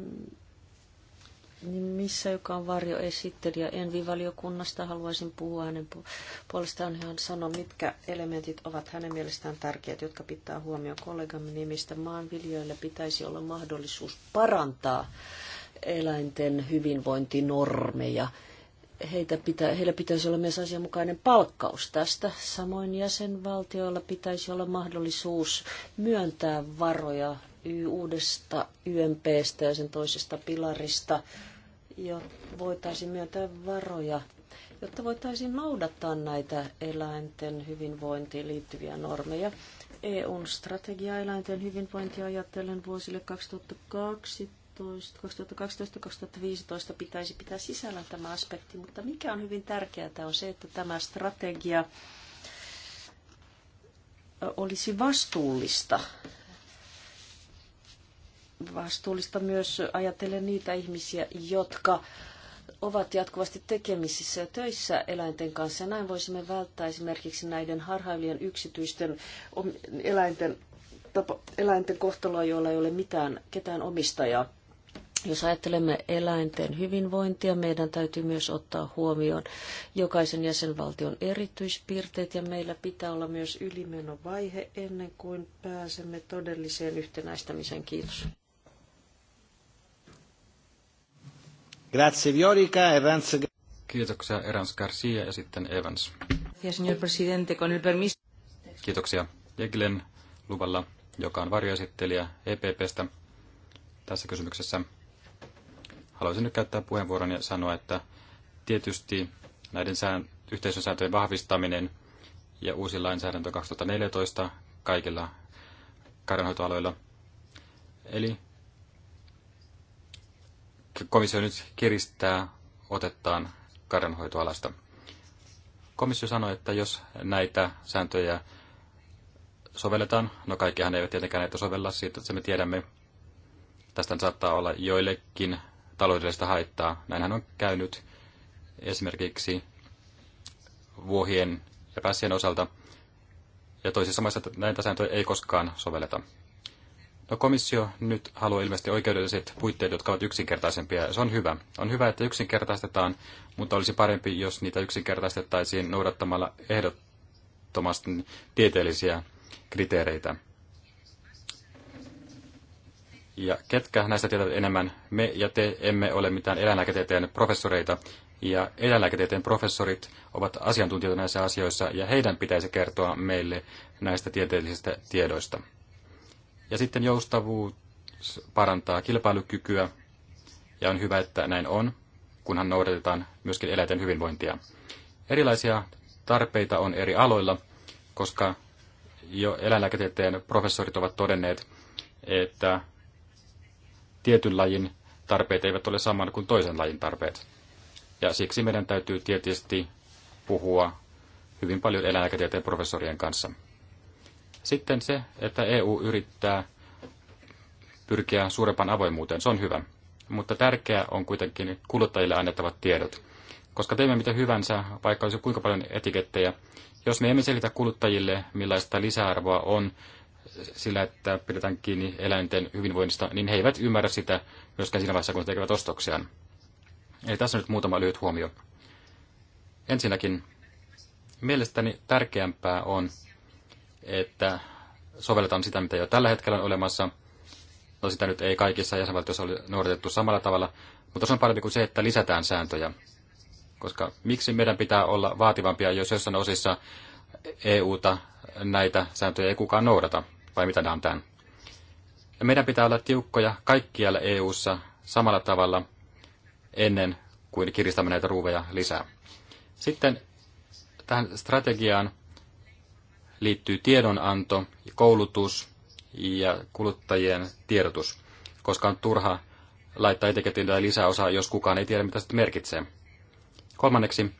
nimissä, joka on varjoesittelijä Envi-valiokunnasta, haluaisin puhua hänen puolestaan. Hän sanoi, mitkä elementit ovat hänen mielestään tärkeät, jotka pitää huomioon kollegamme nimistä. Maanviljoille pitäisi olla mahdollisuus parantaa eläinten hyvinvointinormeja heitä pitä, heillä pitäisi olla myös asianmukainen palkkaus tästä. Samoin jäsenvaltioilla pitäisi olla mahdollisuus myöntää varoja uudesta YMPstä ja sen toisesta pilarista, jotta voitaisiin myöntää varoja, jotta voitaisiin noudattaa näitä eläinten hyvinvointiin liittyviä normeja. EUn strategia eläinten hyvinvointia ajatellen vuosille 2020 2012-2015 pitäisi pitää sisällä tämä aspekti, mutta mikä on hyvin tärkeää on se, että tämä strategia olisi vastuullista. Vastuullista myös ajatellen niitä ihmisiä, jotka ovat jatkuvasti tekemisissä ja töissä eläinten kanssa. Näin voisimme välttää esimerkiksi näiden harhailijan yksityisten eläinten, eläinten kohtaloa, joilla ei ole mitään ketään omistajaa. Jos ajattelemme eläinten hyvinvointia, meidän täytyy myös ottaa huomioon jokaisen jäsenvaltion erityispiirteet ja meillä pitää olla myös ylimenovaihe ennen kuin pääsemme todelliseen yhtenäistämiseen. Kiitos. Grazie Viorica, Evans. Kiitoksia Erans Garcia ja sitten Evans. Kiitoksia Jekilen luvalla, joka on varjoesittelijä EPPstä tässä kysymyksessä. Haluaisin nyt käyttää puheenvuoron ja sanoa, että tietysti näiden sään, yhteisön sääntöjen vahvistaminen ja uusi lainsäädäntö 2014 kaikilla karjanhoitoaloilla. Eli komissio nyt kiristää otettaan karjanhoitoalasta. Komissio sanoi, että jos näitä sääntöjä sovelletaan, no kaikkihan eivät tietenkään näitä sovella, siitä että me tiedämme, tästä saattaa olla joillekin taloudellista haittaa. Näinhän on käynyt esimerkiksi vuohien ja pässien osalta, ja toisissa maissa näitä sääntöjä ei koskaan sovelleta. No komissio nyt haluaa ilmeisesti oikeudelliset puitteet, jotka ovat yksinkertaisempia. Se on hyvä. On hyvä, että yksinkertaistetaan, mutta olisi parempi, jos niitä yksinkertaistettaisiin noudattamalla ehdottomasti tieteellisiä kriteereitä. Ja ketkä näistä tietävät enemmän? Me ja te emme ole mitään eläinlääketieteen professoreita, ja eläinlääketieteen professorit ovat asiantuntijoita näissä asioissa, ja heidän pitäisi kertoa meille näistä tieteellisistä tiedoista. Ja sitten joustavuus parantaa kilpailukykyä, ja on hyvä, että näin on, kunhan noudatetaan myöskin eläinten hyvinvointia. Erilaisia tarpeita on eri aloilla, koska jo eläinlääketieteen professorit ovat todenneet, että tietyn lajin tarpeet eivät ole saman kuin toisen lajin tarpeet. Ja siksi meidän täytyy tietysti puhua hyvin paljon eläinlääketieteen professorien kanssa. Sitten se, että EU yrittää pyrkiä suurempaan avoimuuteen, se on hyvä. Mutta tärkeää on kuitenkin kuluttajille annettavat tiedot. Koska teemme mitä hyvänsä, vaikka olisi kuinka paljon etikettejä, jos me emme selitä kuluttajille, millaista lisäarvoa on sillä, että pidetään kiinni eläinten hyvinvoinnista, niin he eivät ymmärrä sitä myöskään siinä vaiheessa, kun he tekevät ostoksiaan. Eli tässä on nyt muutama lyhyt huomio. Ensinnäkin mielestäni tärkeämpää on, että sovelletaan sitä, mitä jo tällä hetkellä on olemassa. No sitä nyt ei kaikissa jäsenvaltioissa ole noudatettu samalla tavalla, mutta se on parempi kuin se, että lisätään sääntöjä. Koska miksi meidän pitää olla vaativampia, jos jossain osissa EUta näitä sääntöjä ei kukaan noudata? vai mitä tämän? Ja meidän pitää olla tiukkoja kaikkialla EU:ssa samalla tavalla ennen kuin kiristämme näitä ruuveja lisää. Sitten tähän strategiaan liittyy tiedonanto, koulutus ja kuluttajien tiedotus, koska on turha laittaa etiketin tai lisäosaa, jos kukaan ei tiedä, mitä se merkitsee. Kolmanneksi,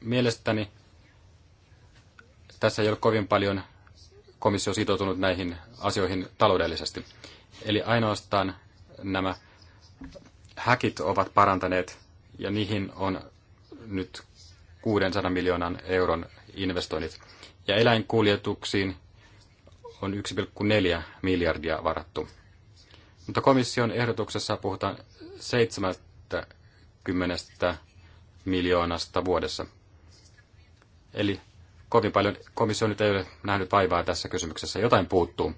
mielestäni tässä ei ole kovin paljon komissio sitoutunut näihin asioihin taloudellisesti. Eli ainoastaan nämä häkit ovat parantaneet ja niihin on nyt 600 miljoonan euron investoinnit. Ja eläinkuljetuksiin on 1,4 miljardia varattu. Mutta komission ehdotuksessa puhutaan 70 miljoonasta vuodessa. Eli kovin paljon komissio nyt ei ole nähnyt vaivaa tässä kysymyksessä. Jotain puuttuu.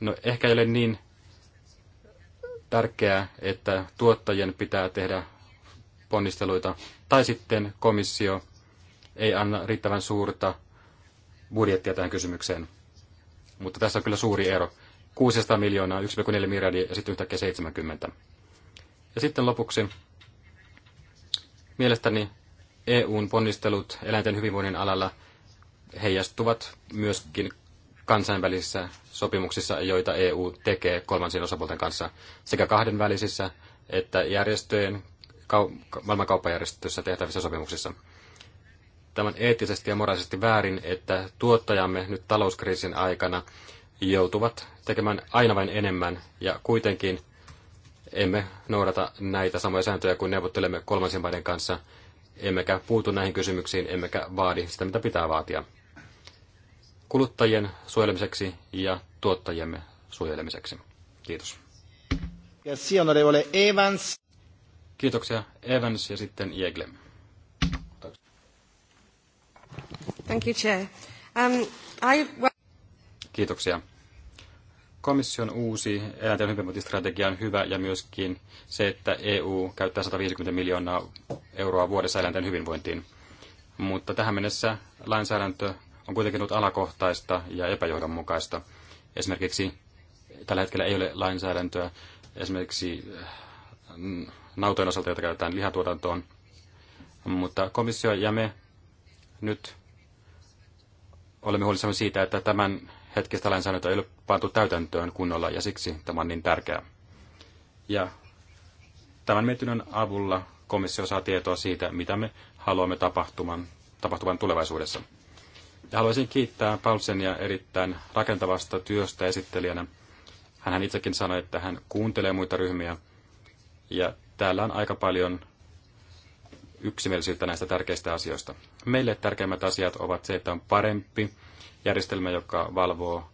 No ehkä ei ole niin tärkeää, että tuottajien pitää tehdä ponnisteluita, tai sitten komissio ei anna riittävän suurta budjettia tähän kysymykseen. Mutta tässä on kyllä suuri ero. 600 miljoonaa, 1,4 miljardia ja sitten yhtäkkiä 70. Ja sitten lopuksi mielestäni EUn ponnistelut eläinten hyvinvoinnin alalla heijastuvat myöskin kansainvälisissä sopimuksissa, joita EU tekee kolmansien osapuolten kanssa sekä kahdenvälisissä että järjestöjen maailmankauppajärjestössä tehtävissä sopimuksissa. Tämä on eettisesti ja moraalisesti väärin, että tuottajamme nyt talouskriisin aikana joutuvat tekemään aina vain enemmän ja kuitenkin emme noudata näitä samoja sääntöjä, kuin neuvottelemme kolmansien maiden kanssa – emmekä puutu näihin kysymyksiin, emmekä vaadi sitä, mitä pitää vaatia kuluttajien suojelemiseksi ja tuottajiemme suojelemiseksi. Kiitos. Grazie, onorevole Evans. Kiitoksia Evans ja sitten Jeglem. Thank you, Chair. Um, I... Kiitoksia komission uusi eläinten hyvinvointistrategia on hyvä ja myöskin se, että EU käyttää 150 miljoonaa euroa vuodessa eläinten hyvinvointiin. Mutta tähän mennessä lainsäädäntö on kuitenkin ollut alakohtaista ja epäjohdonmukaista. Esimerkiksi tällä hetkellä ei ole lainsäädäntöä esimerkiksi äh, nautojen osalta, joita käytetään lihatuotantoon. Mutta komissio ja me nyt olemme huolissamme siitä, että tämän hetkistä lainsäädäntöä ei ole pantu täytäntöön kunnolla ja siksi tämä on niin tärkeää. Ja tämän mietinnön avulla komissio saa tietoa siitä, mitä me haluamme tapahtuman, tapahtuvan tulevaisuudessa. Ja haluaisin kiittää Paulsenia erittäin rakentavasta työstä esittelijänä. Hän itsekin sanoi, että hän kuuntelee muita ryhmiä. Ja täällä on aika paljon yksimielisyyttä näistä tärkeistä asioista. Meille tärkeimmät asiat ovat se, että on parempi järjestelmä, joka valvoo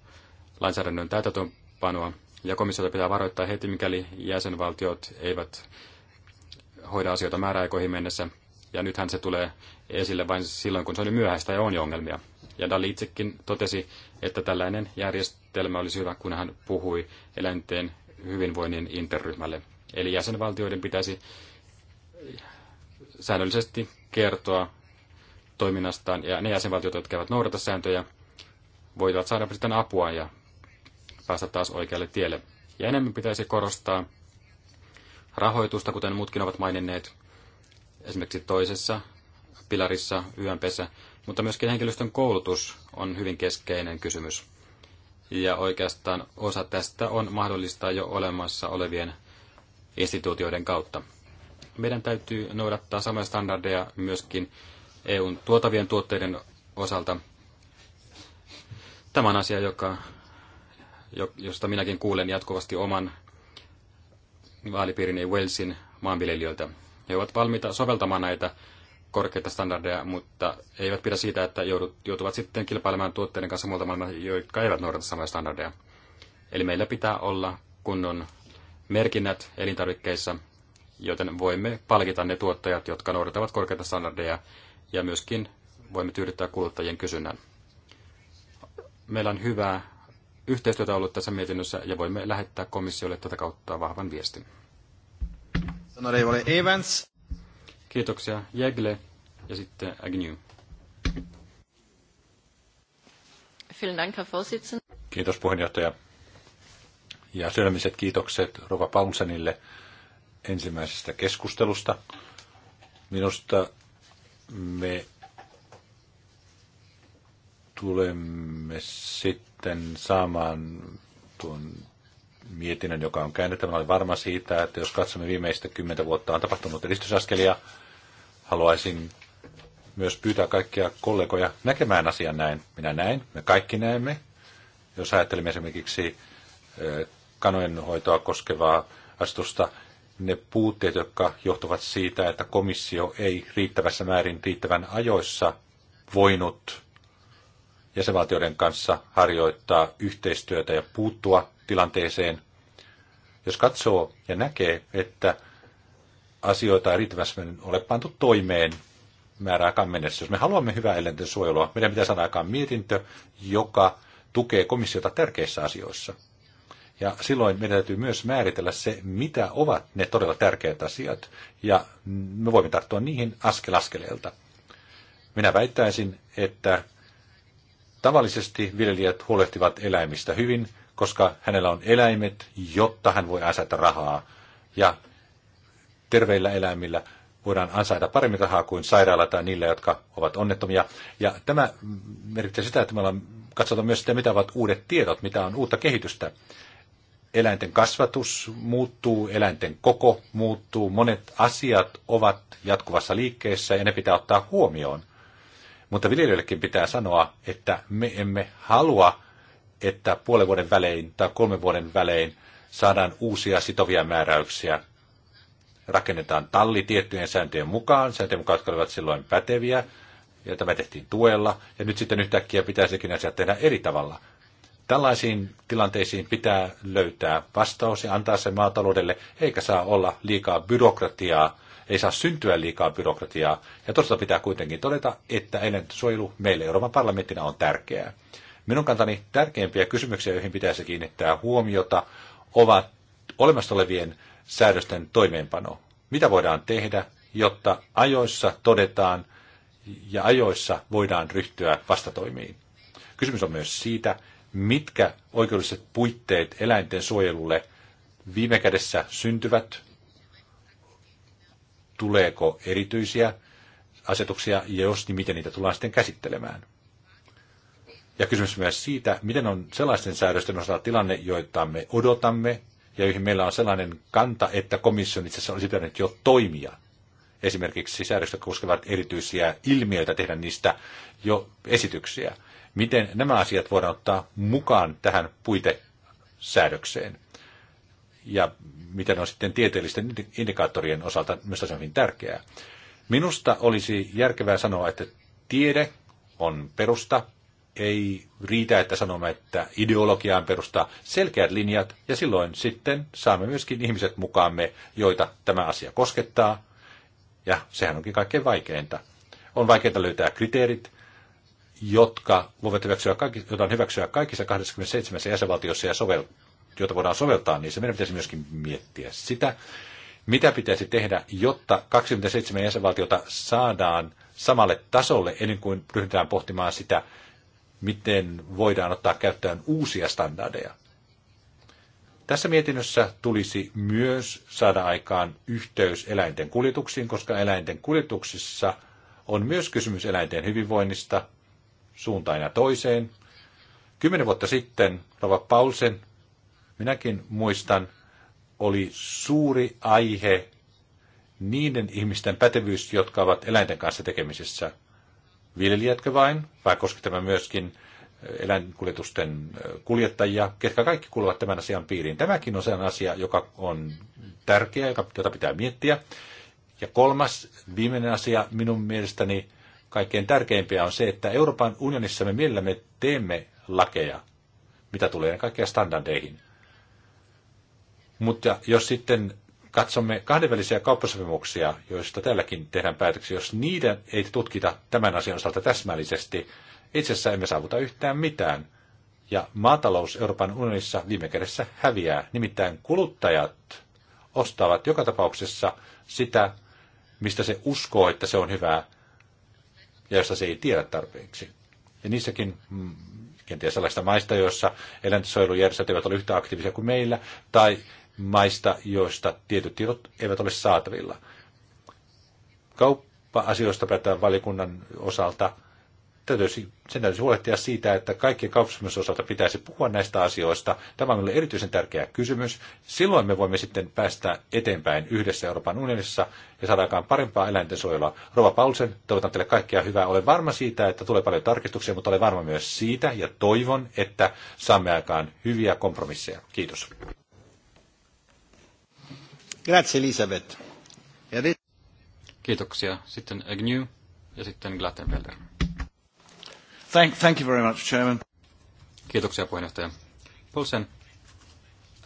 lainsäädännön täytäntöönpanoa. Ja komissiota pitää varoittaa heti, mikäli jäsenvaltiot eivät hoida asioita määräaikoihin mennessä. Ja nythän se tulee esille vain silloin, kun se oli myöhäistä ja on jo ongelmia. Ja Dali itsekin totesi, että tällainen järjestelmä olisi hyvä, kun hän puhui eläinten hyvinvoinnin interryhmälle. Eli jäsenvaltioiden pitäisi säännöllisesti kertoa toiminnastaan, ja ne jäsenvaltiot, jotka eivät noudata sääntöjä, voivat saada sitten apua ja päästä taas oikealle tielle. Ja enemmän pitäisi korostaa rahoitusta, kuten muutkin ovat maininneet, esimerkiksi toisessa pilarissa, YMPssä, mutta myöskin henkilöstön koulutus on hyvin keskeinen kysymys. Ja oikeastaan osa tästä on mahdollista jo olemassa olevien instituutioiden kautta. Meidän täytyy noudattaa samoja standardeja myöskin EUn tuotavien tuotteiden osalta, Tämä on asia, joka, josta minäkin kuulen jatkuvasti oman vaalipiirini Walesin maanviljelijöiltä. He ovat valmiita soveltamaan näitä korkeita standardeja, mutta eivät pidä siitä, että joutuvat sitten kilpailemaan tuotteiden kanssa muilta maailmaa, jotka eivät noudata samoja standardeja. Eli meillä pitää olla kunnon merkinnät elintarvikkeissa, joten voimme palkita ne tuottajat, jotka noudattavat korkeita standardeja, ja myöskin voimme tyydyttää kuluttajien kysynnän meillä on hyvää yhteistyötä ollut tässä mietinnössä ja voimme lähettää komissiolle tätä kautta vahvan viestin. Evans. Kiitoksia Jägle ja sitten Agnew. Kiitos puheenjohtaja. Ja sydämiset kiitokset Rova Paunsenille ensimmäisestä keskustelusta. Minusta me tulemme sitten saamaan tuon mietinnön, joka on käännettävä. Olen varma siitä, että jos katsomme viimeistä kymmentä vuotta, on tapahtunut edistysaskelia. Haluaisin myös pyytää kaikkia kollegoja näkemään asian näin. Minä näin, me kaikki näemme. Jos ajattelemme esimerkiksi hoitoa koskevaa astusta, ne puutteet, jotka johtuvat siitä, että komissio ei riittävässä määrin riittävän ajoissa voinut jäsenvaltioiden kanssa harjoittaa yhteistyötä ja puuttua tilanteeseen. Jos katsoo ja näkee, että asioita ei riittävästi ole pantu toimeen määräaikaan mennessä, jos me haluamme hyvää eläinten suojelua, meidän pitää saada aikaan mietintö, joka tukee komissiota tärkeissä asioissa. Ja silloin meidän täytyy myös määritellä se, mitä ovat ne todella tärkeät asiat, ja me voimme tarttua niihin askel askeleelta. Minä väittäisin, että Tavallisesti viljelijät huolehtivat eläimistä hyvin, koska hänellä on eläimet, jotta hän voi ansaita rahaa. Ja terveillä eläimillä voidaan ansaita paremmin rahaa kuin sairailla tai niillä, jotka ovat onnettomia. Ja tämä merkitsee sitä, että me ollaan katsotaan myös sitä, mitä ovat uudet tiedot, mitä on uutta kehitystä. Eläinten kasvatus muuttuu, eläinten koko muuttuu, monet asiat ovat jatkuvassa liikkeessä ja ne pitää ottaa huomioon – mutta viljelijöillekin pitää sanoa, että me emme halua, että puolen vuoden välein tai kolmen vuoden välein saadaan uusia sitovia määräyksiä. Rakennetaan talli tiettyjen sääntöjen mukaan, sääntöjen mukaan, jotka olivat silloin päteviä, ja tämä tehtiin tuella, ja nyt sitten yhtäkkiä pitäisikin asiat tehdä eri tavalla. Tällaisiin tilanteisiin pitää löytää vastaus ja antaa se maataloudelle, eikä saa olla liikaa byrokratiaa, ei saa syntyä liikaa byrokratiaa. Ja toisaalta pitää kuitenkin todeta, että eläinsuojelu meille Euroopan parlamenttina on tärkeää. Minun kantani tärkeimpiä kysymyksiä, joihin pitäisi kiinnittää huomiota, ovat olemassa olevien säädösten toimeenpano. Mitä voidaan tehdä, jotta ajoissa todetaan ja ajoissa voidaan ryhtyä vastatoimiin? Kysymys on myös siitä, mitkä oikeudelliset puitteet eläinten suojelulle viime kädessä syntyvät tuleeko erityisiä asetuksia ja jos, niin miten niitä tullaan sitten käsittelemään. Ja kysymys myös siitä, miten on sellaisten säädösten osalta tilanne, joita me odotamme ja joihin meillä on sellainen kanta, että komission itse asiassa olisi pitänyt jo toimia. Esimerkiksi säädöstä koskevat erityisiä ilmiöitä, tehdä niistä jo esityksiä. Miten nämä asiat voidaan ottaa mukaan tähän puitesäädökseen? ja mitä ne on sitten tieteellisten indikaattorien osalta, myös se on hyvin tärkeää. Minusta olisi järkevää sanoa, että tiede on perusta, ei riitä, että sanomme, että ideologiaan perustaa selkeät linjat, ja silloin sitten saamme myöskin ihmiset mukaamme, joita tämä asia koskettaa, ja sehän onkin kaikkein vaikeinta. On vaikeinta löytää kriteerit, jotka voivat hyväksyä, kaikki, hyväksyä kaikissa 27 jäsenvaltiossa ja soveltaa joita voidaan soveltaa, niin se meidän pitäisi myöskin miettiä sitä, mitä pitäisi tehdä, jotta 27 jäsenvaltiota saadaan samalle tasolle ennen kuin ryhdytään pohtimaan sitä, miten voidaan ottaa käyttöön uusia standardeja. Tässä mietinnössä tulisi myös saada aikaan yhteys eläinten kuljetuksiin, koska eläinten kuljetuksissa on myös kysymys eläinten hyvinvoinnista suuntaan ja toiseen. Kymmenen vuotta sitten Rova Paulsen minäkin muistan, oli suuri aihe niiden ihmisten pätevyys, jotka ovat eläinten kanssa tekemisissä. Viljelijätkö vain, vai koski tämä myöskin eh, eläinkuljetusten eh, kuljettajia, ketkä kaikki kuuluvat tämän asian piiriin. Tämäkin on sellainen asia, joka on tärkeä, jota pitää miettiä. Ja kolmas, viimeinen asia minun mielestäni kaikkein tärkeimpiä on se, että Euroopan unionissa me mielellämme teemme lakeja, mitä tulee kaikkia standardeihin. Mutta jos sitten katsomme kahdenvälisiä kauppasopimuksia, joista tälläkin tehdään päätöksiä, jos niitä ei tutkita tämän asian osalta täsmällisesti, itse asiassa emme saavuta yhtään mitään. Ja maatalous Euroopan unionissa viime kädessä häviää. Nimittäin kuluttajat ostavat joka tapauksessa sitä, mistä se uskoo, että se on hyvää, ja josta se ei tiedä tarpeeksi. Ja niissäkin mm, kenties sellaista maista, joissa eläintensuojelujärjestöt eivät ole yhtä aktiivisia kuin meillä, tai maista, joista tietyt tiedot eivät ole saatavilla. Kauppa-asioista päätetään valikunnan osalta. Täytyisi, sen täytyisi huolehtia siitä, että kaikkien kauppasopimusten osalta pitäisi puhua näistä asioista. Tämä on meille erityisen tärkeä kysymys. Silloin me voimme sitten päästä eteenpäin yhdessä Euroopan unionissa ja saada aikaan parempaa eläintensuojelua. Rova Paulsen, toivotan teille kaikkea hyvää. Olen varma siitä, että tulee paljon tarkistuksia, mutta olen varma myös siitä ja toivon, että saamme aikaan hyviä kompromisseja. Kiitos. Grazie Elisabeth. E Kiitoksia. Sitten Agnew ja sitten Glattenfelder. Thank, thank you very much, Chairman. Kiitoksia puheenjohtaja. Pulsen,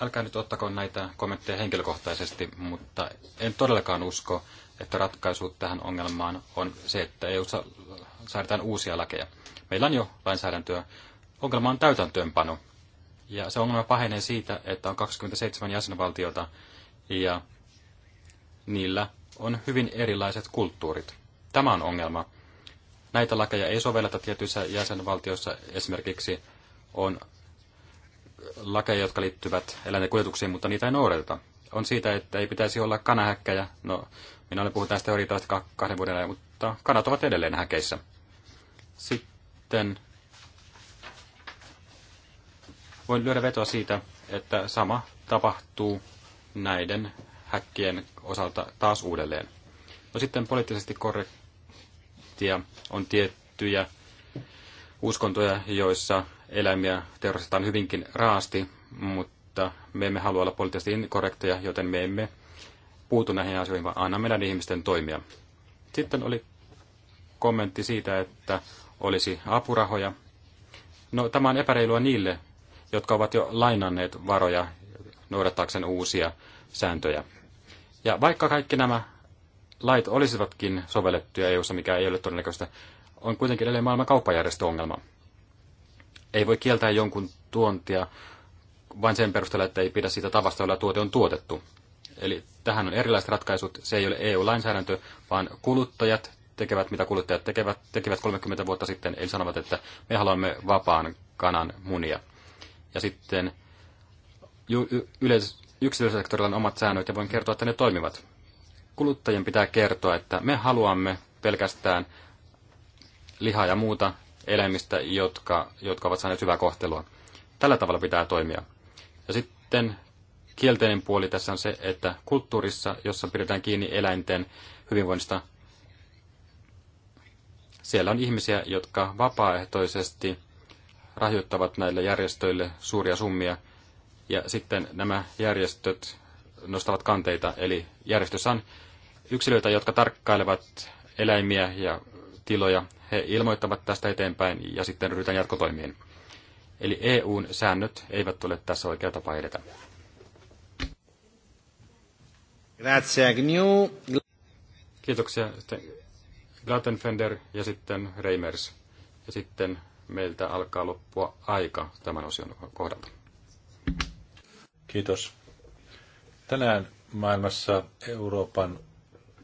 älkää nyt ottako näitä kommentteja henkilökohtaisesti, mutta en todellakaan usko, että ratkaisu tähän ongelmaan on se, että EU säädetään uusia lakeja. Meillä on jo lainsäädäntöä. Ongelma on täytäntöönpano. Ja se ongelma pahenee siitä, että on 27 jäsenvaltiota, ja niillä on hyvin erilaiset kulttuurit. Tämä on ongelma. Näitä lakeja ei sovelleta tietyissä jäsenvaltioissa. Esimerkiksi on lakeja, jotka liittyvät eläinten kuljetuksiin, mutta niitä ei noudateta. On siitä, että ei pitäisi olla kanahäkkäjä. No, minä olen puhunut tästä riitaista kahden vuoden ajan, mutta kanat ovat edelleen häkeissä. Sitten voin lyödä vetoa siitä, että sama tapahtuu näiden häkkien osalta taas uudelleen. No sitten poliittisesti korrektia on tiettyjä uskontoja, joissa eläimiä teurastetaan hyvinkin raasti, mutta me emme halua olla poliittisesti inkorrekteja, joten me emme puutu näihin asioihin, vaan annamme näiden ihmisten toimia. Sitten oli kommentti siitä, että olisi apurahoja. No tämä on epäreilua niille, jotka ovat jo lainanneet varoja noudattaakseen uusia sääntöjä. Ja vaikka kaikki nämä lait olisivatkin sovellettuja eu mikä ei ole todennäköistä, on kuitenkin edelleen maailman kauppajärjestöongelma. Ei voi kieltää jonkun tuontia vain sen perusteella, että ei pidä siitä tavasta, jolla tuote on tuotettu. Eli tähän on erilaiset ratkaisut. Se ei ole EU-lainsäädäntö, vaan kuluttajat tekevät, mitä kuluttajat tekevät, tekevät 30 vuotta sitten, eli sanovat, että me haluamme vapaan kanan munia. Ja sitten yleis- yksityisellä on omat säännöt ja voin kertoa, että ne toimivat. Kuluttajien pitää kertoa, että me haluamme pelkästään lihaa ja muuta eläimistä, jotka, jotka ovat saaneet hyvää kohtelua. Tällä tavalla pitää toimia. Ja sitten kielteinen puoli tässä on se, että kulttuurissa, jossa pidetään kiinni eläinten hyvinvoinnista, siellä on ihmisiä, jotka vapaaehtoisesti rahoittavat näille järjestöille suuria summia – ja sitten nämä järjestöt nostavat kanteita, eli järjestössä on yksilöitä, jotka tarkkailevat eläimiä ja tiloja. He ilmoittavat tästä eteenpäin ja sitten ryhdytään jatkotoimiin. Eli EUn säännöt eivät ole tässä oikea tapa edetä. Grazie, Agnew. Kiitoksia. Sitten Glattenfender ja sitten Reimers. Ja sitten meiltä alkaa loppua aika tämän osion kohdalta. Kiitos. Tänään maailmassa Euroopan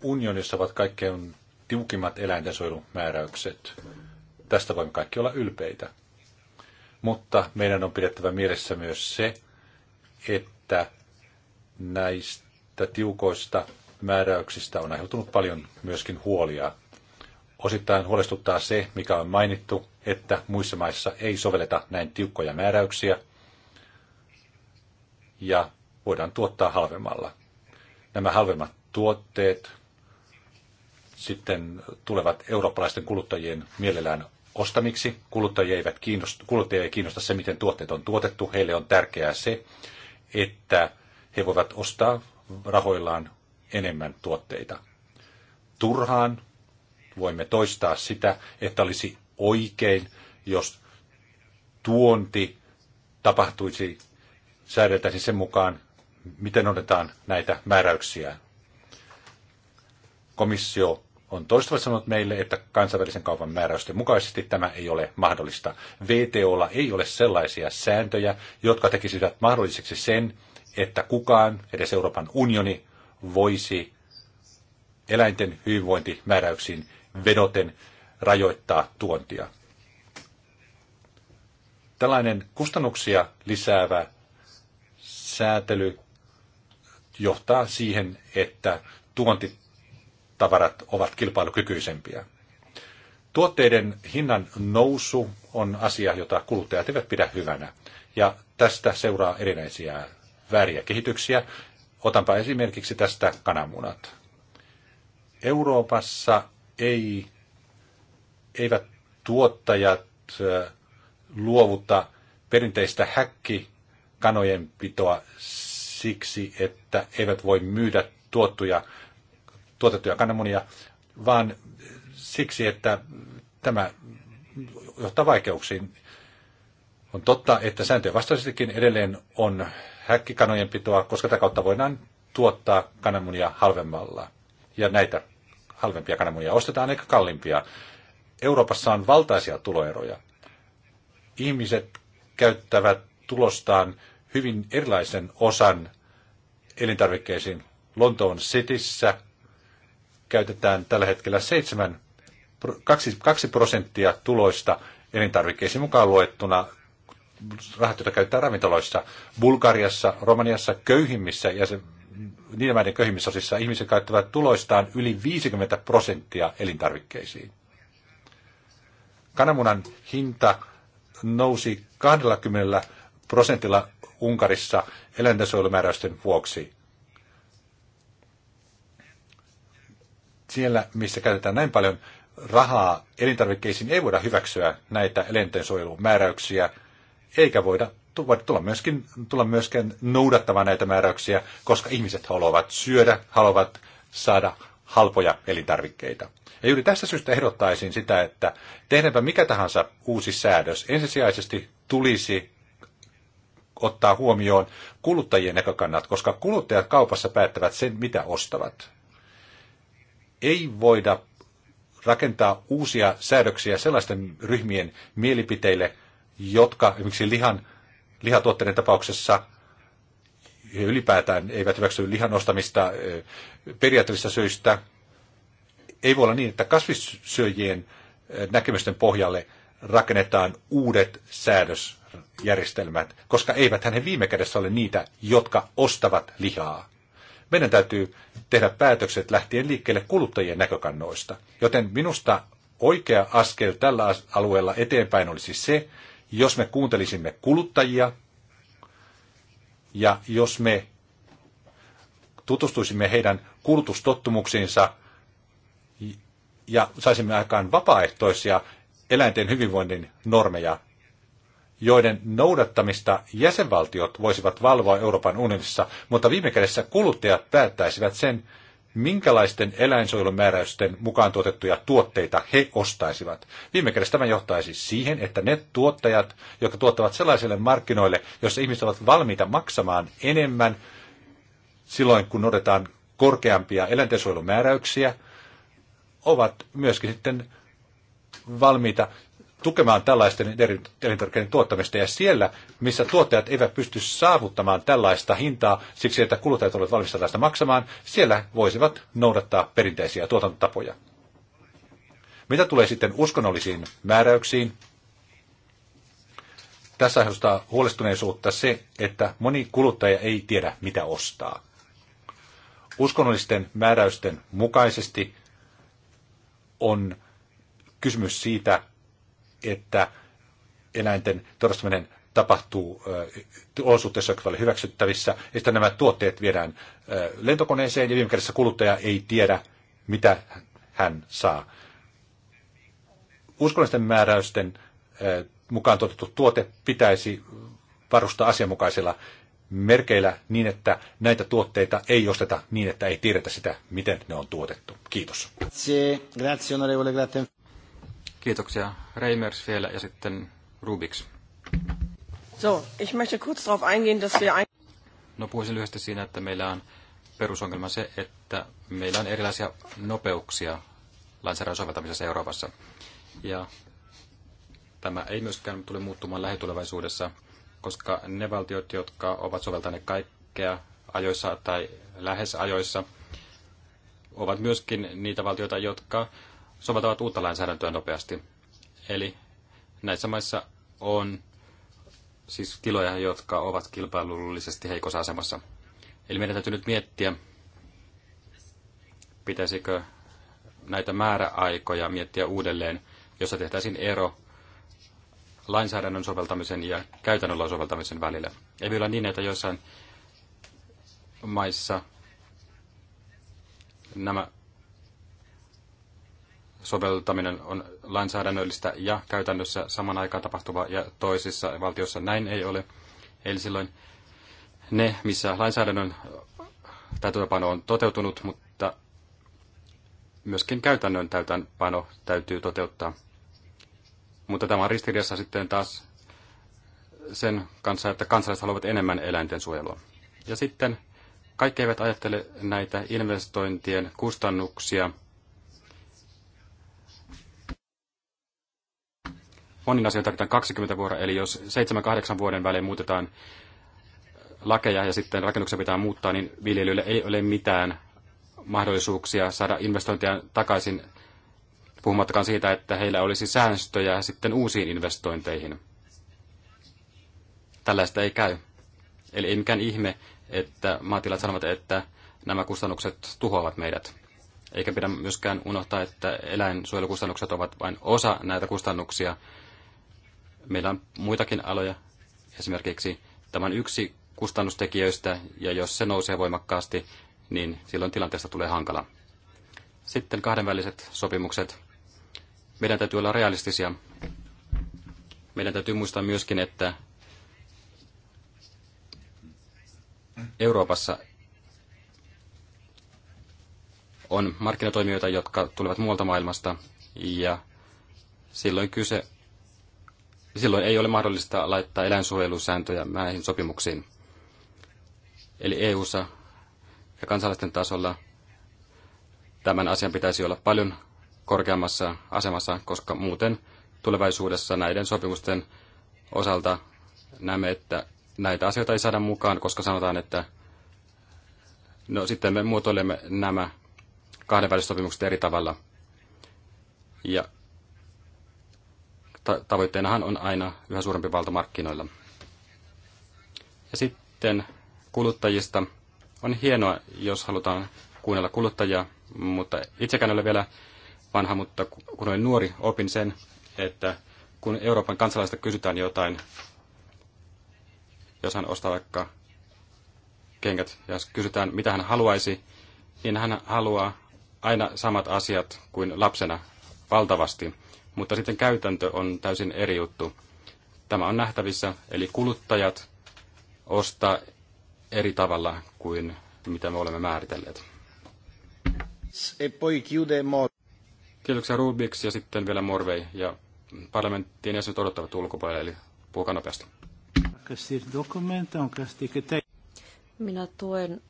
unionissa ovat kaikkein tiukimmat eläintensuojelumääräykset. Tästä voimme kaikki olla ylpeitä. Mutta meidän on pidettävä mielessä myös se, että näistä tiukoista määräyksistä on aiheutunut paljon myöskin huolia. Osittain huolestuttaa se, mikä on mainittu, että muissa maissa ei sovelleta näin tiukkoja määräyksiä – ja voidaan tuottaa halvemmalla. Nämä halvemmat tuotteet sitten tulevat eurooppalaisten kuluttajien mielellään ostamiksi. Kuluttajia, eivät kiinnosta, kuluttajia ei kiinnosta se, miten tuotteet on tuotettu. Heille on tärkeää se, että he voivat ostaa rahoillaan enemmän tuotteita. Turhaan voimme toistaa sitä, että olisi oikein, jos tuonti tapahtuisi siis sen mukaan, miten otetaan näitä määräyksiä. Komissio on toistuvasti sanonut meille, että kansainvälisen kaupan määräysten mukaisesti tämä ei ole mahdollista. VTOlla ei ole sellaisia sääntöjä, jotka tekisivät mahdolliseksi sen, että kukaan, edes Euroopan unioni, voisi eläinten hyvinvointimääräyksiin vedoten rajoittaa tuontia. Tällainen kustannuksia lisäävä säätely johtaa siihen, että tuontitavarat ovat kilpailukykyisempiä. Tuotteiden hinnan nousu on asia, jota kuluttajat eivät pidä hyvänä, ja tästä seuraa erinäisiä vääriä kehityksiä. Otanpa esimerkiksi tästä kananmunat. Euroopassa ei, eivät tuottajat luovuta perinteistä häkki kanojen pitoa siksi, että eivät voi myydä tuottuja, tuotettuja kananmunia, vaan siksi, että tämä johtaa vaikeuksiin. On totta, että sääntöjen vastaisestikin edelleen on häkkikanojen pitoa, koska tätä kautta voidaan tuottaa kananmunia halvemmalla. Ja näitä halvempia kananmunia ostetaan eikä kalliimpia. Euroopassa on valtaisia tuloeroja. Ihmiset käyttävät tulostaan hyvin erilaisen osan elintarvikkeisiin. Lontoon Cityssä käytetään tällä hetkellä 7, 2, 2 prosenttia tuloista elintarvikkeisiin mukaan luettuna rahat, joita käytetään ravintoloissa. Bulgariassa, Romaniassa, köyhimmissä ja se, niiden maiden köyhimmissä osissa ihmiset käyttävät tuloistaan yli 50 prosenttia elintarvikkeisiin. Kananmunan hinta nousi 20 prosentilla Unkarissa eläintensuojelumääräysten vuoksi. Siellä, missä käytetään näin paljon rahaa elintarvikkeisiin, ei voida hyväksyä näitä eläintensuojelumääräyksiä, eikä voida tulla myöskin, tulla myöskin noudattamaan näitä määräyksiä, koska ihmiset haluavat syödä, haluavat saada halpoja elintarvikkeita. Ja juuri tästä syystä ehdottaisin sitä, että tehdäänpä mikä tahansa uusi säädös, ensisijaisesti tulisi ottaa huomioon kuluttajien näkökannat, koska kuluttajat kaupassa päättävät sen, mitä ostavat. Ei voida rakentaa uusia säädöksiä sellaisten ryhmien mielipiteille, jotka esimerkiksi lihan, lihatuotteiden tapauksessa ylipäätään eivät hyväksy lihan ostamista periaatteellisista syistä. Ei voi olla niin, että kasvissyöjien näkemysten pohjalle rakennetaan uudet säädösjärjestelmät, koska eivät he viime kädessä ole niitä, jotka ostavat lihaa. Meidän täytyy tehdä päätökset lähtien liikkeelle kuluttajien näkökannoista. Joten minusta oikea askel tällä alueella eteenpäin olisi se, jos me kuuntelisimme kuluttajia ja jos me tutustuisimme heidän kulutustottumuksiinsa ja saisimme aikaan vapaaehtoisia eläinten hyvinvoinnin normeja, joiden noudattamista jäsenvaltiot voisivat valvoa Euroopan unionissa, mutta viime kädessä kuluttajat päättäisivät sen, minkälaisten eläinsuojelumääräysten mukaan tuotettuja tuotteita he ostaisivat. Viime kädessä tämä johtaisi siihen, että ne tuottajat, jotka tuottavat sellaisille markkinoille, joissa ihmiset ovat valmiita maksamaan enemmän silloin, kun noudetaan korkeampia eläintensuojelumääräyksiä, ovat myöskin sitten valmiita tukemaan tällaisten elintarvikkeiden tuottamista. Ja siellä, missä tuottajat eivät pysty saavuttamaan tällaista hintaa siksi, että kuluttajat ovat valmiita tästä maksamaan, siellä voisivat noudattaa perinteisiä tuotantotapoja. Mitä tulee sitten uskonnollisiin määräyksiin? Tässä aiheuttaa huolestuneisuutta se, että moni kuluttaja ei tiedä, mitä ostaa. Uskonnollisten määräysten mukaisesti on kysymys siitä, että eläinten teurastaminen tapahtuu olosuhteissa, jotka ovat hyväksyttävissä, ja sitten nämä tuotteet viedään lentokoneeseen, ja viime kädessä kuluttaja ei tiedä, mitä hän saa. Uskonnollisten määräysten mukaan tuotettu tuote pitäisi varustaa asianmukaisilla merkeillä niin, että näitä tuotteita ei osteta niin, että ei tiedetä sitä, miten ne on tuotettu. Kiitos. Grazie, grazie onorevole Gratten. Kiitoksia Reimers vielä ja sitten Rubiks. So, ich möchte kurz darauf eingehen, dass wir ein... No puhuisin lyhyesti siinä, että meillä on perusongelma se, että meillä on erilaisia nopeuksia lainsäädännön soveltamisessa Euroopassa. Ja tämä ei myöskään tule muuttumaan lähitulevaisuudessa, koska ne valtiot, jotka ovat soveltaneet kaikkea ajoissa tai lähes ajoissa, ovat myöskin niitä valtioita, jotka soveltavat uutta lainsäädäntöä nopeasti. Eli näissä maissa on siis tiloja, jotka ovat kilpailullisesti heikossa asemassa. Eli meidän täytyy nyt miettiä, pitäisikö näitä määräaikoja miettiä uudelleen, jossa tehtäisiin ero lainsäädännön soveltamisen ja käytännön soveltamisen välillä. Ei vielä niin, että joissain maissa nämä soveltaminen on lainsäädännöllistä ja käytännössä saman aikaan tapahtuva ja toisissa valtiossa näin ei ole. Eli silloin ne, missä lainsäädännön täytäntöpano on toteutunut, mutta myöskin käytännön täytäntöpano täytyy toteuttaa. Mutta tämä on ristiriidassa sitten taas sen kanssa, että kansalaiset haluavat enemmän eläinten suojelua. Ja sitten kaikki eivät ajattele näitä investointien kustannuksia – monin asioihin tarvitaan 20 vuotta, eli jos 7-8 vuoden välein muutetaan lakeja ja sitten rakennuksia pitää muuttaa, niin viljelijöillä ei ole mitään mahdollisuuksia saada investointia takaisin, puhumattakaan siitä, että heillä olisi säästöjä sitten uusiin investointeihin. Tällaista ei käy. Eli ei mikään ihme, että maatilat sanovat, että nämä kustannukset tuhoavat meidät. Eikä pidä myöskään unohtaa, että eläinsuojelukustannukset ovat vain osa näitä kustannuksia, Meillä on muitakin aloja, esimerkiksi tämän yksi kustannustekijöistä, ja jos se nousee voimakkaasti, niin silloin tilanteesta tulee hankala. Sitten kahdenväliset sopimukset. Meidän täytyy olla realistisia. Meidän täytyy muistaa myöskin, että Euroopassa on markkinatoimijoita, jotka tulevat muualta maailmasta, ja silloin kyse silloin ei ole mahdollista laittaa eläinsuojelusääntöjä näihin sopimuksiin. Eli EU:ssa ja kansalaisten tasolla tämän asian pitäisi olla paljon korkeammassa asemassa, koska muuten tulevaisuudessa näiden sopimusten osalta näemme, että näitä asioita ei saada mukaan, koska sanotaan, että no sitten me muotoilemme nämä kahdenväliset sopimukset eri tavalla. Ja tavoitteenahan on aina yhä suurempi valta markkinoilla. Ja sitten kuluttajista. On hienoa, jos halutaan kuunnella kuluttajia, mutta itsekään olen vielä vanha, mutta kun olen nuori, opin sen, että kun Euroopan kansalaista kysytään jotain, jos hän ostaa vaikka kengät, ja jos kysytään, mitä hän haluaisi, niin hän haluaa aina samat asiat kuin lapsena valtavasti mutta sitten käytäntö on täysin eri juttu. Tämä on nähtävissä, eli kuluttajat ostaa eri tavalla kuin mitä me olemme määritelleet. E Kiitoksia Rubiks ja sitten vielä Morvei ja parlamenttien jäsenet odottavat ulkopuolelle, eli puhukaa nopeasti. Minä tuen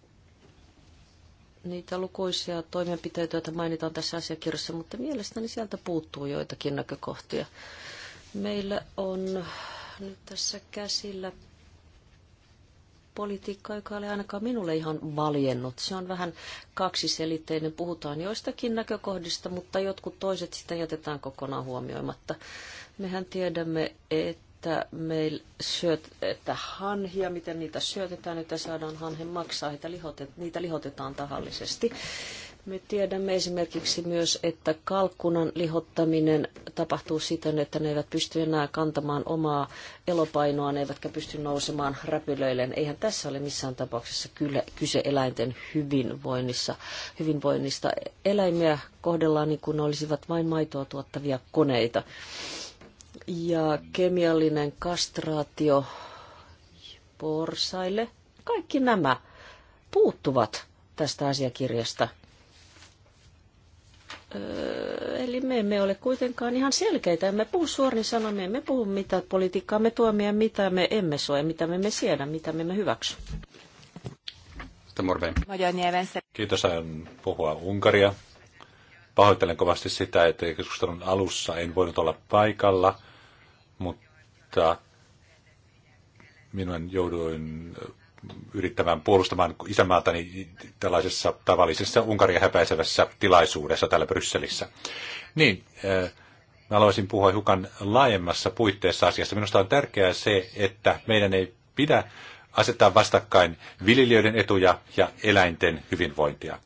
niitä lukuisia toimenpiteitä, joita mainitaan tässä asiakirjassa, mutta mielestäni sieltä puuttuu joitakin näkökohtia. Meillä on nyt tässä käsillä politiikka, joka ei ainakaan minulle ihan valjennut. Se on vähän kaksiselitteinen. Puhutaan joistakin näkökohdista, mutta jotkut toiset sitten jätetään kokonaan huomioimatta. Mehän tiedämme, että että, meillä syöt, että hanhia, miten niitä syötetään, että saadaan hanhen maksaa, että lihotet, niitä lihotetaan tahallisesti. Me tiedämme esimerkiksi myös, että kalkkunan lihottaminen tapahtuu siten, että ne eivät pysty enää kantamaan omaa elopainoa, ne eivätkä pysty nousemaan räpylöilleen. Eihän tässä ole missään tapauksessa kyllä kyse eläinten hyvinvoinnissa. hyvinvoinnista. Eläimiä kohdellaan niin kuin ne olisivat vain maitoa tuottavia koneita ja kemiallinen kastraatio porsaille. Kaikki nämä puuttuvat tästä asiakirjasta. Öö, eli me emme ole kuitenkaan ihan selkeitä. Emme puhu suorin sanoin, me emme puhu mitä politiikkaa me tuomme ja mitä me emme sue, mitä me emme siedä, mitä me emme hyväksy. Kiitos, ajan puhua Unkaria. Pahoittelen kovasti sitä, että keskustelun alussa en voinut olla paikalla – mutta minun jouduin yrittämään puolustamaan isänmaatani tällaisessa tavallisessa Unkaria häpäisevässä tilaisuudessa täällä Brysselissä. Niin, äh, mä haluaisin puhua hiukan laajemmassa puitteessa asiassa. Minusta on tärkeää se, että meidän ei pidä asettaa vastakkain viljelijöiden etuja ja eläinten hyvinvointia.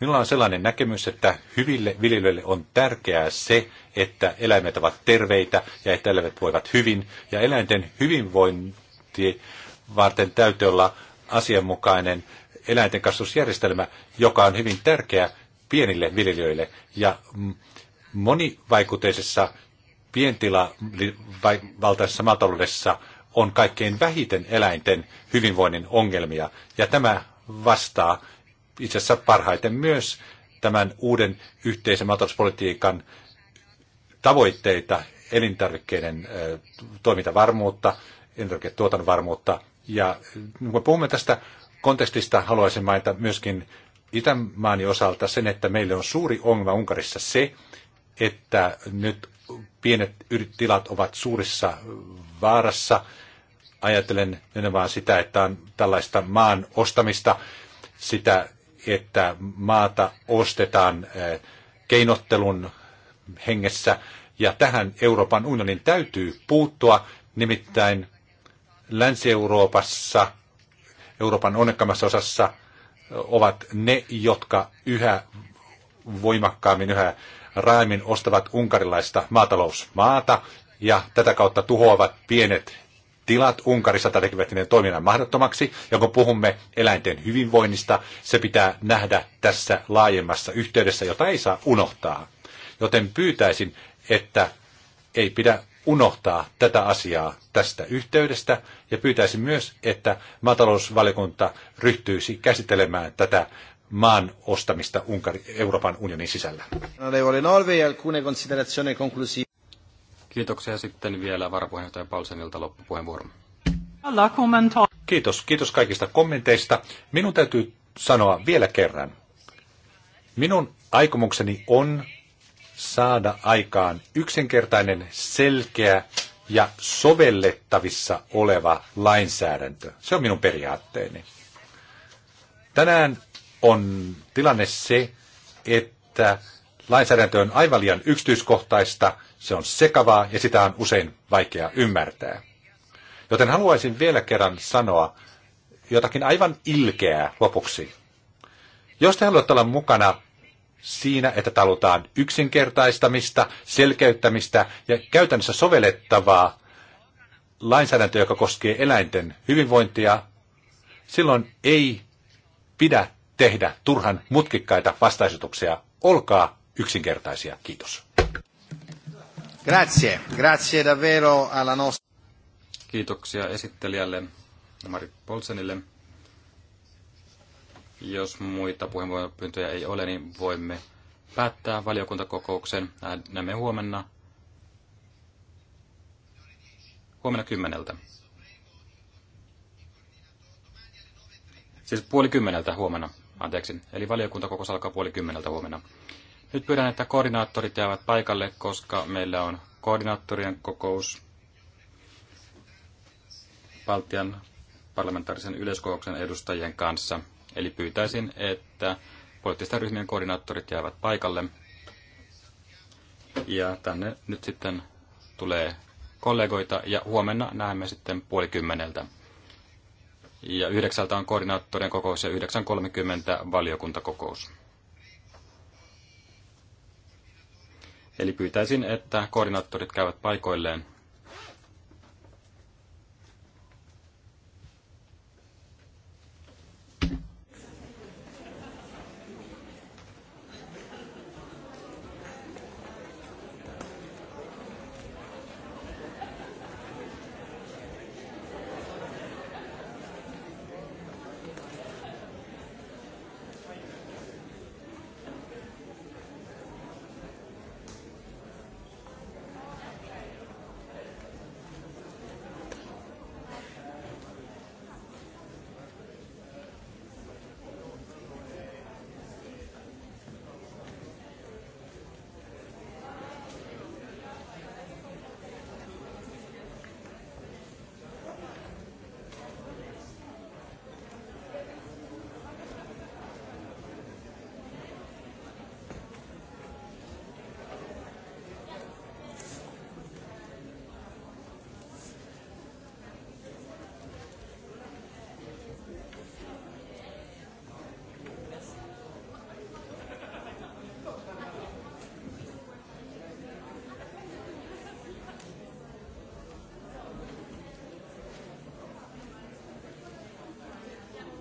Minulla on sellainen näkemys, että hyville viljelijöille on tärkeää se, että eläimet ovat terveitä ja että eläimet voivat hyvin. Ja eläinten hyvinvointi varten täytyy olla asianmukainen eläinten kasvatusjärjestelmä, joka on hyvin tärkeä pienille viljelijöille. Ja monivaikuteisessa pientilavaltaisessa maataloudessa on kaikkein vähiten eläinten hyvinvoinnin ongelmia. Ja tämä vastaa itse asiassa parhaiten myös tämän uuden yhteisen maatalouspolitiikan tavoitteita, elintarvikkeiden toimintavarmuutta, elintarviketuotannon varmuutta. Ja äh, kun puhumme tästä kontekstista, haluaisin mainita myöskin Itämaani osalta sen, että meille on suuri ongelma Unkarissa se, että nyt pienet tilat ovat suurissa vaarassa. Ajattelen vaan sitä, että on tällaista maan ostamista, sitä, että maata ostetaan äh, keinottelun hengessä, ja tähän Euroopan unionin täytyy puuttua, nimittäin Länsi-Euroopassa, Euroopan onnekkaimmassa osassa, ovat ne, jotka yhä voimakkaammin, yhä raaimmin ostavat unkarilaista maatalousmaata, ja tätä kautta tuhoavat pienet tilat Unkarissa tai tekevät niiden toiminnan mahdottomaksi. Ja kun puhumme eläinten hyvinvoinnista, se pitää nähdä tässä laajemmassa yhteydessä, jota ei saa unohtaa. Joten pyytäisin, että ei pidä unohtaa tätä asiaa tästä yhteydestä ja pyytäisin myös, että maatalousvaliokunta ryhtyisi käsittelemään tätä maan ostamista Unkari, Euroopan unionin sisällä. Kiitoksia sitten vielä varapuheenjohtaja Paulsenilta loppupuheenvuoron. Kiitos, kiitos kaikista kommenteista. Minun täytyy sanoa vielä kerran. Minun aikomukseni on saada aikaan yksinkertainen, selkeä ja sovellettavissa oleva lainsäädäntö. Se on minun periaatteeni. Tänään on tilanne se, että lainsäädäntö on aivan liian yksityiskohtaista, se on sekavaa ja sitä on usein vaikea ymmärtää. Joten haluaisin vielä kerran sanoa jotakin aivan ilkeää lopuksi. Jos te haluatte olla mukana siinä, että talutaan yksinkertaistamista, selkeyttämistä ja käytännössä sovellettavaa lainsäädäntöä, joka koskee eläinten hyvinvointia, silloin ei pidä tehdä turhan mutkikkaita vastaisutuksia. Olkaa yksinkertaisia. Kiitos. Grazie, grazie davvero alla nostra. Kiitoksia esittelijälle Mari Polsenille. Jos muita puheenvuoropyyntöjä ei ole, niin voimme päättää valiokuntakokouksen. Äh, näemme huomenna huomenna kymmeneltä. Siis puoli kymmeneltä huomenna, anteeksi. Eli valiokuntakokous alkaa puoli kymmeneltä huomenna. Nyt pyydän, että koordinaattorit jäävät paikalle, koska meillä on koordinaattorien kokous Baltian parlamentaarisen yleiskokouksen edustajien kanssa. Eli pyytäisin, että poliittisten ryhmien koordinaattorit jäävät paikalle. Ja tänne nyt sitten tulee kollegoita ja huomenna näemme sitten puoli kymmeneltä. Ja yhdeksältä on koordinaattorien kokous ja 9.30 valiokuntakokous. Eli pyytäisin, että koordinaattorit käyvät paikoilleen